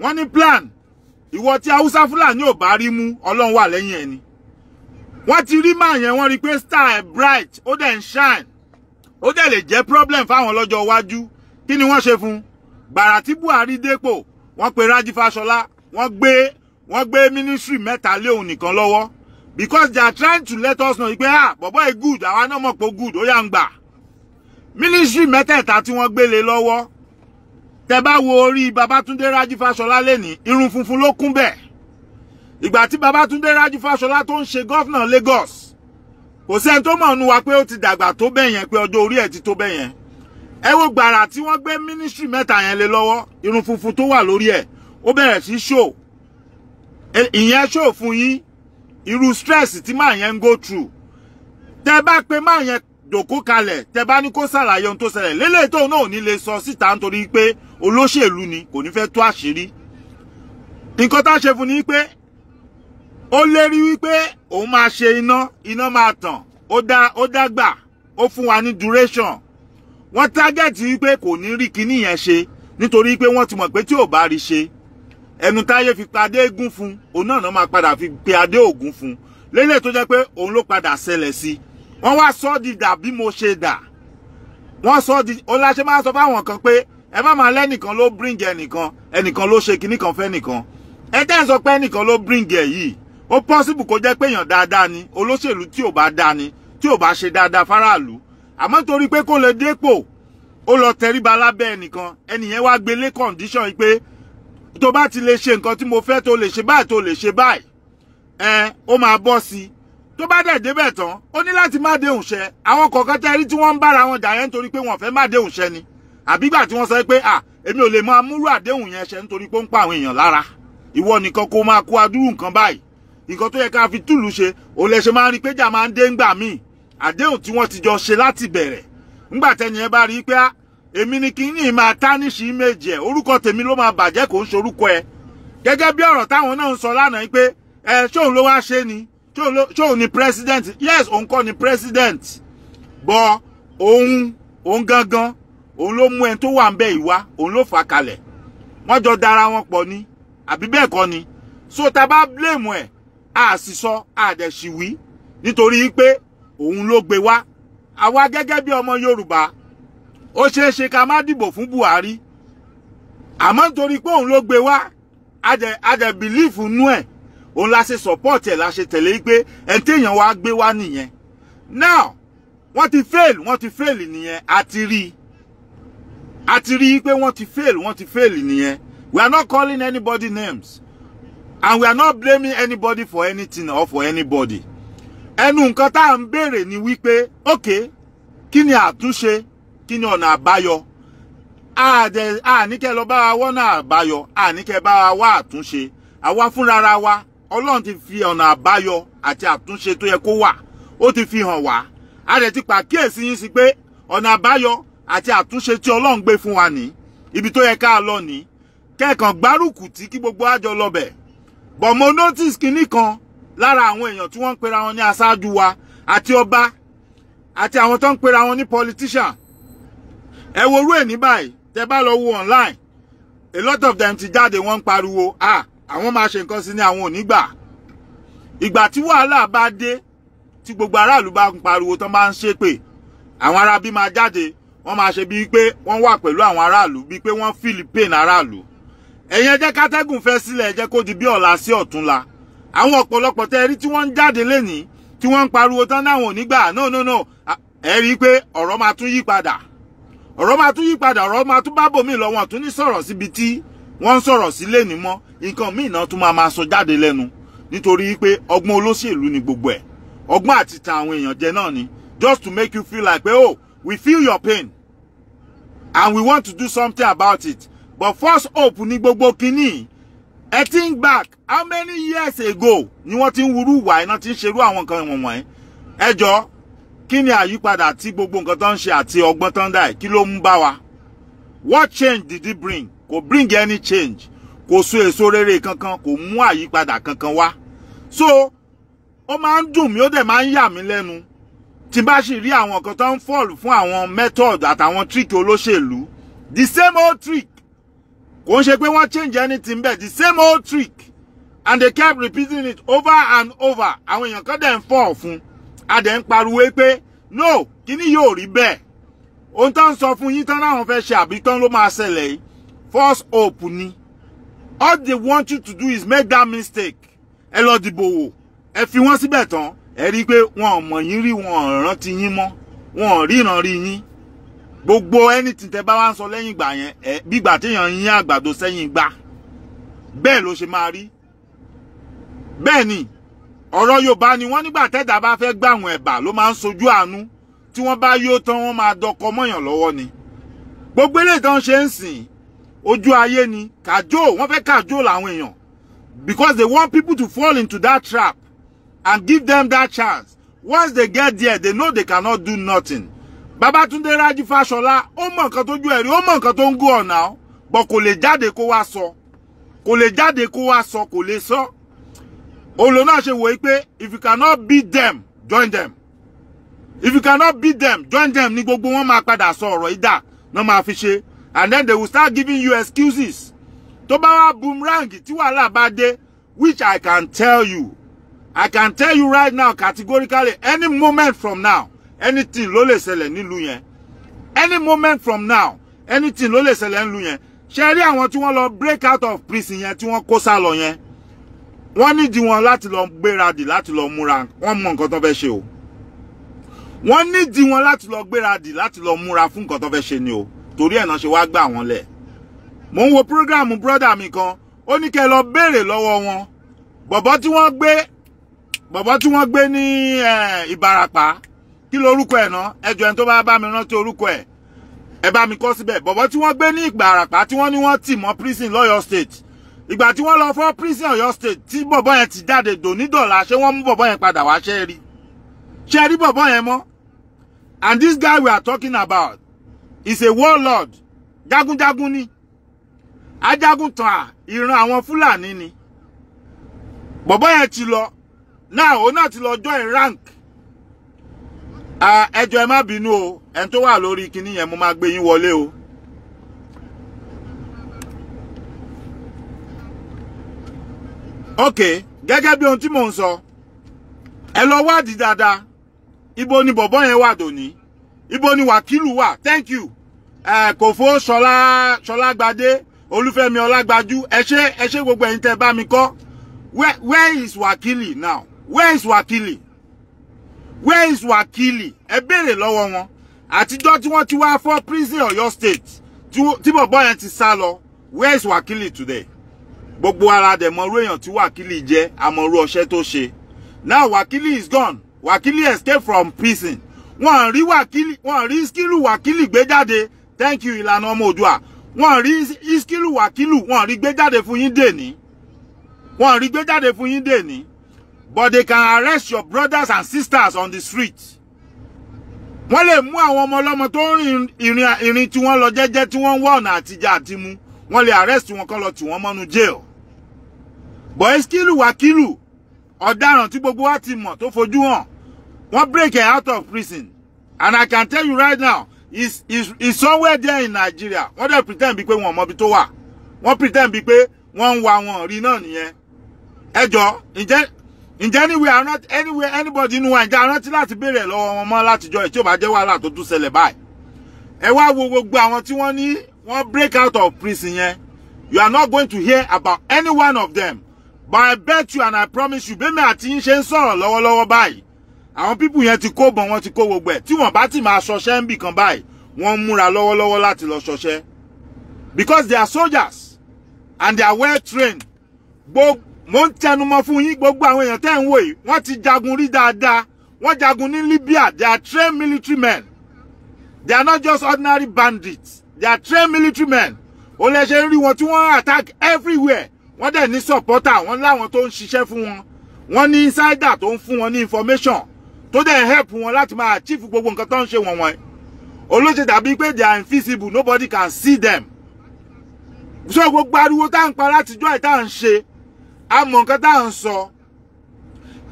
wọ́n ní plan ìwọ tí haúsá fúlàní ò bá rí mú ọlọ́run wà lẹ́yìn ẹni wọ́n ti rí màá yẹn wọ́n rí pé star bright ó dẹ̀ ń shine ó dẹ̀ lè jẹ́ problem fáwọn lọ́jọ́ iwájú kí ni wọ́n ṣe fún un gbàrà tí Buhari dépò wọ́n pe Rájí Fáṣọlá wọ́n gbé wọ́n gbé ministry mẹ́ta lé òun nìkan lọ́wọ́ because they are trying to let us know pé ah bọ̀bọ̀ e good àwa náà mọ̀ pé good ó yà ń gbà ministry mẹ́tẹ̀ẹ̀ta tí wọ́n gbé lé lọ́wọ́ tẹ bá wo orí Babátúndé Rájí Fáṣọlá lẹ́ni irun funfun ló kún bẹ́ẹ̀ ìgbà tí Babátúndé Rájí Fáṣọlá tó ń ṣe gọ́fìnà Lagos kò sẹ́ni tó mọ̀ nu wa pé ó ti dàgbà tó bẹ́ẹ̀ yẹn pé ọjọ́ orí ẹ̀ ti tó bẹ́ẹ̀ yẹn ẹ wo gbàrà tí wọ́n gbé mínísírì mẹ́ta yẹn lé lọ́wọ́ irun funfun tó wà lórí ẹ̀ ó bẹ̀rẹ̀ sí ṣò ìyẹn ṣò fún yín irú stress tí máa yẹn ń go through tẹ bá pe máa yẹn dòkó kalẹ̀ tẹ bá ní kó ṣàlàyé ohun tó ṣẹlẹ̀ lélẹ́yìí tóun náà ò ní lè sọ síta nítorí pé olóṣèlú ni kò ní fẹ́ tó àṣírí nǹkan tá a ṣe fún ni pé ó lérí wípé òun máa ṣe iná iná máa tàn ó dá ó dágbà ó fún wa ní duration wọ́n tágẹ́ẹ̀tì wípé kò ní rí kinní yẹn ṣe nítorí pé wọ́n ti mọ̀ pé tí ò bá rí ṣe ẹnu táyé fi padé gún fún òun náà máa padà fi pe adé ògún fún lélẹ̀ tó jẹ́ pé òun ló padà ṣẹlẹ̀ sí wọ́n wá sọ ọ́ di dà bí mo ṣe dà wọ́n sọ di ọláṣẹ́ máa sọ fáwọn kan pé ẹ má máa lẹ́nìkan ló bring ẹnìkan ẹnìkan ló ṣe kinní kan fẹ́ nìkan ẹ tẹ́ ń sọ pé ẹnìkan ló bring ẹ yìí ó possible kó jẹ́ pé èèyàn dáadáa ni olóṣèlú tí ò bá dáa ni tí ò bá ṣe dáadáa fáráàlú àmọ́ torí pé kó lè dépò ó lọ tẹríba lábẹ́ ẹnìkan ẹnìyẹn wá gbé lé condition yìí pé tó bá ti lè ṣe nǹkan tí mo fẹ́ tó lè ṣe báyìí tó lè ṣe báyìí ẹ ó m'a bọ́ sí i tó bá dẹ̀ débẹ̀ tán ó ní láti má déhùn ṣẹ àwọn kọ̀ọ̀kan tẹ́ rí tí wọ́n ń bára wọn jà yẹn nítorí pé m'a fẹ́ má ni àbígbà tí wọ́n sọ pé à èmi ò lè máa múrú àdéhùn yẹn ṣẹ nítorí pé ó ń pa àwọn èèyàn lára ìwọ nìkan kó máa kó adúrú nǹkan báyìí nǹkan tó yẹ ká fi túlù ṣe òun lẹ ṣe máa ń rí péjà máa ń dé ńgbà míì àdéhùn tí wọ́n ti jọ ṣe láti bẹ̀rẹ̀ ńgbà tẹ́ni ẹ bá rí pé èmi ni kí ní máa tánìṣì méjì ẹ̀ orúkọ tèmi ló máa bàjẹ́ kò ń ṣorúkọ ẹ gẹ́gẹ́ bí ọ̀rọ̀ táwọn náà ń sọ lánàá yìí pé ẹ ṣóun ló wá ṣe ni ṣóun ni president yes òun kọ́ ni president bọ́ òun òun gangan òun ló mú ẹni tó wà ń bẹ ìwá òun ló fà kalẹ̀ wọ́n jọ dara wọn pọ̀ ni àbí bẹ́ẹ̀ kọ́ ni so tá a bá blame ẹ̀ a sì nítorí pé òun ló gbé wá àwa gẹ́gẹ́ bí ọmọ Yorùbá ó ṣeé ṣe ká má dìbò fún Buhari àmọ́ nítorí pé òun ló gbé wá adẹ̀ bìlífù nú ẹ̀ òun la ṣe sọ́pọ́ọ̀tì ẹ̀ la ṣe tẹ̀lé pé ẹni téèyàn wá gbé wá nìyẹn now wọ́n ti fail wọ́n ti fail nìyẹn a rí i rí pé wọ́n ti fail wọ́n ti fail nìyẹn we are not calling anybody names and we are not blaming anybody for anything or for anybody ẹnu nǹkan tá à ń béèrè ni wípé ok kí ni àtúnṣe kí ni ọ̀nà àbáyọ àdẹ àníkẹ́ lọ bá wa wọ́nà àbáyọ àníkẹ́ bá wa wá àtúnṣe àwa fúnra wa ọlọ́run ti fi ọ̀nà àbáyọ àti àtúnṣe tó yẹ kó wà ó ti fi hàn wá a dẹ̀ ti pàkíyèsí yín sí pé ọ̀nà àbáyọ àti àtúnṣe tí ọlọ́run gbé fún wa ní ibi tó yẹ ká lọ ní kẹ́ẹ̀kan gbárùkù tí kí gbogbo àjọ lọ bẹ̀ but mo notice kinní kan lára àwọn èèyàn tí wọ́n ń pera wọn ní aṣáájú wa àti ọba àti àwọn tó ń pera wọn ní politician ẹ wo orú èní báyìí tẹ bá lọ wo online a lot of them ti jáde wọ́n ń pariwo ah àwọn máa ṣe nǹkan sí ni àwọn ò ní gbà ìgbà tí wàhálà bá dé tí gbogbo aráàlú bá ń pariwo tán bá ń ṣépè àwọn arábí máa jáde wọ́n máa ṣe bíi pé wọ́n wà pẹ̀lú àwọn aráàlú bíi pé wọ́n feel pain aráàlú ẹ̀yin ẹ jẹ́ kátẹ́gùn fẹ́ sílẹ̀ kó di bí ọ̀la sí ọ̀túnla àwọn ọ̀pọ̀lọpọ̀ tẹ́ ẹ tí wọ́n ń jáde lénìí tí wọ́n ń pariwo tán náwọn onígbà no no no ẹ rí i pé ọ̀rọ̀ máa tún yí padà ọ̀rọ̀ máa tún yí padà ọ̀rọ̀ máa tún bá bòmí lọ wọn tún ní sọ̀rọ̀ síbi tí wọ́n ń sọ̀rọ̀ sí lénìí mọ́ nǹkan míì náà tún máa máa sọ jáde lẹ́nu nítorí pé ọgbọ́n olóṣèlú ni gbogbo ẹ̀ ọgbọ́n àti ta àwọn èèyàn jẹ náà ni just to make you feel like pé oh we feel your pain and we want to do something about it but first hope ni gbogbo Kini. I think back how many years ago ni wọ́n ti ń wúrú wà iná ti ń ṣerú àwọn nǹkan wọ̀nyí ẹ jọ kí ni àyípadà tí gbogbo nǹkan tó ń ṣe àti ọgbọ́n tó ń dà ẹ̀ wa what change did it bring kò bring any change kò so èso rere kankan kò mú àyípadà kankan wá so ó máa ń dùn mí ó dẹ̀ máa ń yà mí lẹ́nu tí bá sì rí àwọn kan tó ń fọ́ọ̀lù fún àwọn method àtàwọn trick olóṣèlú the same old trick kò ń ṣe pé wọ́n change anything bẹ́ẹ̀ the same old trick and they kept repeating it over and over àwọn èèyàn kan dẹ̀ ń fọ́ ọ̀fun adẹ̀ ń pariwo pé no kíní yóò rí bẹ́ẹ̀ ohun tó ń sọ fún yín tán láwọn fẹ́ ṣe àbí tán ló máa ṣẹlẹ̀ yìí false hope ni all they want you to do is make that mistake ẹ lọ dìbò wò ẹ fi wọ́n síbẹ̀ tán ẹ rí i pé wọn ò mọ̀ yín rí wọn ò rántí yín mọ́ wọn ò ríran rí yín gbogbo anything tẹ́ bá wá ń sọ lẹ́yìn ìgbà yẹn ẹ gbígbà téèyàn yín àgbàdo sẹ́yìn gbá bẹ́ẹ̀ ló ṣe máa rí bẹ́ẹ̀ ni ọ̀rọ̀ Yorùbá ni wọ́n nígbà tẹ́dà bá fẹ́ gbà àwọn ẹ̀bà ló máa ń sojú àánú tí wọ́n bá yóò tán wọ́n máa dọkọ mọ́yàn lọ́wọ́ ni gbogbo eléyìí tán ṣe ń sìn ojú ayé ni kàjó wọ́n fẹ́ kàjó làwọn èèyàn because they want people to fall into that trap and give them that chance once they get there they know they cannot do nothing Babátúndé Rájí Fáṣọlá ó mọ nǹkan tójú ẹ̀rí ó mọ nǹkan tó ń gún ọ̀nà o bọ̀ kò lè jáde kó wá sọ kò lè jáde kó wá sọ kò lè sọ olo náà ṣe wòye pé if you cannot beat them join them if you cannot beat them join them ni gbogbo wọn máa padà sọ ọ̀rọ̀ ìdá náà máa fi ṣe and then they will start giving you excuses To bá wá boomerang tí wàhálà bá dé which I can tell you I can tell you right now categorically any moment from now anything ló lè ṣẹlẹ̀ nílùú yẹn any moment from now anything ló lè ṣẹlẹ̀ nílùú yẹn ṣe rí àwọn tí wọ́n lọ break out of prison yẹn tí wọ́n kó sá lọ yẹn wọ́n nídìí wọn lati lo gbéradì láti lọ múra wọ́n mọ nǹkan tó fẹ́ ṣe o wọ́n nídìí wọn láti lọ gbéradì láti lọ múra fún nǹkan tó fẹ́ ṣe ni o torí ẹ̀ náà ṣe wá gbà wọ́n lẹ̀ mò wo program brother mi kan ó ke lo lọ béèrè lọ́wọ́ wọn bọ̀bọ́ tí wọ́n gbé bọ̀bọ́ tí wọ́n gbé ní eh, Ìbàràpá kí lorúkọ ẹ̀ ná ẹjọ́ ẹni tó bá bá mi rántí orúkọ ẹ̀ ẹ bá mi kọ́ síbẹ̀ bọ̀bọ̀ tí wọ́n gbé ní ìgbà àràpá tí wọ́n ní wọ́n tì mọ́ prison lọ́yọ̀ state ìgbà tí wọ́n lọ fọ́ prison ọ̀yọ́ state tí bọ̀bọ̀ yẹn ti jáde dònídọ̀la ṣé wọ́n mú bọ̀bọ̀ yẹn padà wá ṣe rí ṣe rí bọ̀bọ̀ yẹn mọ́ and this guy we are talking about is a warlord jagunjagun ni ajaguntan à ìran àwọn fúlàní ni bọ̀bọ̀ yẹn ti lọ náà òun náà ti lọ join rank ẹjọ́ ẹ má bínú o ẹni tó wà lórí kinní yẹn mo máa gbé yín wọlé o. ok gẹ́gẹ́ bí ohun tí mò ń sọ ẹ lọ wádìí dáadáa ibo ni bọ̀bọ́ yẹn wà dòní ibo ni wàkílù wà thank you ẹ kò fó ṣọlá ṣọlágbadé olúfẹ́mi ọlágbájú ẹ ṣé ẹ ṣé gbogbo ẹ̀yin tẹ́ bá mi kọ́ where where is wakili now where is wakili where is Wakili ẹ béèrè lọ́wọ́ wọn àtijọ́ tí wọ́n ti wá fọ́ prison Ọ̀yọ́ state tí bọ̀bọ́ yẹn ti sá lọ where is Wakili today gbogbo ara dẹ̀ mọ̀rú èèyàn tí Wakili jẹ́ àmọ̀rú ọṣẹ́ tó ṣe now Wakili is gone Wakili escape from prison wọ́n rí Wakili wọ́n rí Iskilu Wakili gbé jáde thank you Ìlànà Ọmọ Oòduà wọ́n rí Iskilu Wakilu wọ́n rí gbé jáde fún yín dè ní wọ́n rí gbé jáde fún yín dè ní but they can arrest your brothers and sisters on the street. wọ́n lè mú àwọn ọmọ ọlọ́mọ tó ń rìn ìrìn tí wọ́n lọ jẹ́jẹ́ tí wọ́n ń wá ọ̀nà àtijọ́ àti mú wọ́n lè arrest wọn kọ́ lọ tì wọ́n mọ́nú jail. boy skilu wakilu ọ̀daràn tí gbogbo wa ti mọ̀ tó fojú hàn wọ́n break her out of prison and I can tell you right now is is is somewhere there in Nigeria wọ́n dẹ̀ pretend bíi pé wọ́n mọbi tó wà wọ́n pretend bíi pé wọ́n ń wa wọn rí náà nìyẹn ẹjọ́ ǹjẹ́ ǹjẹ́ anywhere around anywhere anybody inú wa ǹjẹ́ arántí láti béèrè lọ́wọ́ wọn mọ́ látijọ́ ẹ̀ tí ò bá jẹ́ wàhálà tó tún ṣẹlẹ̀ báyìí ẹ wá wo gbogbo àwọn tí wọ́n ní wọ́n break out of prison yẹn you are not going to hear about any one of them but I bet you and I promise you bẹ́ẹ̀ àti ń ṣe ń sọ̀rọ̀ lọ́wọ́lọ́wọ́ báyìí àwọn pípù yẹn ti kó bọ̀ wọ́n ti kó gbogbo ẹ̀ tí wọ́n bá ti máa ṣọṣẹ́ ń bì kan báyìí wọ́n ń múra lọ́wọ́lọ́wọ́ láti lọ ṣọṣẹ́ because they are soldiers and they are well trained gbogbo mo ń tẹnumọ́ fún yín gbogbo àwọn èèyàn tẹ́ ń wò yìí wọ́n ti jagun rí dáadáa wọ́n jagun ní Libya they are trained military men they are not just ordinary bandits they are trained military men ó lè ṣe rí wọn tí wọ́n attack everywhere wọ́n dẹ̀ ní supporter wọ́n láwọn tó ń ṣiṣẹ́ fún wọn wọ́n ní insider tó ń fún wọn ní information tó dẹ̀ help wọn láti máa chief gbogbo nǹkan tó ń ṣe wọ̀n wọ̀n olóṣè dàbí pé they are invisible nobody can see them so gbogbo ariwo tá à ń pa látijọ́ ẹ̀ tá à ń ṣe a mọ nǹkan tá à ń sọ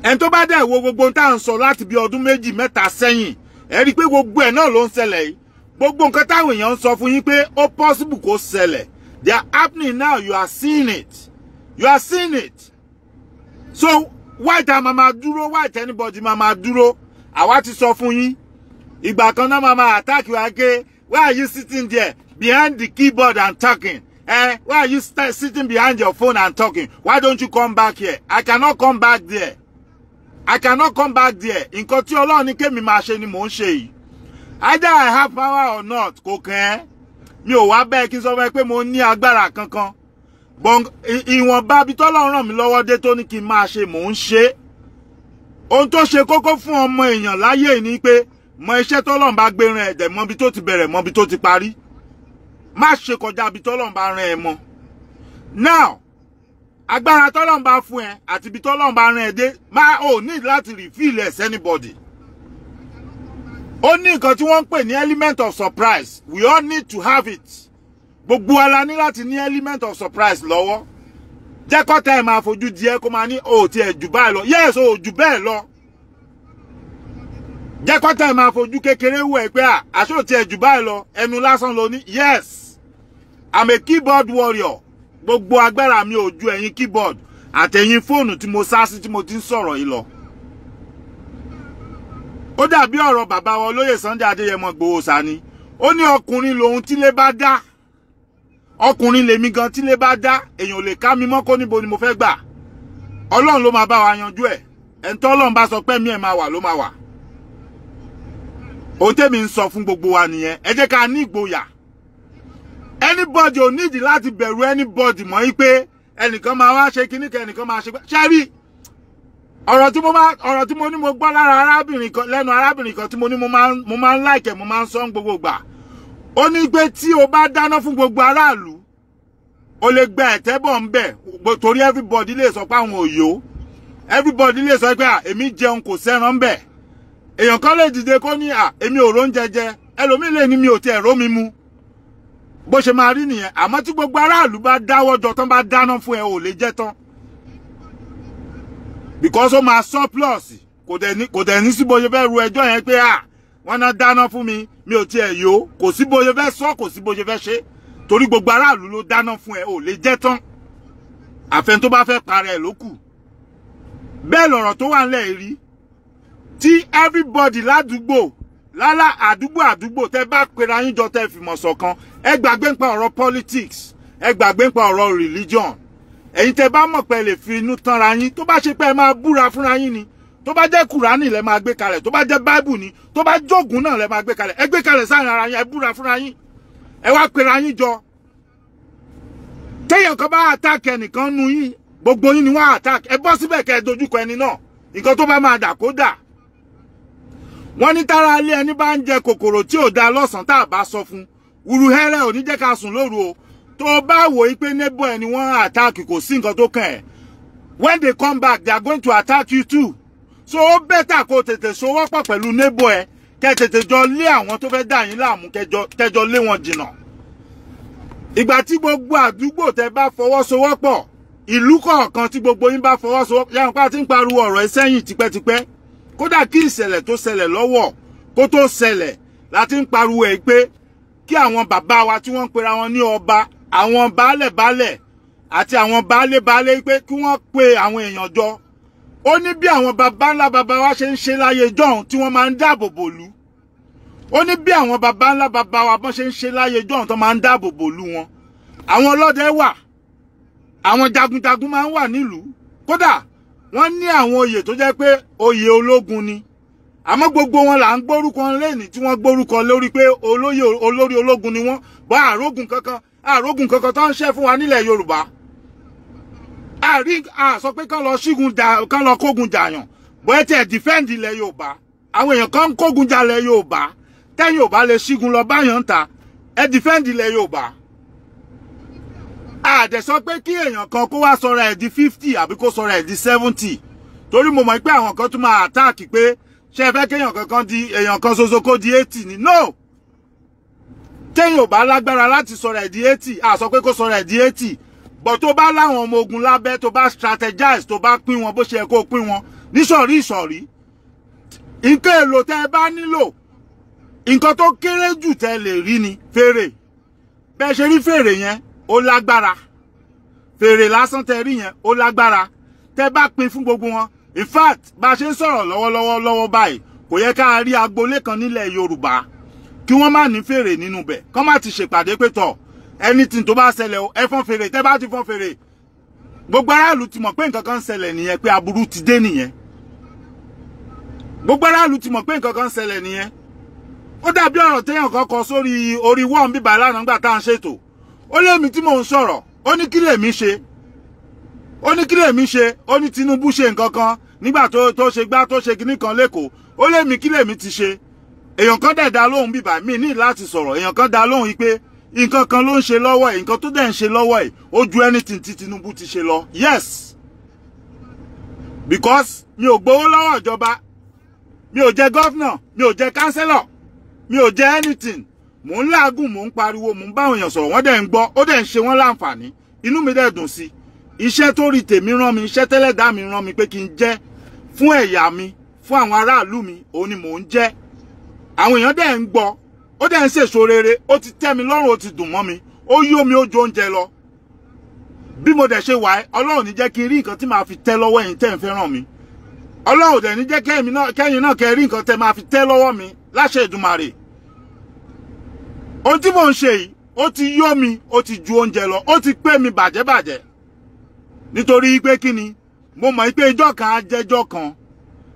ẹni tó bá dẹ̀ wo gbogbo tá à ń sọ láti bí ọdún méjì mẹ́ta sẹ́yìn ẹ rí i pé gbogbo ẹ̀ náà ló ń ṣẹlẹ̀ yìí gbogbo nǹkan táwọn èèyàn ń sọ fún yín pé ó possible kó ṣẹlẹ̀ they are happening now you are seeing it you are seeing it so white a máa máa dúró white anybody máa máa dúró àwa ti sọ fún yín ìgbà kan náà máa attack you again, why are you sitting there behind the keyboard and talking Eh, why are you sitting behind your phone and talking? Why don't you come back here? I cannot come back there. I cannot come back there. In tí Ọlọ́run ní kémi máa ṣe ni mò ń ṣe Either I have power or not, kò kàn ẹ́. Mi ò wá bẹ́ẹ̀ kí n sọ fún mo ní agbára kankan. Bọ̀n ìwọ̀nba bí tọ́lọ́run ràn mí lọ́wọ́ dé tó ní kí n máa ṣe mò ń ṣe. Ohun tó ṣe kókó fún ọmọ èèyàn láyé ni pé mọ iṣẹ́ tọ́lọ́run bá gbé ran ẹ̀dẹ̀ mọbi tó ti bẹ̀rẹ̀ mọbi tó ti parí má ṣe kọjá ibi tọ́lọ́run bá rán ẹ mọ́ now agbára tọ́lọ́run bá fún ẹ àti ibi tọ́lọ́run bá rán ẹ dé má ò ní láti refill ẹ̀ sẹ́nibọ̀dì ó ní nǹkan tí wọ́n ń pè ní element of surprise we all need to have it gbogbo ara ní láti ní element of surprise lọ́wọ́ jẹ́ kọ́ta ẹ̀ máa fojú di ẹ́ kó máa ní o tiẹ̀ jù báyìí lọ yes o jù bẹ́ẹ̀ lọ jẹ́ kọ́ta ẹ̀ máa fojú kékeré wù ẹ́ pé àṣọ tiẹ̀ jù báyìí lọ ẹnu lásán ló ní yes i'm a keyboard warrior gbogbo agbára mi ò ju ẹ̀yin keyboard àtẹ̀yin fóònù tí mo sá sí tí mo tin ń sọ̀rọ̀ yìí lọ. ó dàbí ọ̀rọ̀ wa olóyè Sunday Adéyẹmọ Ìgbòho Òòṣà ni ó ní ọkùnrin lòun tílé bá dá ọkùnrin lèmi gan tílé le dá èèyàn ò lè ká mi mọ́ kó níbo ni mo fẹ́ gbà ọlọ́run ló máa bá wa yanjú ẹ̀ ẹ̀ńtọ́ ọlọ́run bá sọ pé mi ẹ̀ máa wà ló máa wà. òun tèmi ń sọ fún gbogbo wa nìyẹn ẹ jẹ́ ká ní ìgboyà anybody ò need láti bẹ̀rù anybody mọ́ pé ẹnìkan máa wá ṣe kíní kan ẹnìkan máa ṣe gbá ṣe rí ọ̀rọ̀ tí mo máa ọ̀rọ̀ tí mo ní mo gbọ́ lára arábìnrin kan lẹ́nu arábìnrin kan tí mo ní mo máa ń láìkẹ̀ mo máa ń sọ gbogbo gbà ó ní pé tí o bá dáná fún gbogbo aráàlú o lè gba ẹ̀tẹ́ bọ̀ ń everybody le so pé àwọn òyò everybody le so pé Emi jẹun kò sẹ́ran ń bẹ̀ èèyàn kan lè dìde kó ní èmi ò róúnjẹ jẹ ẹlòmíì lè ní mi ò tiẹ̀ rómi mu bó ṣe máa rí nìyẹn àmọ́ tí gbogbo aráàlú bá dáwọ́ jọ tán bá dáná fún ẹ ò lè jẹ́ tán because ó máa surplus kò dẹ̀ ní kò dẹ̀ ní sí bóyá fẹ́ ru ẹjọ́ yẹn pé à wọ́n náà dáná fún mi mi ò tiẹ̀ yó kò sí bóyá fẹ́ sọ kò sí bóyá fẹ́ ṣe torí gbogbo aráàlú ló dáná fún ẹ ò lè jẹ́ tán àfẹn tó bá fẹ́ para ẹ̀ ló kù bẹ́ẹ̀ lọ̀rọ̀ tó wà ńlẹ̀ rí tí everybody ládùúgbò lálá àdúgbò àdúgbò tẹ bá pera yín jọ tẹ fìmọ̀ ṣọ̀kan ẹ gbàgbé nípa ọ̀rọ̀ politics ẹ gbàgbé nípa ọ̀rọ̀ religion ẹ̀yin tẹ bá mọ̀ pé lè fi inú tanra yín tó bá ṣe pé ẹ máa búra fúnra yín ni tó bá jẹ́ kùránì lẹ máa gbé kalẹ̀ tó bá jẹ́ báìbù ni tó bá jógun náà lẹ máa gbé kalẹ̀ ẹ gbé kalẹ̀ sáàrin ara yín ẹ búra fúnra yín ẹ wá pera yín jọ téèyàn kan bá attack ẹnìkan nu yín gbogbo yín ni wọ́n attack ẹ bọ́ síbẹ̀ kẹ́ ẹ dojúkọ ẹni náà nǹkan tó bá máa dà kó dà wọ́n ní tára ilé ẹni bá ń jẹ kòkòrò tí ò da lọ́sàn-án tá a bá sọ fún wùrù hẹ́rẹ́ ò ní jẹ́ ká sùn lóru o tó bá wò ó pé neighbor ẹni wọ́n attack kò sí nǹkan tó kàn ẹ́ when they come back they are going to attack you too so ó bẹ́tà kó tètè sowọ́pọ̀ pẹ̀lú neighbor ẹ kẹ́ tètè jọ lé àwọn tó fẹ́ dà yín láàmú kẹjọ lé wọn jìnnà ìgbà tí gbogbo àdúgbò tẹ bá fọwọ́sowọ́pọ̀ ìlú kọ̀ọ̀kan tí gbogbo yín bá fọwọ́sowọ́pọ̀ yàrá pa ti ń pariwo ọ̀rọ̀ ẹ sẹ́yìn tipẹ́tipẹ́ kódà kí ìṣẹ̀lẹ̀ tó ṣẹlẹ̀ lọ́wọ́ kó tó ṣẹlẹ̀ láti ń pariwo ẹ̀ pé kí àwọn bàbá wa tí wọ́n ń pera wọn ní ọba àwọn baálẹ̀-baálẹ̀ àti àwọn baálé-baálé pé kí wọ́n pe àwọn èèyàn jọ ó ní bí àwọn bàbá ńlá bàbá wa ṣe ń ṣe láyé jọ́hún tí wọ́n máa ń dáàbò bò lú ó ní bí àwọn bàbá ńlá bàbá wa bọ́n ṣe ń ṣe láyé jọ́hún tó máa ń dáàbò bò lú wọn àwọn ọlọ́dẹ wà àwọn jagunjagun máa ń wà nílùú kódà wọ́n ní àwọn oyè tó jẹ́ pé oyè ológun ni àmọ́ gbogbo wọn là ń gbórúkọ lẹ́ni tí wọ́n gbórúkọ lórí pé olóyè olórí ológun ni wọ́n bá àrógùn kankan àrógùn kankan tó ń ṣe fún wa nílẹ̀ Yorùbá àrí àsọ pé kán lọ ṣígun jà kán lọ kógun jàyàn bóyá tiẹ̀ defend ilẹ̀ Yorùbá àwọn èèyàn kan ń kógun jalẹ̀ Yorùbá tẹ́yìn ò bá lè ṣígun lọ báyọ̀ ń ta ẹ defend ilẹ̀ Yorùbá àdẹ̀sọ pé kí èèyàn kan kó wá sọra ẹ̀ fifty àbí kó sọra ẹ̀ seventy torí mo mọ̀ pé àwọn kan tún máa àtáàkì pé ṣé ẹ fẹ́ kéèyàn kankan di èèyàn kan ṣoṣo kó di eighty ni no téèyàn ò bá lágbára láti sọra ẹ̀ di eighty àsọ pé kó sọra ẹ̀ di eighty bọ̀ tó bá láwọn ọmọ ogun lábẹ́ tó bá strategize tó bá pín wọn bó ṣe yẹ kó pín wọn níṣọ̀rí ìṣọ̀rí nǹkan èlò tẹ́ ẹ bá nílò nǹkan tó kéré jù tẹ́ lè rí ni fèrè bẹ́ẹ̀ ṣe rí fèrè yẹn ó lágbára fèrè lásán tẹ rí yẹn ó lágbára tẹ bá pín fún gbogbo wọn in fact bá a ṣe ń sọ̀rọ̀ lọ́wọ́lọ́wọ́ lọ́wọ́ báyìí kò yẹ ká rí agboolé kan nílẹ̀ yorùbá kí wọ́n má ní fèrè nínú bẹ̀ kọ́ má ti ṣèpàdé pé tọ̀ anything tó bá ṣẹlẹ̀ o ẹ fọ́n fèrè tẹ́ bá ti fọ́n fèrè gbogbo aráàlú ti mọ̀ pé nǹkan kan ń ṣẹlẹ̀ nìyẹn pé aburú ti dé nìyẹn gbogbo aráàlú ti mọ̀ pé nǹkan kan ń ṣẹlẹ̀ nìyẹn ó dàbí ọ̀rọ̀ téèyàn kan kọ sórí orí wọ́ọ̀n bíbá lánàá nígbà tá à ń ṣètò ó lémi tí mò ń sọ̀rọ̀ ó ní kí lèmi ṣe ó ní kí lèmi ṣe ó ní Tinubu ṣe nǹkan kan nígbà tó tó ṣe gbá tó ṣe kinní kan lẹ́kọ̀ọ́ ó lémi kí lèmi ti ṣe èèyàn kan dẹ̀ dá lóhùn bíbà mí ní láti sọ̀rọ̀ èèyàn kan dá lóhùn yìí pé nǹkan kan ló ń ṣe lọ́wọ́ ẹ̀ nǹkan tó dẹ̀ ń ṣe lọ́wọ́ ẹ̀ ó ju anything tí Tinubu ti ṣe lọ yes because mi ò gbowó lọ́wọ́ ìjọba mi ò jẹ́ gọ́fìnà mi ò jẹ́ kánsẹ́lọ̀ mi ò jẹ́ anything mò ń làágùn mò ń pariwo mò ń báwọn èèyàn sọ̀rọ̀ wọ́n dẹ̀ ń gbọ́ ó dẹ̀ ń ṣe wọ́n láǹfààní inú mi dẹ̀ dùn sí iṣẹ́ tó rí tèmi rán mi iṣẹ́ tẹ́lẹ̀dá mi rán mi pé kí n jẹ́ fún ẹ̀yà mi fún àwọn aráàlú mi òun ni mò ń jẹ́ àwọn èèyàn dẹ̀ ń gbọ́ ó dẹ̀ ń ṣèso rere ó ti tẹ́ mi lọ́rùn ó ti dùn mọ́ mi ó yó mi ó ju oúnjẹ lọ bí mo dẹ̀ ṣe wà ẹ́ ọlọ́run ní jẹ́ kí n rí nǹkan tí màá fi tẹ́ lọ́wọ́ ẹ̀yin tẹ́ ń fẹ́ràn mi ọlọ́run dẹ̀ ní jẹ́ kẹ́yìn náà kẹ́ rí nǹkan tẹ́ máa fi tẹ́ lọ́wọ́ mi láṣẹ Èdùmàrè ohun tí mò ń ṣe yìí ó ti yó mi ó ti ju oúnjẹ lọ ó ti pé mi bàjẹ́bàjẹ́ nítorí pé kí ni mo mọ̀ pé ìjọ́ kan á jẹ́jọ́ kan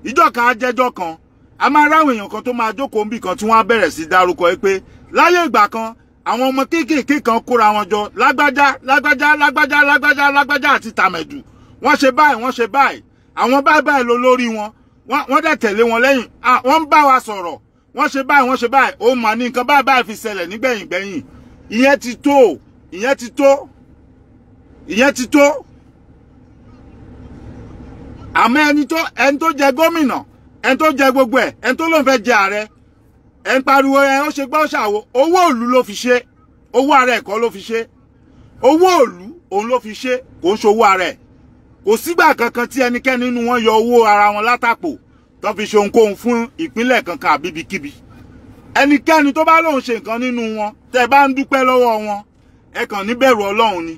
ìjọ́ kan á jẹ́jọ́ kan a máa ráwọn èèyàn kan tó máa jókòó níbì kan tí wọ́n á bẹ̀rẹ̀ sí dárúkọ ẹ pé láyé ìgbà kan àwọn ọmọ kéékèèké kan kóra wọn jọ lágbájá lágbájá lágbájá lágbájá lágbájá àti tàmẹ̀dù wọ́n ṣe báyìí wọ́n ṣe báyìí àwọn báyìí báyìí ló lórí wọn wọ́n dẹ̀ tẹ̀lé wọn lẹ́yìn wọ́n ń bá wa sọ̀rọ̀ wọ́n ṣe báyìí wọ́n ṣe báyìí ó mà ní nǹkan báyìí báyìí fi ṣẹlẹ̀ nígbẹ̀yìn gbẹ̀yìn ìyẹn ti tó ìyẹn ti tó ìyẹn ti tó àmọ́ ẹni tó ẹni tó jẹ gómìnà ẹni tó jẹ gbogbo ẹ̀ ẹni tó lóun fẹ́ jẹ ààrẹ ẹ ń pariwo ẹ ó ṣe gbọ́ ṣàwo owó òlu ló fi ṣe owó ara ẹ̀ ló fi ṣe owó òlu òun ló fi ṣe kò ń ṣowó ara ẹ̀ kò sígbà kankan tí ẹnikẹ́ni nínú wọn yọ owó ara wọn látàpò tó fi ṣe ohunkóhun fún ìpínlẹ̀ kankan àbíbikíbi ẹnikẹ́ni tó bá lóun ṣe nǹkan nínú wọn tẹ́ bá ń dúpẹ́ lọ́wọ́ wọn ẹ kàn níbẹ̀rù ọlọ́run ni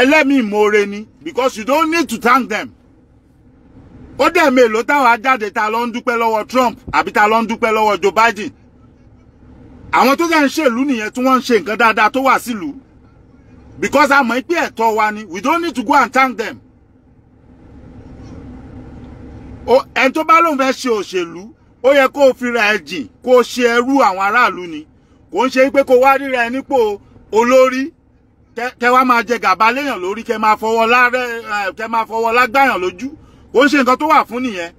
ẹlẹ́mìí ìmoore ni because you don't need to thank them ó dẹ̀ mélòó táwọn ajáde ta ló ń dúpẹ́ lọ́wọ́ Trump àbí ta ló ń dúpẹ́ lọ́wọ́ Joe Biden àwọn tó dẹ̀ ń ṣèlú nìyẹn tí wọ́n ń ṣe nǹkan dáadáa tó wà sílùú because a mọ̀ ẹ̀tọ́ wa ni we don't need to go and thank them ẹni tó bá lóun fẹ́ ṣe òṣèlú ó yẹ kó o fira ẹ jìn kó o ṣe ẹrú àwọn aráàlú ni kò ń ṣe pé kó wá ríra ẹ nípò olórí kẹ wá máa jẹ gàba léèyàn lórí kẹ máa fọwọ́ lárẹ kẹ máa fọwọ́ lágbàyàn lójú kò ń ṣe nǹkan tó wà fún nìyẹn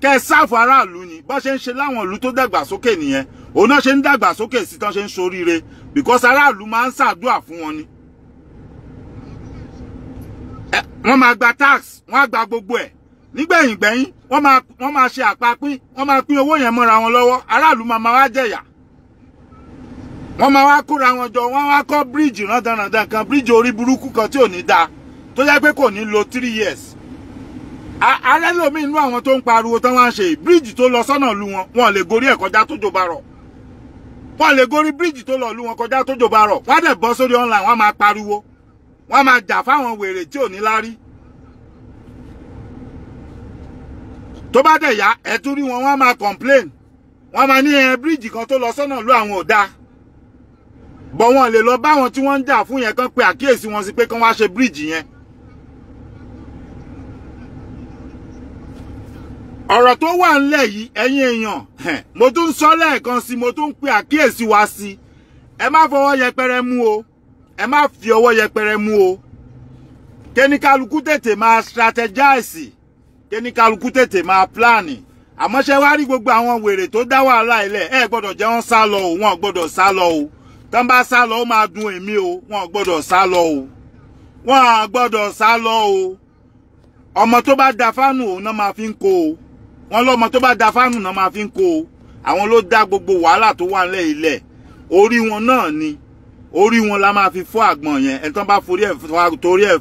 kẹ sáàfù aráàlú ni bó ṣe ń ṣe láwọn ìlú tó dàgbàsókè nìyẹn òun náà ṣe ń dàgbàsókè sí tán ṣe ń soríire because aráàlú máa ń ṣàdúà fún wọn ni wọ́n máa gba tax wọ́n á gba gbogbo ẹ̀ nígbẹ̀yìn gbẹ̀yìn wọ́n máa wọ́n máa ṣe àpapín wọ́n máa pín owó yẹn mọ́ra wọn lọ́wọ́ aráàlú máa máa wá jẹ̀yà wọ́n máa wá kóra wọn jọ wọ́n wá kọ́ bíríìjì rándánrandán kan bíríìjì orí burúkú kan tí ò ní dáa tó jẹ́ pé kò ní lo three years ààrẹ lómi inú àwọn tó ń pariwo tán wá ń ṣe bíríìjì tó lọ sọ́nà lu wọn wọn lè gorí ẹ̀ kọjá tó jọba rọ̀ wọn lè gorí bíríìjì tó lọ lu wọn kọjá tó jọba rọ̀ wọ́n dẹ̀ bọ́ sórí online wọ́n máa pariwo wọ́n máa jà fáwọn wèrè tí ò ní lárí tó bá dẹ̀ yá ẹ tún rí wọn wọ́n máa complain wọ́n máa ní ẹ bíríìjì kan tó lọ sọ́nà ló àwọn ò dáa bọ̀ wọn lè lọ bá wọn tí wọ́n ń jà fún yẹn kán pe àkíyèsí wọn sí pé kán wá ṣe bíríìjì yẹn. ọ̀rọ̀ tó wà ńlẹ̀ yìí ẹ̀yin èèyàn mo tún ń sọ lẹ́ẹ̀kan sí mo tún ń pe àkíyèsí wa sí ẹ má fọwọ́ yẹpẹrẹ mú o ẹ má fi ọwọ́ yẹpẹrẹ mú o kẹ́ni kálukú tètè máa strategize kéní kálukú tètè máa pílánì àmọ́ ṣe wá rí gbogbo àwọn wèrè tó dá wàhálà ilẹ̀ ẹ gbọ́dọ̀ jẹ́ wọ́n sá lọ o wọ́n gbọ́dọ̀ sá lọ o tán bá sá lọ ó máa dùn èmi o wọ́n gbọ́dọ̀ sá lọ o wọ́n gbọ́dọ̀ sá lọ o ọmọ tó bá da fánù òun náà máa fi ń kó o wọ́n lọ́mọ tó bá da fánù náà máa fi ń kó o àwọn ló dá gbogbo wàhálà tó wà nílẹ̀ ilẹ̀ orí wọn náà ni orí wọn la máa fi fọ́ àgbọ̀n yẹn ẹni tán bá forí ẹ̀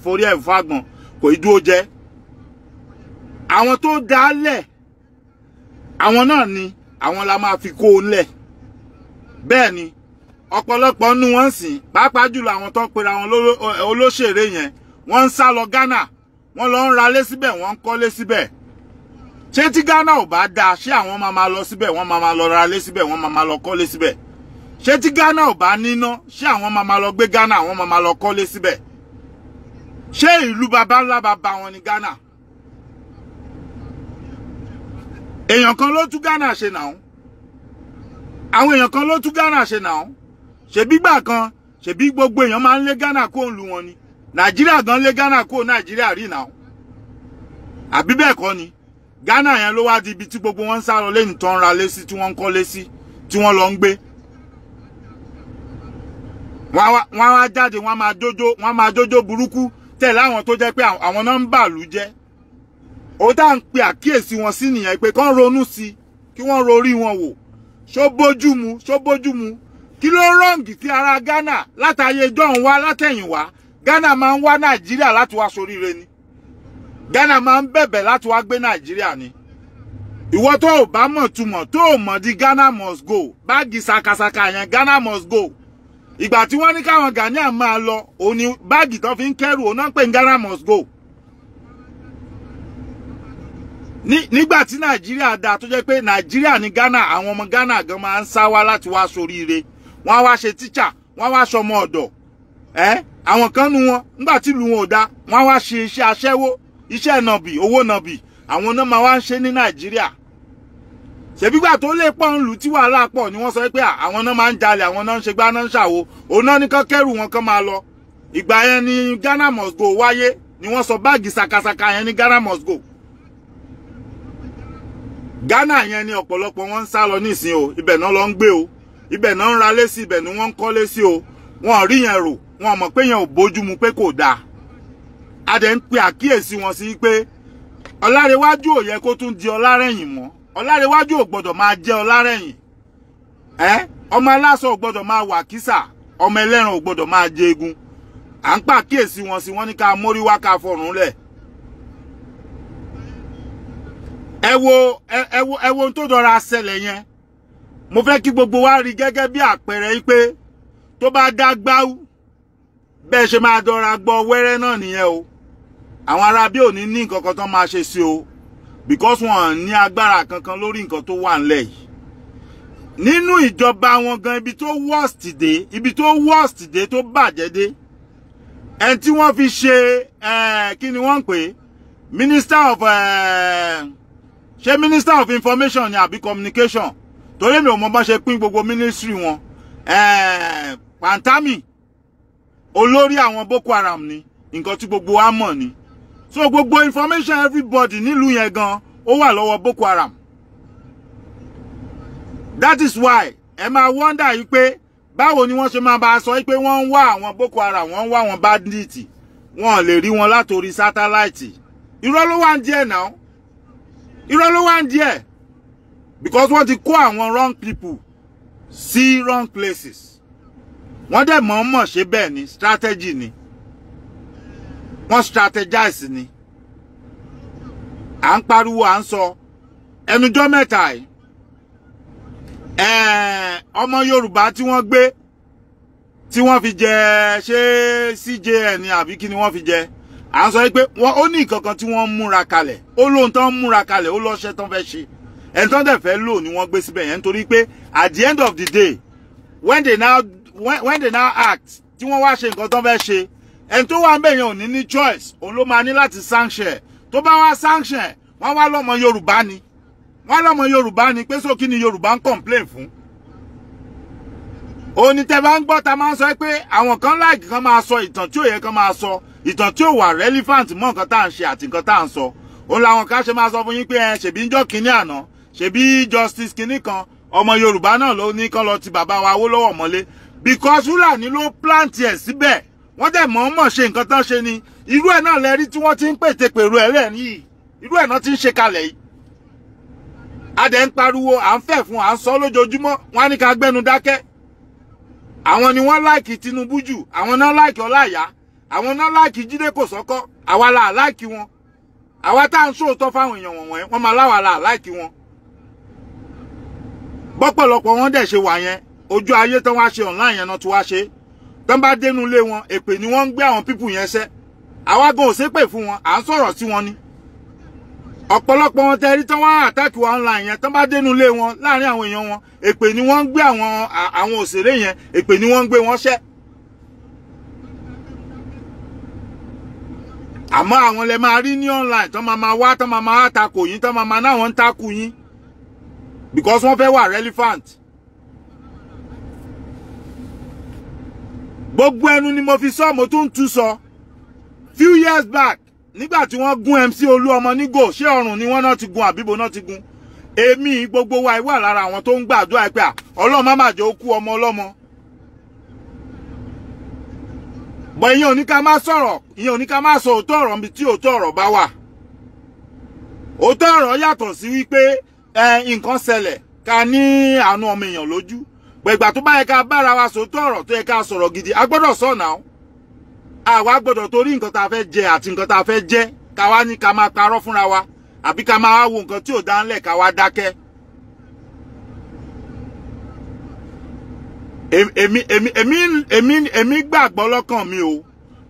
forí ẹ̀ fọ́ àgbọ̀n kò í dúró jẹ́ àwọn tó dálẹ̀ àwọn náà ni àwọn la máa fi kó lẹ̀ bẹ́ẹ̀ ni ọ̀pọ̀lọpọ̀ nínú wọn sìn pàápàá jùlọ àwọn tó ń pera wọn olóṣèré yẹn wọ́n ń sá lọ Ghana wọ́n lọ ń ralé síbẹ̀ wọ́n ń kọ́lé síbẹ̀ ṣé tí Ghana ò bá dáa ṣé àwọn máa máa lọ síbẹ̀ wọ́n máa máa lọ ralé síbẹ̀ wọ́n máa máa lọ kọ́lé síbẹ̀ ṣé tí Ghana ò bá níná ṣé àwọn máa máa lọ gbé Ghana àwọn máa máa lọ kọ́lé síbẹ̀ ṣé ìlú baba ńlá wọn ni Ghana èèyàn kan ló tú Ghana ṣe náà àwọn èèyàn kan ló tú Ghana ṣe náà ṣèbígbà kan ṣèbí gbogbo èèyàn máa ń lé Ghana kó ń lu wọn ni Nàìjíríà gan lé Ghana kó Nàìjíríà rí náà àbí bẹ́ẹ̀ kọ́ ni Ghana yẹn ló wá di ibi tí gbogbo wọn ń sá lọ lẹ́yìn tó ń ra lé sí tí wọ́n ń kọ́lé sí tí wọ́n lọ ń gbé wọ́n á wá jáde wọ́n á máa jójó burúkú tẹ̀ láwọn tó jẹ́ pé àwọn náà ń bà jẹ́ ó tá à ń pe àkíyèsí wọn sí nìyẹn pé kán ronú sí kí wọ́n rorí wọn wò ṣó bójú mu ṣó bójú mu kí ló rọ́ǹgì tí ara Ghana látàyè john wá látẹ̀yìnwá Ghana máa ń wá Nàìjíríà láti wá soríire ni Ghana máa ń bẹ̀bẹ̀ láti wá gbé Nàìjíríà ni ìwọ tó ò bá mọ̀ túmọ̀ tó di Ghana must go báàgì sakasaka yẹn Ghana must go ìgbà tí wọ́n ní káwọn Ghanaian máa lọ òun ni báàgì tó fi ń kẹ́rù òun náà pè Ghana must go. nígbà tí nàìjíríà dáa tó jẹ́ pé nàìjíríà ní ghana awon omo ghana gan ma ń wa lati wa wá soríire wọ́n á wá ṣe tíṣà wọ́n á wá ṣọmọ ọ̀dọ̀ kan nu won nígbà ti lu won o da wọ́n á wá ṣe iṣẹ́ aṣẹ́wó iṣẹ́ nàbì owó nàbì àwọn náà máa wá ń ṣe ní nàìjíríà ṣèbígbà tó lè pọ̀ ń lù tí wàhálà pọ̀ ni wọ́n sọ pé àwọn náà máa ń jalè àwọn náà ń ṣe gbáná ń ṣàwo òun náà ní kán kẹ́rù wọn kan ma lọ igba yen ni ghana must go waye ni wọ́n sọ báàgì sakasaka yen n'i ghana must go Ghana yẹn ni ọ̀pọ̀lọpọ̀ wọn ń sá lọ nísìn o ibẹ̀ náà lọ ń gbé o ibẹ̀ náà ń ralé sí ibẹ̀ ni wọ́n ń kọ́lé sí o wọn rí yẹn rò wọn mọ̀ pé yẹn ò bójúmu pé kò dáa a dẹ̀ ń pe àkíyèsí wọn sí pé ọlárẹ̀wájú ò yẹ kó tún di ọlárẹ̀yìn mọ́ ọlárẹ̀wájú ò gbọ́dọ̀ máa jẹ́ ọlárẹ̀yìn ẹ́ ọmọ aláṣọ ò gbọ́dọ̀ máa wà kísà ọmọ ẹlẹ́ran ò gbọ́dọ̀ máa jẹ egun à ń pàkíyèsí wọn sí wọn ní ká mórí ká fọrùn lẹ̀ ẹ wo ẹ wo ẹ wo ohun tó dọra ṣẹlẹ̀ yẹn mo fẹ́ kí gbogbo wa rí gẹ́gẹ́ bí àpẹẹrẹ yìí pé tó bá dá gbáwú bẹ́ẹ̀ ṣe máa dọra gbọ́ wẹ́rẹ́ náà nìyẹn o àwọn ará bí ò ní ní nǹkan kan tó máa ṣe sí o because wọn ní agbára kankan lórí nǹkan tó wà ńlẹ̀ yìí nínú ìjọba wọn gan ibi tó worst dé ibi tó worst dé tó bàjẹ́ dé ẹni tí wọ́n fi ṣe kí ni wọ́n ń pè minister of. Uh, ṣé minister of information ni àbí communication torí mi ò mọ bá ṣe pín gbogbo ministry wọn eh, pantami olórí àwọn boko haram ni nǹkan tí gbogbo wa mọ̀ ni so gbogbo information everybody nílùú yẹn gan ó wà lọ́wọ́ boko haram that is why ẹ máa wonder yìí pé báwo ni wọ́n ṣe máa bá a sọ pé wọ́n ń wá àwọn boko haram wọ́n ń wá àwọn bandits wọn ò lè rí wọn látòrí sátáláìtì irọ́ ló wà ń díẹ̀ náà irọ́ ló wá ń díẹ̀ because wọ́n ti kó àwọn wrong people sí wrong places wọ́n dẹ̀ mọ̀ọ́mọ̀ ṣe bẹ́ẹ̀ ni strategy ni wọ́n strategize ni à ń pariwo à ń sọ ẹnujọ́ mẹ́ta yìí eh, ọmọ Yorùbá tí wọ́n gbé tí wọ́n fi jẹ ṣé CJN àbí kí ni wọ́n fi jẹ à ń sọ pé wọn ó ní nǹkan kan tí wọ́n ń múra kalẹ̀ ó lóun tán ń múra kalẹ̀ ó lọ́ṣẹ́ tán fẹ́ ṣe ẹni tán dẹ̀ fẹ́ lò ni wọ́n gbé síbẹ̀ yẹn nítorí pé at the end of the day when they now when, when they now act tí wọ́n wá ṣe nǹkan tán fẹ́ ṣe ẹni tó wà ń bẹ̀ yẹn ò ní ní choice òun ló máa ní láti sanction ẹ̀ tó bá wá sanction ẹ̀ wọ́n wá lọ́mọ Yorùbá ni wọ́n lọ́mọ Yorùbá ni pé sókí ni Yorùbá ń complain fún òun ni tẹ́ bá ń gbọ́ ta máa ń sọ pé àwọn kan láàgì kan máa sọ ìtàn tí ò kan máa sọ ìtàn tí ò wà relevant mọ́ nǹkan tá à ń ṣe àti nǹkan tá à ń sọ òun làwọn ká ṣe máa sọ fún yín pé ẹ ṣèbí ń jọ kínní àná ṣèbí justice kínní kan ọmọ yorùbá náà ló ní kán lọ ti bàbá wa Awólọ́wọ̀ mọ́lé because fúlàní ló plant ẹ̀ síbẹ̀ wọ́n dẹ̀ mọ̀ ọ́n mọ̀ ṣe nǹkan tán ṣe ni irú ẹ̀ náà lẹ́rí tí wọ́n ti ń pètè pèrò ẹ̀ rẹ̀ yìí irú ẹ̀ náà ti ń ṣe kalẹ̀ yìí a dẹ̀ ń pariwo à ń fẹ́ fún à ń sọ lójoojúmọ́ wọn á ní ká gbẹ́nu dákẹ́ àwọn ni wọ́n láìkì Tinubu jù àwọn náà láìkì Ọláìyá àwọn náà láàkì jíde kò sọ́kọ́ àwa la láàkì wọn àwa tá à ń sòótọ́ fáwọn èèyàn wọ̀nyẹn wọ́n máa láwa la láàkì wọn bọ́pọ̀lọpọ̀ wọn dẹ̀ ṣe wà yẹn ojú ayé tán wá ṣe online yẹn náà tí wá ṣe tán bá dénú ilé wọn èpè ni wọ́n ń gbé àwọn pípù yẹn sẹ́ àwa gan ò ṣépè fún wọn à ń sọ̀rọ̀ sí wọn ni ọ̀pọ̀lọpọ̀ wọn tẹ́rí tán wá àtàkì wa online yẹn tán bá dénú ilé wọn láàrin àwọn èèyàn wọn èpè ni wọ́n ń gbé àwọn àwọn òṣèré yẹn èpè ni wọ́n ń gbé wọn ṣẹ́ àmọ́ àwọn lẹ máa rí ní online tán máa máa wá tán máa máa takò yín tán máa máa náwọn ń takò yín because wọ́n fẹ́ wà relevant. gbogbo ẹnu ni mo fi sọ mo tún tún sọ few years back nígbà tí wọ́n gún MC Olúọmọ ní gò ṣé ọrùn ni wọ́n náà ti gun àbíbo náà ti gun èmi gbogbo wa wà lára àwọn tó ń gbàdúrà pé ọlọ́mọ má mà jẹ́ ó kú ọmọ ọlọ́mọ bọ̀ ìyẹn ò ní ká máa sọ̀rọ̀ ìyẹn ò ní ká máa sọ òótọ́ ọ̀rọ̀ níbi tí òótọ́ ọ̀rọ̀ bá wà òótọ́ ọ̀rọ̀ yàtọ̀ sí wípé nǹkan ṣẹlẹ̀ ká ní àánú ọmọ èèyàn lójú pẹ̀gbà tó bá yẹ ká wa sòótọ́ ọ̀rọ̀ tó yẹ ká gidi a gbọ́dọ̀ o àwa gbọ́dọ̀ torí nǹkan tá jẹ àti nǹkan jẹ ká wá ní ká máa parọ́ wa àbí ká máa wo nǹkan tí ò dá Emi emi emi emi emi gbàgbọ́ lọ́kàn mi o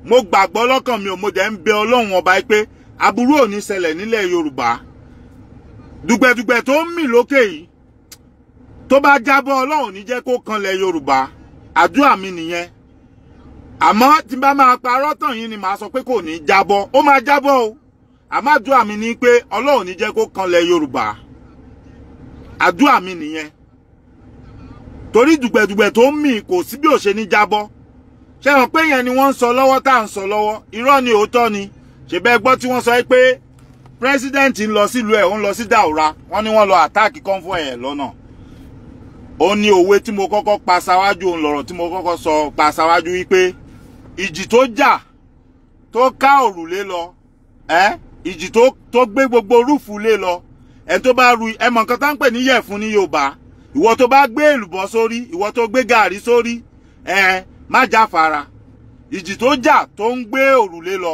mo gbàgbọ́ lọ́kàn mi o mo dẹ̀ ń bẹ ọlọ́run ọba pé aburú ò ní ṣẹlẹ̀ nílẹ̀ yorùbá dùgbẹ̀dùgbẹ̀ tó ń mì lókè yìí tó bá jábọ́ ọlọ́run ní jẹ́ kó kanlẹ̀ yorùbá àdúrà mi nìyẹn àmọ́ tí bá máa parọ́ tàn yín ni màá sọ pé kò ní jábọ́ ó máa jábọ́ o àmọ́ àdúrà mi ni pé ọlọ́run ní ko kó kanlẹ̀ yorùbá àdúrà mi nìyẹn torí dùgbẹ̀dùgbẹ̀ tó ń mì kò sí bí ò ṣe ní jábọ́ ṣé hàn pé yẹn ni wọ́n ń sọ lọ́wọ́ tá à ń sọ lọ́wọ́ irọ́ ni òótọ́ ni ṣèbẹ́ gbọ́ tí wọ́n sọ pé pírẹ́sídẹ́ǹtì ń lọ sílùú ẹ̀ ń lọ sí Daura wọ́n ní wọ́n lọ àtáàkì kọ́ńfọ́ ẹ̀ lọ́nà ó ní òwe tí mo kọ́kọ́ pa ṣáwájú òun lọ̀rọ̀ tí mo kọ́kọ́ sọ pa ṣáwájú wípé ìjì tó jà tó ká òrùlé lọ ẹ ìjì tó gbé gbogbo rúfù lé lọ ẹ tó bá ru ẹ nǹkan tá ń pè ní yẹ̀fun ní Yorùbá ìwọ tó bá gbé èlùbọ́ sórí ìwọ tó gbé gàrí sórí ẹ má jáfara ìjì tó jà tó ń gbé òrùlé lọ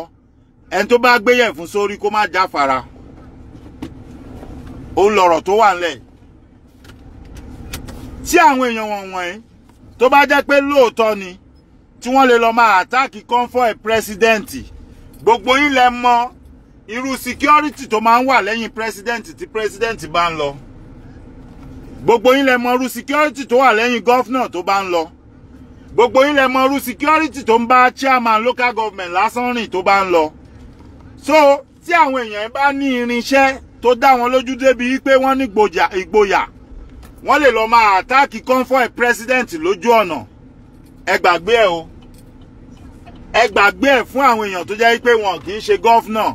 ẹni tó bá gbé yẹ̀fun sórí kó má jáfara ó lọ̀rọ̀ tó wà ńlẹ̀ tí àwọn èèyàn wọ̀nyí tó bá jẹ́ pé lóòótọ́ ni tí wọ́n lè lọ máa àtáàkì kọ́ńfọ́ ẹ̀ gbogbo yín lẹ irú síkírọ́rìtì tó máa ń wà lẹ́yìn pírẹ́sídẹ́ǹtì tí pírẹ́sídẹ́ǹtì bá ń lọ gbogbo yín lẹ mọrú security tó wà lẹ́yìn gọ́fúnà tó bá ń lọ gbogbo yín lẹ mọrú security tó ń bá chairman local government lásán rìn tó bá ń lọ so tí àwọn èèyàn bá ní irinṣẹ́ tó dá wọn lójú débi pé wọ́n ní ìgboyà wọ́n lè lọ́ọ́ máa àtáàkì comfort president lójú ọ̀nà ẹ gbàgbé ẹ o ẹ gbàgbé ẹ fún àwọn èèyàn tó jẹ́ pé wọn kì í ṣe gọ́fúnà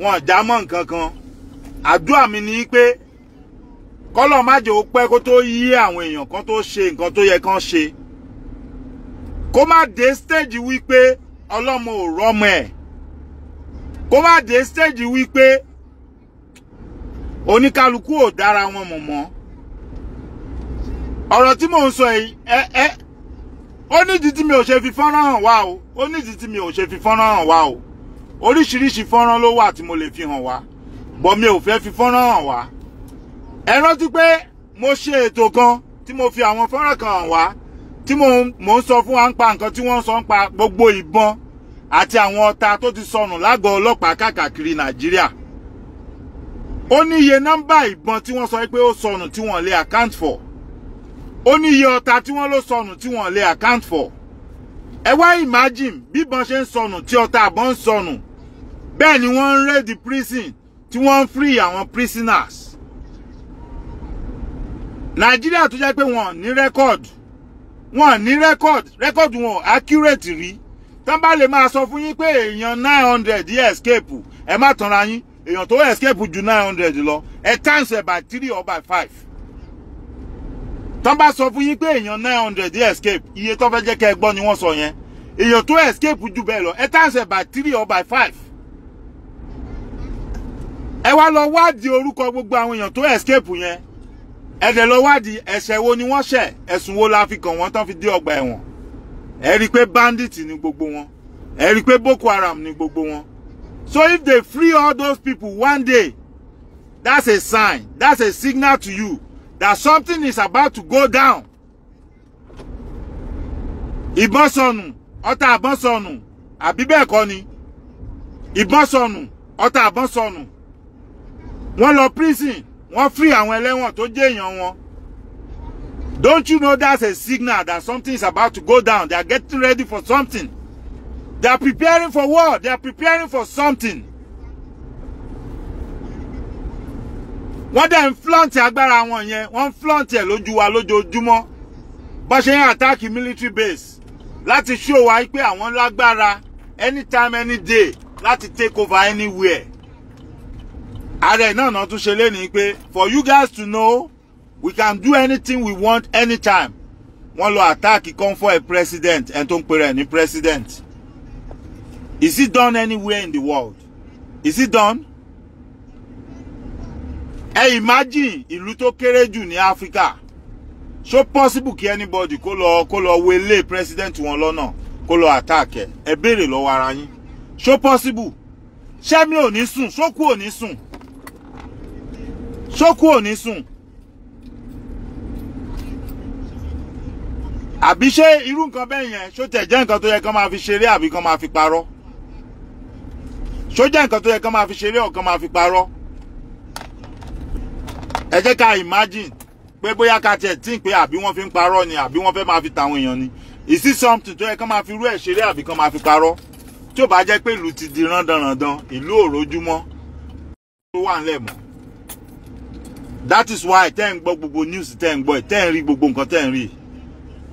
wọn ò já mọ́ nǹkan kan àdúrà mi ni pé kọ́lọ̀ má jẹ́ ó pẹ́ kó tó yí àwọn èèyàn kan tó ṣe nǹkan tó yẹ kán ṣe kó má dé stage wípé ọlọ́mọ ò rọ́mọ ẹ̀ kó má dé stage wípé oníkálukú ò dára wọn mọ̀ mọ́ ọ̀rọ̀ tí mò ń sọ yìí ẹ ẹ ó nídìí tí mi ò ṣe fi fọ́nrán hàn wá o ó nídìí tí mi ò ṣe fi fọ́nrán hàn wá o oríṣiríṣi fọ́nrán ló wà tí mo lè fi hàn wá bọ́ mi ò fẹ́ fi fọ́nrán hàn wá ẹ rántí pé mo ṣe ètò kan tí mo fi àwọn fọ́nrán kan hàn wá tí mo ń sọ fún wa ń pa nǹkan tí wọ́n ń sọ ń pa gbogbo ìbọn àti àwọn ọta tó ti sọnù lágọ̀ọ́ ọlọ́pàá káàkiri nàìjíríà ó ní iye nọ́mbà ìbọn tí wọ́n sọ pé ó sọnù tí wọ́n lè account for ó ní iye ọta tí wọ́n ló sọnù tí wọ́n lè account for ẹ wá imagine bíbọn ṣe ń sọnù tí ọta àbọn ń sọnù bẹ́ẹ̀ ni wọ́n ń raid prison tí wọ́n ń free àwọn prisoners nàìjíríà tó jẹ́ pé wọ́n ní rẹ́kọ̀dù wọ́n ní rẹ́kọ̀dù rẹ́kọ̀dù wọn accurate rí tán bá lè máa sọ fún yín pé èèyàn nine hundred yẹ escape ẹ má tanra yín èèyàn tó escape ju nine hundred lọ ẹ times ẹ by three or by five tán bá sọ fún yín pé èèyàn nine hundred yẹ escape iye tó fẹ́ jẹ́ kẹ́ ẹ gbọ́ ni wọ́n sọ yẹn èèyàn tó escape ju bẹ́ẹ̀ lọ ẹ times ẹ by three or by five ẹ wá lọ wádìí orúkọ gbogbo àwọn èèyàn tó escape yẹn ẹ̀dẹ̀ lọ wádìí ẹ̀ṣẹ̀ wo ni wọ́n ṣẹ̀ ẹ̀sùn wo la fi kàn wọ́n tán fi dé ọgbà ẹ̀wọ̀n ẹ rí i pé bandits ni gbogbo wọn ẹ rí i pé Boko Haram ni gbogbo wọn so if they free all those people one day that's a sign that's a signal to you that something is about to go down ìbọn sọnù ọta àbọn sọnù àbí bẹ́ẹ̀ kọ́ ni ìbọn sọnù ọta àbọn sọnù wọ́n lọ prison wọ́n free àwọn ẹlẹ́wọ̀n tó jẹ́ èèyàn wọn. Don't you know that's a signal that something is about to go down? They are getting ready for something. They are preparing for war. They are preparing for something. Wọ́n dẹ̀ ń flaunt agbára wọn yẹn, wọ́n ń flaunt ẹ̀ lójú wa lójoojúmọ́. Bọ́ ṣe ń attack military base láti show wa pé àwọn lágbára anytime any day láti take over anywhere ààrẹ náà náà tún ṣe lénìí pé for you guys to know we can do anything we want anytime wọ́n lọ àtáàkì comfort a president ẹni tó ń pèrè ní president is it done anywhere in the world is it done ẹ imagine ìlú tó kéré jù ní Africa so possible kí anybody kó lọ kó lọ wele president wọn lọ́nà kó lọ attack ẹ ẹ béèrè lọ́wọ́ ara yín so possible ṣẹ́mi ò ní sùn sókú ò ní sùn ṣókú ò ní sùn àbí ṣé irú nǹkan bẹ́ẹ̀ yẹn ṣó tẹ̀ jẹ́ nǹkan tó yẹ kán máa fi ṣeré àbí kán máa fi parọ́ ṣó jẹ́ nǹkan tó yẹ kán máa fi ṣeré ọ̀kan máa fi parọ́ ẹ jẹ́ ká imagine pé bóyá ká tiẹ̀ tí ń pé àbí wọ́n fi ń parọ́ ni àbí wọ́n fẹ́ máa fi tàwọn èèyàn ni is it something tó yẹ kán máa fi irú ẹ̀ ṣeré àbí kán máa fi parọ́ tí ò bá jẹ́ pé ìlú ti di randanrandan ìlú òrojúmọ́ tó wà ńlẹ̀ mọ́ that is why tẹ́ ń gbọ́ gbogbo news tẹ́ ń gbọ́ ẹ̀ tẹ́ ń rí gbogbo nǹkan tẹ́ ń rí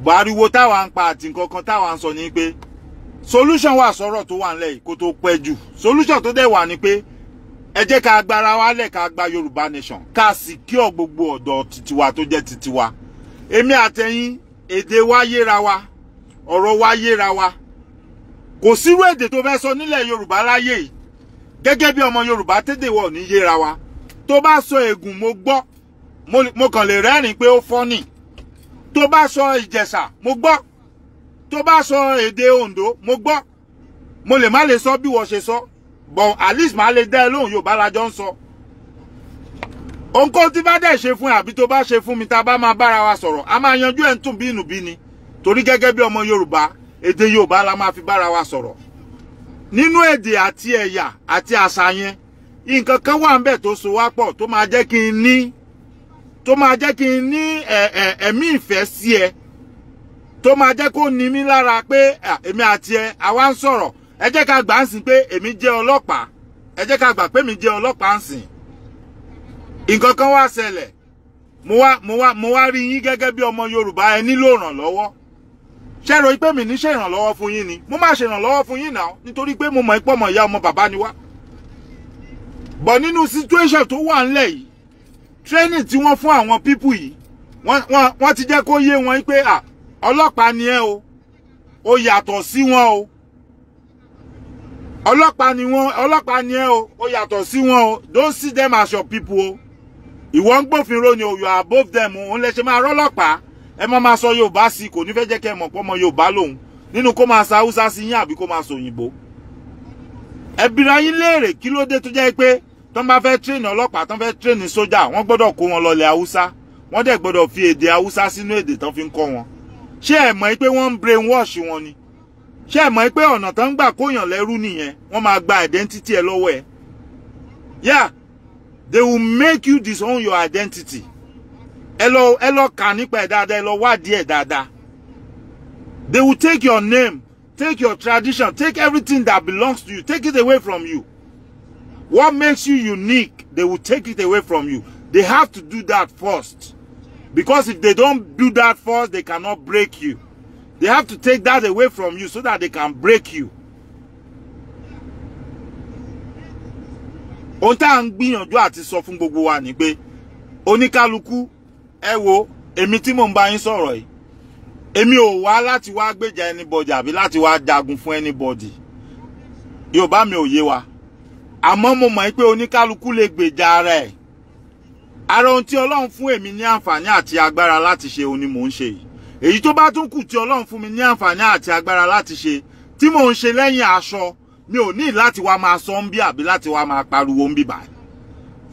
gbàrúwo táwa ń pa àti nǹkan kan táwa ń sọ ni pé solution wà sọ̀rọ̀ tó wà nílẹ̀ kó tó pẹ́ jù solution tó dẹ̀ wà ni pé ẹ jẹ́ ká agbára wa lẹ̀ ká gba Yorùbá nation ká secure gbogbo ọ̀dọ̀ titiwa tó jẹ́ titiwa èmi àtẹ̀yin èdè wa yéra wa ọ̀rọ̀ wa yéra wa kò sírú èdè tó fẹ́ sọ nílẹ̀ Yorùbá láyé yìí gẹ́gẹ́ bí ọmọ Yorùbá tèdè ní yéra wa tó bá sọ ègùn mo gbọ́ mo kàn lè rẹ́rìn pé ó fọ́nì tó bá sọ ìjẹ̀ṣà mo gbọ́ tó bá sọ èdè Oǹdó mo gbọ́ mo lè má lè sọ bí wọ́n ṣe sọ but at least màá lè dá ẹ lóhùn Yorùbá la jọ ń sọ ohunkóhun tí bá dẹ̀ ṣe fún ẹ àbí tó bá ṣe fún mi tá a bá máa bára wa sọ̀rọ̀ a máa yanjú ẹ̀ ń tún bí inú torí gẹ́gẹ́ bí ọmọ Yorùbá èdè Yorùbá la máa fi bára wa sọ̀rọ̀ nínú èdè àti ẹ̀yà àti àṣà yẹn nǹkan kan wà ńbẹ̀ tó so wá pọ̀ tó máa jẹ́ kí n ní tó máa jẹ́ kí n ní ẹ̀mí ìfẹ́ sí ẹ tó máa jẹ́ kó ní mí lára pé èmi àti ẹ àwa ń sọ̀rọ̀ ẹ jẹ́ ká gbà ń sìn pé èmi jẹ́ ọlọ́pàá ẹ jẹ́ ká gbà pé mi jẹ́ ọlọ́pàá ń sìn nǹkan kan wá ṣẹlẹ̀ mo wá mo wá mo wá rí yín gẹ́gẹ́ bí ọmọ Yorùbá ẹ nílò ìrànlọ́wọ́ ṣẹ́rọ pé mi ní ṣèrànlọ́wọ́ fún yín ni mo máa ṣèrànlọ́wọ́ fún yín náà nítorí pé mo mọ̀ ipò ọmọ ìyá ọmọ bàbá ni wá but nínú situation tó wà ńlẹ̀ yìí training tí wọ́n fún àwọn pípù yìí wọ́n ti jẹ́ kó yé wọn pé à ọlọ́pàá ni ẹ o ó yàtọ̀ sí wọn o ọlọ́pàá ni wọn ọlọ́pàá ni ẹ o ó yàtọ̀ sí wọn o don't see them as your people o ìwọ ń gbófinró ni o you are above them òun lè ṣe máa rọ́lọ́pàá ẹ má máa sọ Yorùbá sí kò ní fẹ́ jẹ́ kí ẹ mọ̀ pé ọmọ Yorùbá lòun nínú kó máa sa Haúsá sí yín àbí kó máa sòyìnbó ẹ bìrà yín léèrè kí ló dé tó jẹ́ pé tọ́n bá fẹ́ tírèènì ọlọ́pàá tọ́n fẹ́ tírèènì sójà wọ́n gbọ́dọ̀ kó wọn lọlẹ̀ haúsá wọ́n dẹ̀ gbọ́dọ̀ fi èdè haúsá sínú èdè tọ́n fi ń kọ́ wọn ṣé ẹ mọ̀ pé wọ́n ń brain wash wọn ni ṣé ẹ mọ̀ pé ọ̀nà tán ń gbà kóyàn lẹ́rú nìyẹn wọ́n máa gba identity ẹ lọ́wọ́ ẹ yeah they will make you disown your identity ẹ lọ ẹ lọ kà nípa ẹ dáadáa ẹ lọ wádìí ẹ dáadáa they will take your name take your tradition take everything that belongs to you take it away from you What makes you unique, they will take it away from you. They have to do that first. Because if they don't do that first, they cannot break you. They have to take that away from you so that they can break you. Ohun tá à ń gbogbo wa ni pé oníkálukú ẹ wo èmi tí mò ń bá yín sọ̀rọ̀ yìí èmi ò wá láti anybody àbí láti wá jagun fún anybody Yorùbá mi ò wa àmọ́ mo mọ̀ pé oníkálukú lè gbèjà ara ẹ̀ ara ohun tí ọlọ́run fún èmi ní àǹfààní àti agbára láti ṣe òun ni mò ń ṣe yìí èyí tó bá tún kù tí ọlọ́run fún mi ní àǹfààní àti agbára láti ṣe tí mò ń ṣe lẹ́yìn aṣọ mi ò ní láti wá máa sọ ń bí àbí láti wá máa pariwo ń bìbà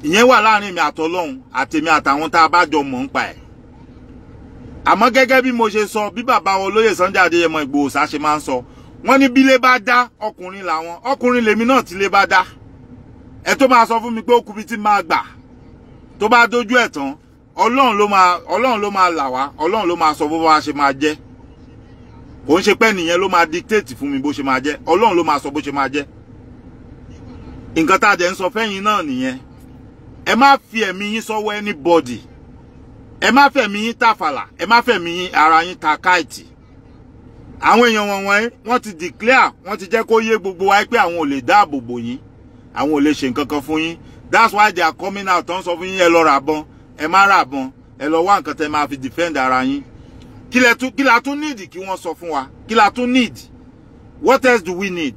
ìyẹn wà láàrin mi àtọlọ́run àtèmi àtàwọn tá a bá jọ mọ̀ ń pa ẹ̀ àmọ́ gẹ́gẹ́ bí mo ṣe sọ bí bàbá wọn olóyè Sunday Adéyẹmọ Ìgbòho ṣe máa ń sọ wọ́n ní bí ilé bá dá ọkùnrin làwọn ọkùnrin lèmi náà ti lé bá dá ẹ tó máa sọ fún mi pé ó kubi tí máa gbà tó bá dojú ẹ̀ tán ọlọ́run ló máa ọlọ́run ló máa là wá ọlọ́run ló máa sọ bó bá ṣe máa jẹ́ kò ń ṣe pé nìyẹn ló máa dictate fún mi bó ṣe máa jẹ́ ọlọ́run ló ma sọ bó ṣe máa jẹ́ nǹkan tá a jẹ́ ń sọ fẹ́yìn náà nìyẹn ẹ má fi ẹ̀mí yín sọ́wọ́ anybody ẹ má fẹ̀mí yín tàfàlà ẹ má fẹ̀mí yín ara yín ta káìtì àwọn èèyàn wọ̀nyẹn wọ́n ti declare wọ́n ti jẹ́ kó yé gbogbo wa pé àwọn ò lè dáàbò bò yín àwọn ò lè ṣe nǹkan kan fún yín that's why they are coming out tó ń sọ fún yín ẹ lọ ra bọn ẹ má ra ẹ lọ wá nǹkan tẹ máa fi defend ara yín kí lẹ tún kí la tún need kí wọ́n sọ fún wa kí la tún need what else do we need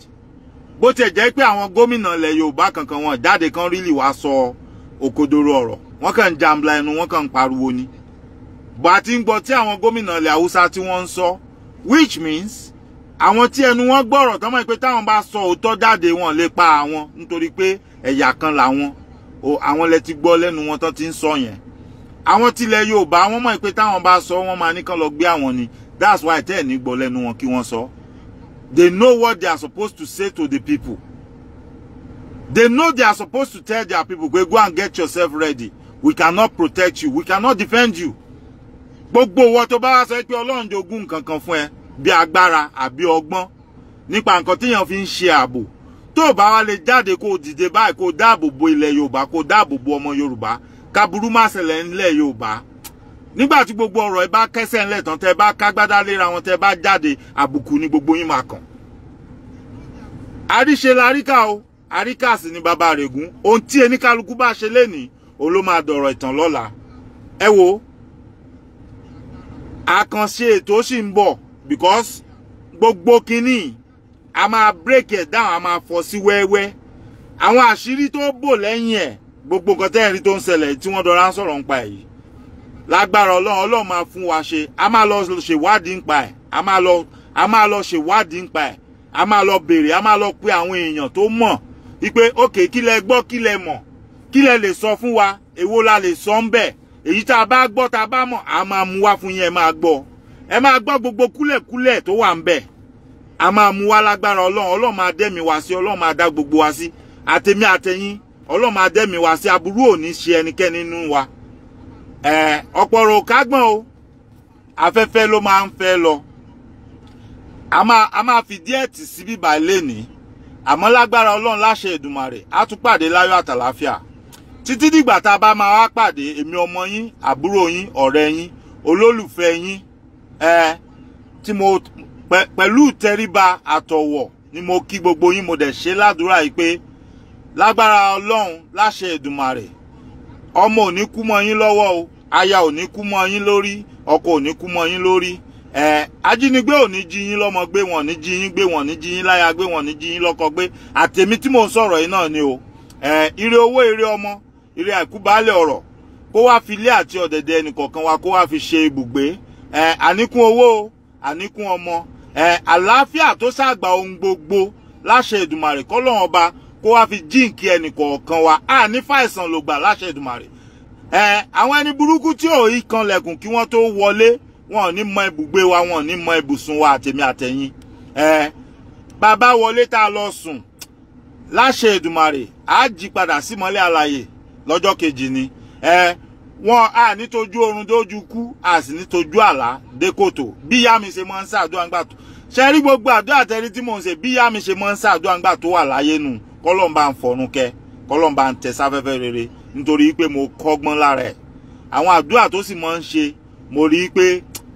bó tiẹ̀ jẹ́ pé àwọn gómìnà ilẹ̀ Yorùbá kankan wọn jáde kan rílì wá sọ òkodoro ọ̀rọ̀ wọ́n kàn ń jàǹbla ẹnu wọ́n kàn ń pariwo ni bàtí ń gbọ́ tí àwọn gómìnà ilẹ̀ Haúsá tí wọ́n ń sọ which means àwọn tí ẹnu wọn gbọ́rọ̀ tọ́mọ̀ pé táwọn bá sọ òótọ́ jáde wọn lè pa àwọn nítorí pé ẹ̀yà kan làwọn àwọn lẹ ti gbọ́ lẹ́nu wọn tó ti ń sọ yẹn àwọn tilẹ̀ Yorùbá wọn mọ̀ pé táwọn bá sọ wọn máa ní kán lọ gbé àwọn ni that's why tẹ́ ẹ̀ ní gbọ́ lẹ́nu wọn kí wọ́n sọ they know what they are supposed to say to the people they know they are supposed to tell their people pé go and get yourself ready we cannot protect you we cannot defend you gbogbo wọn tó bá wá sọ pé Ọlọ́run jogún nǹkan kan fún ẹ bí agbára àbí ọgbọ́n nípa nǹkan téèyàn fi ń ṣe ààbò tó bá wá lè jáde kó dìde báyìí kó dáàbò bo ilẹ̀ yorùbá kó dáàbò bo ọmọ yorùbá kaburú má ṣẹlẹ̀ ńlẹ̀ yorùbá nígbà tí gbogbo ọ̀rọ̀ ẹ bá kẹ́sẹ̀ ńlẹ̀ tán tẹ́ bá kágbádá léra wọn tẹ́ bá jáde àbùkù ni gbogbo yín máa kàn àríṣe laríkà o àríkà sì ni bàbá rẹ̀gún ohun tí eníkálukú bá ṣe lénìí òun ló máa dọ̀rọ̀ ìtàn lọ́la ẹ wo àkànṣe ètò sì ń bọ̀ because gbogbo kínní a máa break it down a máa fọ́ sí wẹ́wẹ́ àwọn àṣírí tó bò lẹ́yìn ẹ̀ gbogbo nǹkan tẹ́ẹ̀rí tó ń ṣẹlẹ̀ tí wọ́n dọ́ra ń sọ̀rọ̀ nípa èyí lágbára ọlọ́run ọlọ́run máa fún wa ṣe a máa lọ ṣèwádìí nípa ẹ̀ a máa lọ a máa lọ ṣèwádìí nípa ẹ̀ a máa lọ béèrè a máa lọ pe àwọn èèyàn tó mọ̀ wípé ok kí lẹ gbọ́ kí lẹ mọ̀ kí lẹ lè sọ fún wa èwo la lè sọ ń bẹ̀ èyí tá a bá gbọ́ tá a bá mọ̀ a máa mú wá fún yín ẹ máa ẹ máa gbọ́ gbogbo kúlẹ̀kúlẹ̀ tó wà ń bẹ̀ a máa mú wá lágbára ọlọ́run ọlọ́run máa dẹ́mi wá sí ọlọ́run máa dá gbogbo wa sí àtẹ̀mí àtẹ̀yìn ọlọ́run máa dẹ́mi wá sí aburú ò ṣe ẹnikẹ́ni nínú wa ọ̀pọ̀rọ̀ kágbọ́n o afẹ́fẹ́ ló máa ń fẹ́ lọ a máa fìdí ẹ̀ tì sí bíbá lénìí àmọ́ lágbára ọlọ́run láṣẹ Èdùmàrè á tún pàdé láyọ̀ àtàlàáfíà títí dìgbà tá a bá máa wá pàdé èmi ọmọ yín àbúrò yín ọ̀rẹ́ yín olólùfẹ́ yín ẹ tí mo pẹ̀lú ìtẹríba àtọ̀wọ̀ ni mo kí gbogbo yín mo dẹ̀ ṣe ládùúrà yìí pé lágbára ọlọ́run láṣẹ Èdùmàrè ọmọ ò ní kú mọ́ yín lọ́wọ́ o aya ò ní kú mọ́ yín lórí ọkọ ò ní kú mọ́ yín lórí ẹ ajínigbé ò ní jí yín lọ́mọ gbé wọn ní jí yín gbé wọn ní jí yín láya gbé wọn ní jí yín lọ́kọ gbé àtèmi tí mò ń sọ̀rọ̀ yìí náà ni o ẹ ire owó ire ọmọ ire àìkú ọ̀rọ̀ kó wá fi ilé àti ọ̀dẹ̀dẹ̀ ẹnìkọ̀ọ̀kan wa kó wá fi ṣe ibùgbé àníkún owó àníkún ọmọ àlàáfíà tó ṣàgbà ohun gbogbo láṣẹ Èdùmàrè kọ́lọ́run ọba kó wá fi jíǹkí ẹnì kọ̀ọ̀kan wa a ní fàìsàn ló gbà láṣẹ Èdùmàrè àwọn ẹni burúkú tí ò í kanlẹ̀kùn kí wọ́n tó wọlé wọn ò ní mọ ibùgbé wa wọn ò ní mọ ibùsùn wa àtèmi àtẹ̀yin bàbá wọlé tá a lọ sùn láṣẹ Èdùmàrè á jí padà símọ́lé àlàyé lọ́jọ́ kejì ni wọn a ní tójú oorun dójú kú a sì ní tójú àlá dékòtò bí yá mi ṣe máa ń ṣàdúrà ńgbà tó ṣe rí gbogbo àdúrà tẹ́rí tí mò ń ṣe bí yá mi ṣe máa ń ṣàdúrà ńgbà tó wà láyé nu kọ́lọ́n bá ń fọ̀run kẹ́ kọ́lọ́n bá ń tẹ sáfẹ́fẹ́ rere nítorí pé mo kọ́gbọ́n lára ẹ̀ àwọn àdúrà tó sì máa ń ṣe mo rí i pé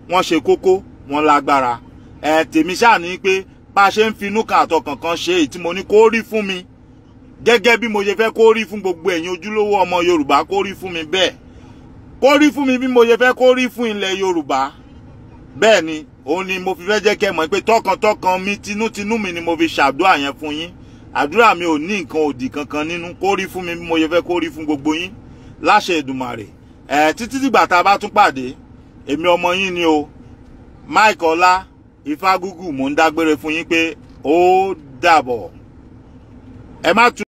wọ́n ṣe kókó wọ́n lágbára ẹ̀ tèmi ṣáà ní pé bá a ṣe ń finú kan àtọkànkan ṣe èyí tí mo ní kó rí fún mi gẹ́gẹ́ bí mo ṣe fẹ́ kó rí fún gbogbo ẹ̀yin ojúlówó ọmọ Yorùbá kó rí fún mi bẹ́ẹ̀ kó rí fún mi bí mo ṣe fẹ́ kó rí fún ilẹ̀ Yorùbá bẹ́ẹ̀ ni òun ni mo fi fẹ́ jẹ́ kẹ́ mọ̀ pé tọkàntọkàn mi tinútinú mi ni mo fi ṣàdúrà yẹn fún yín àdúrà mi ò ní nǹkan òdì kankan nínú kó rí fún mi bí mo ṣe fẹ́ kó rí fún gbogbo yín láṣẹ Èdùmàrè ẹ̀ títí dìgbà tá a bá tún pàdé èmi ọmọ yín ni o Mike Ọlá Ifágúgù mò ń dágbére fún yín pé ó dàbọ̀ ẹ má tu.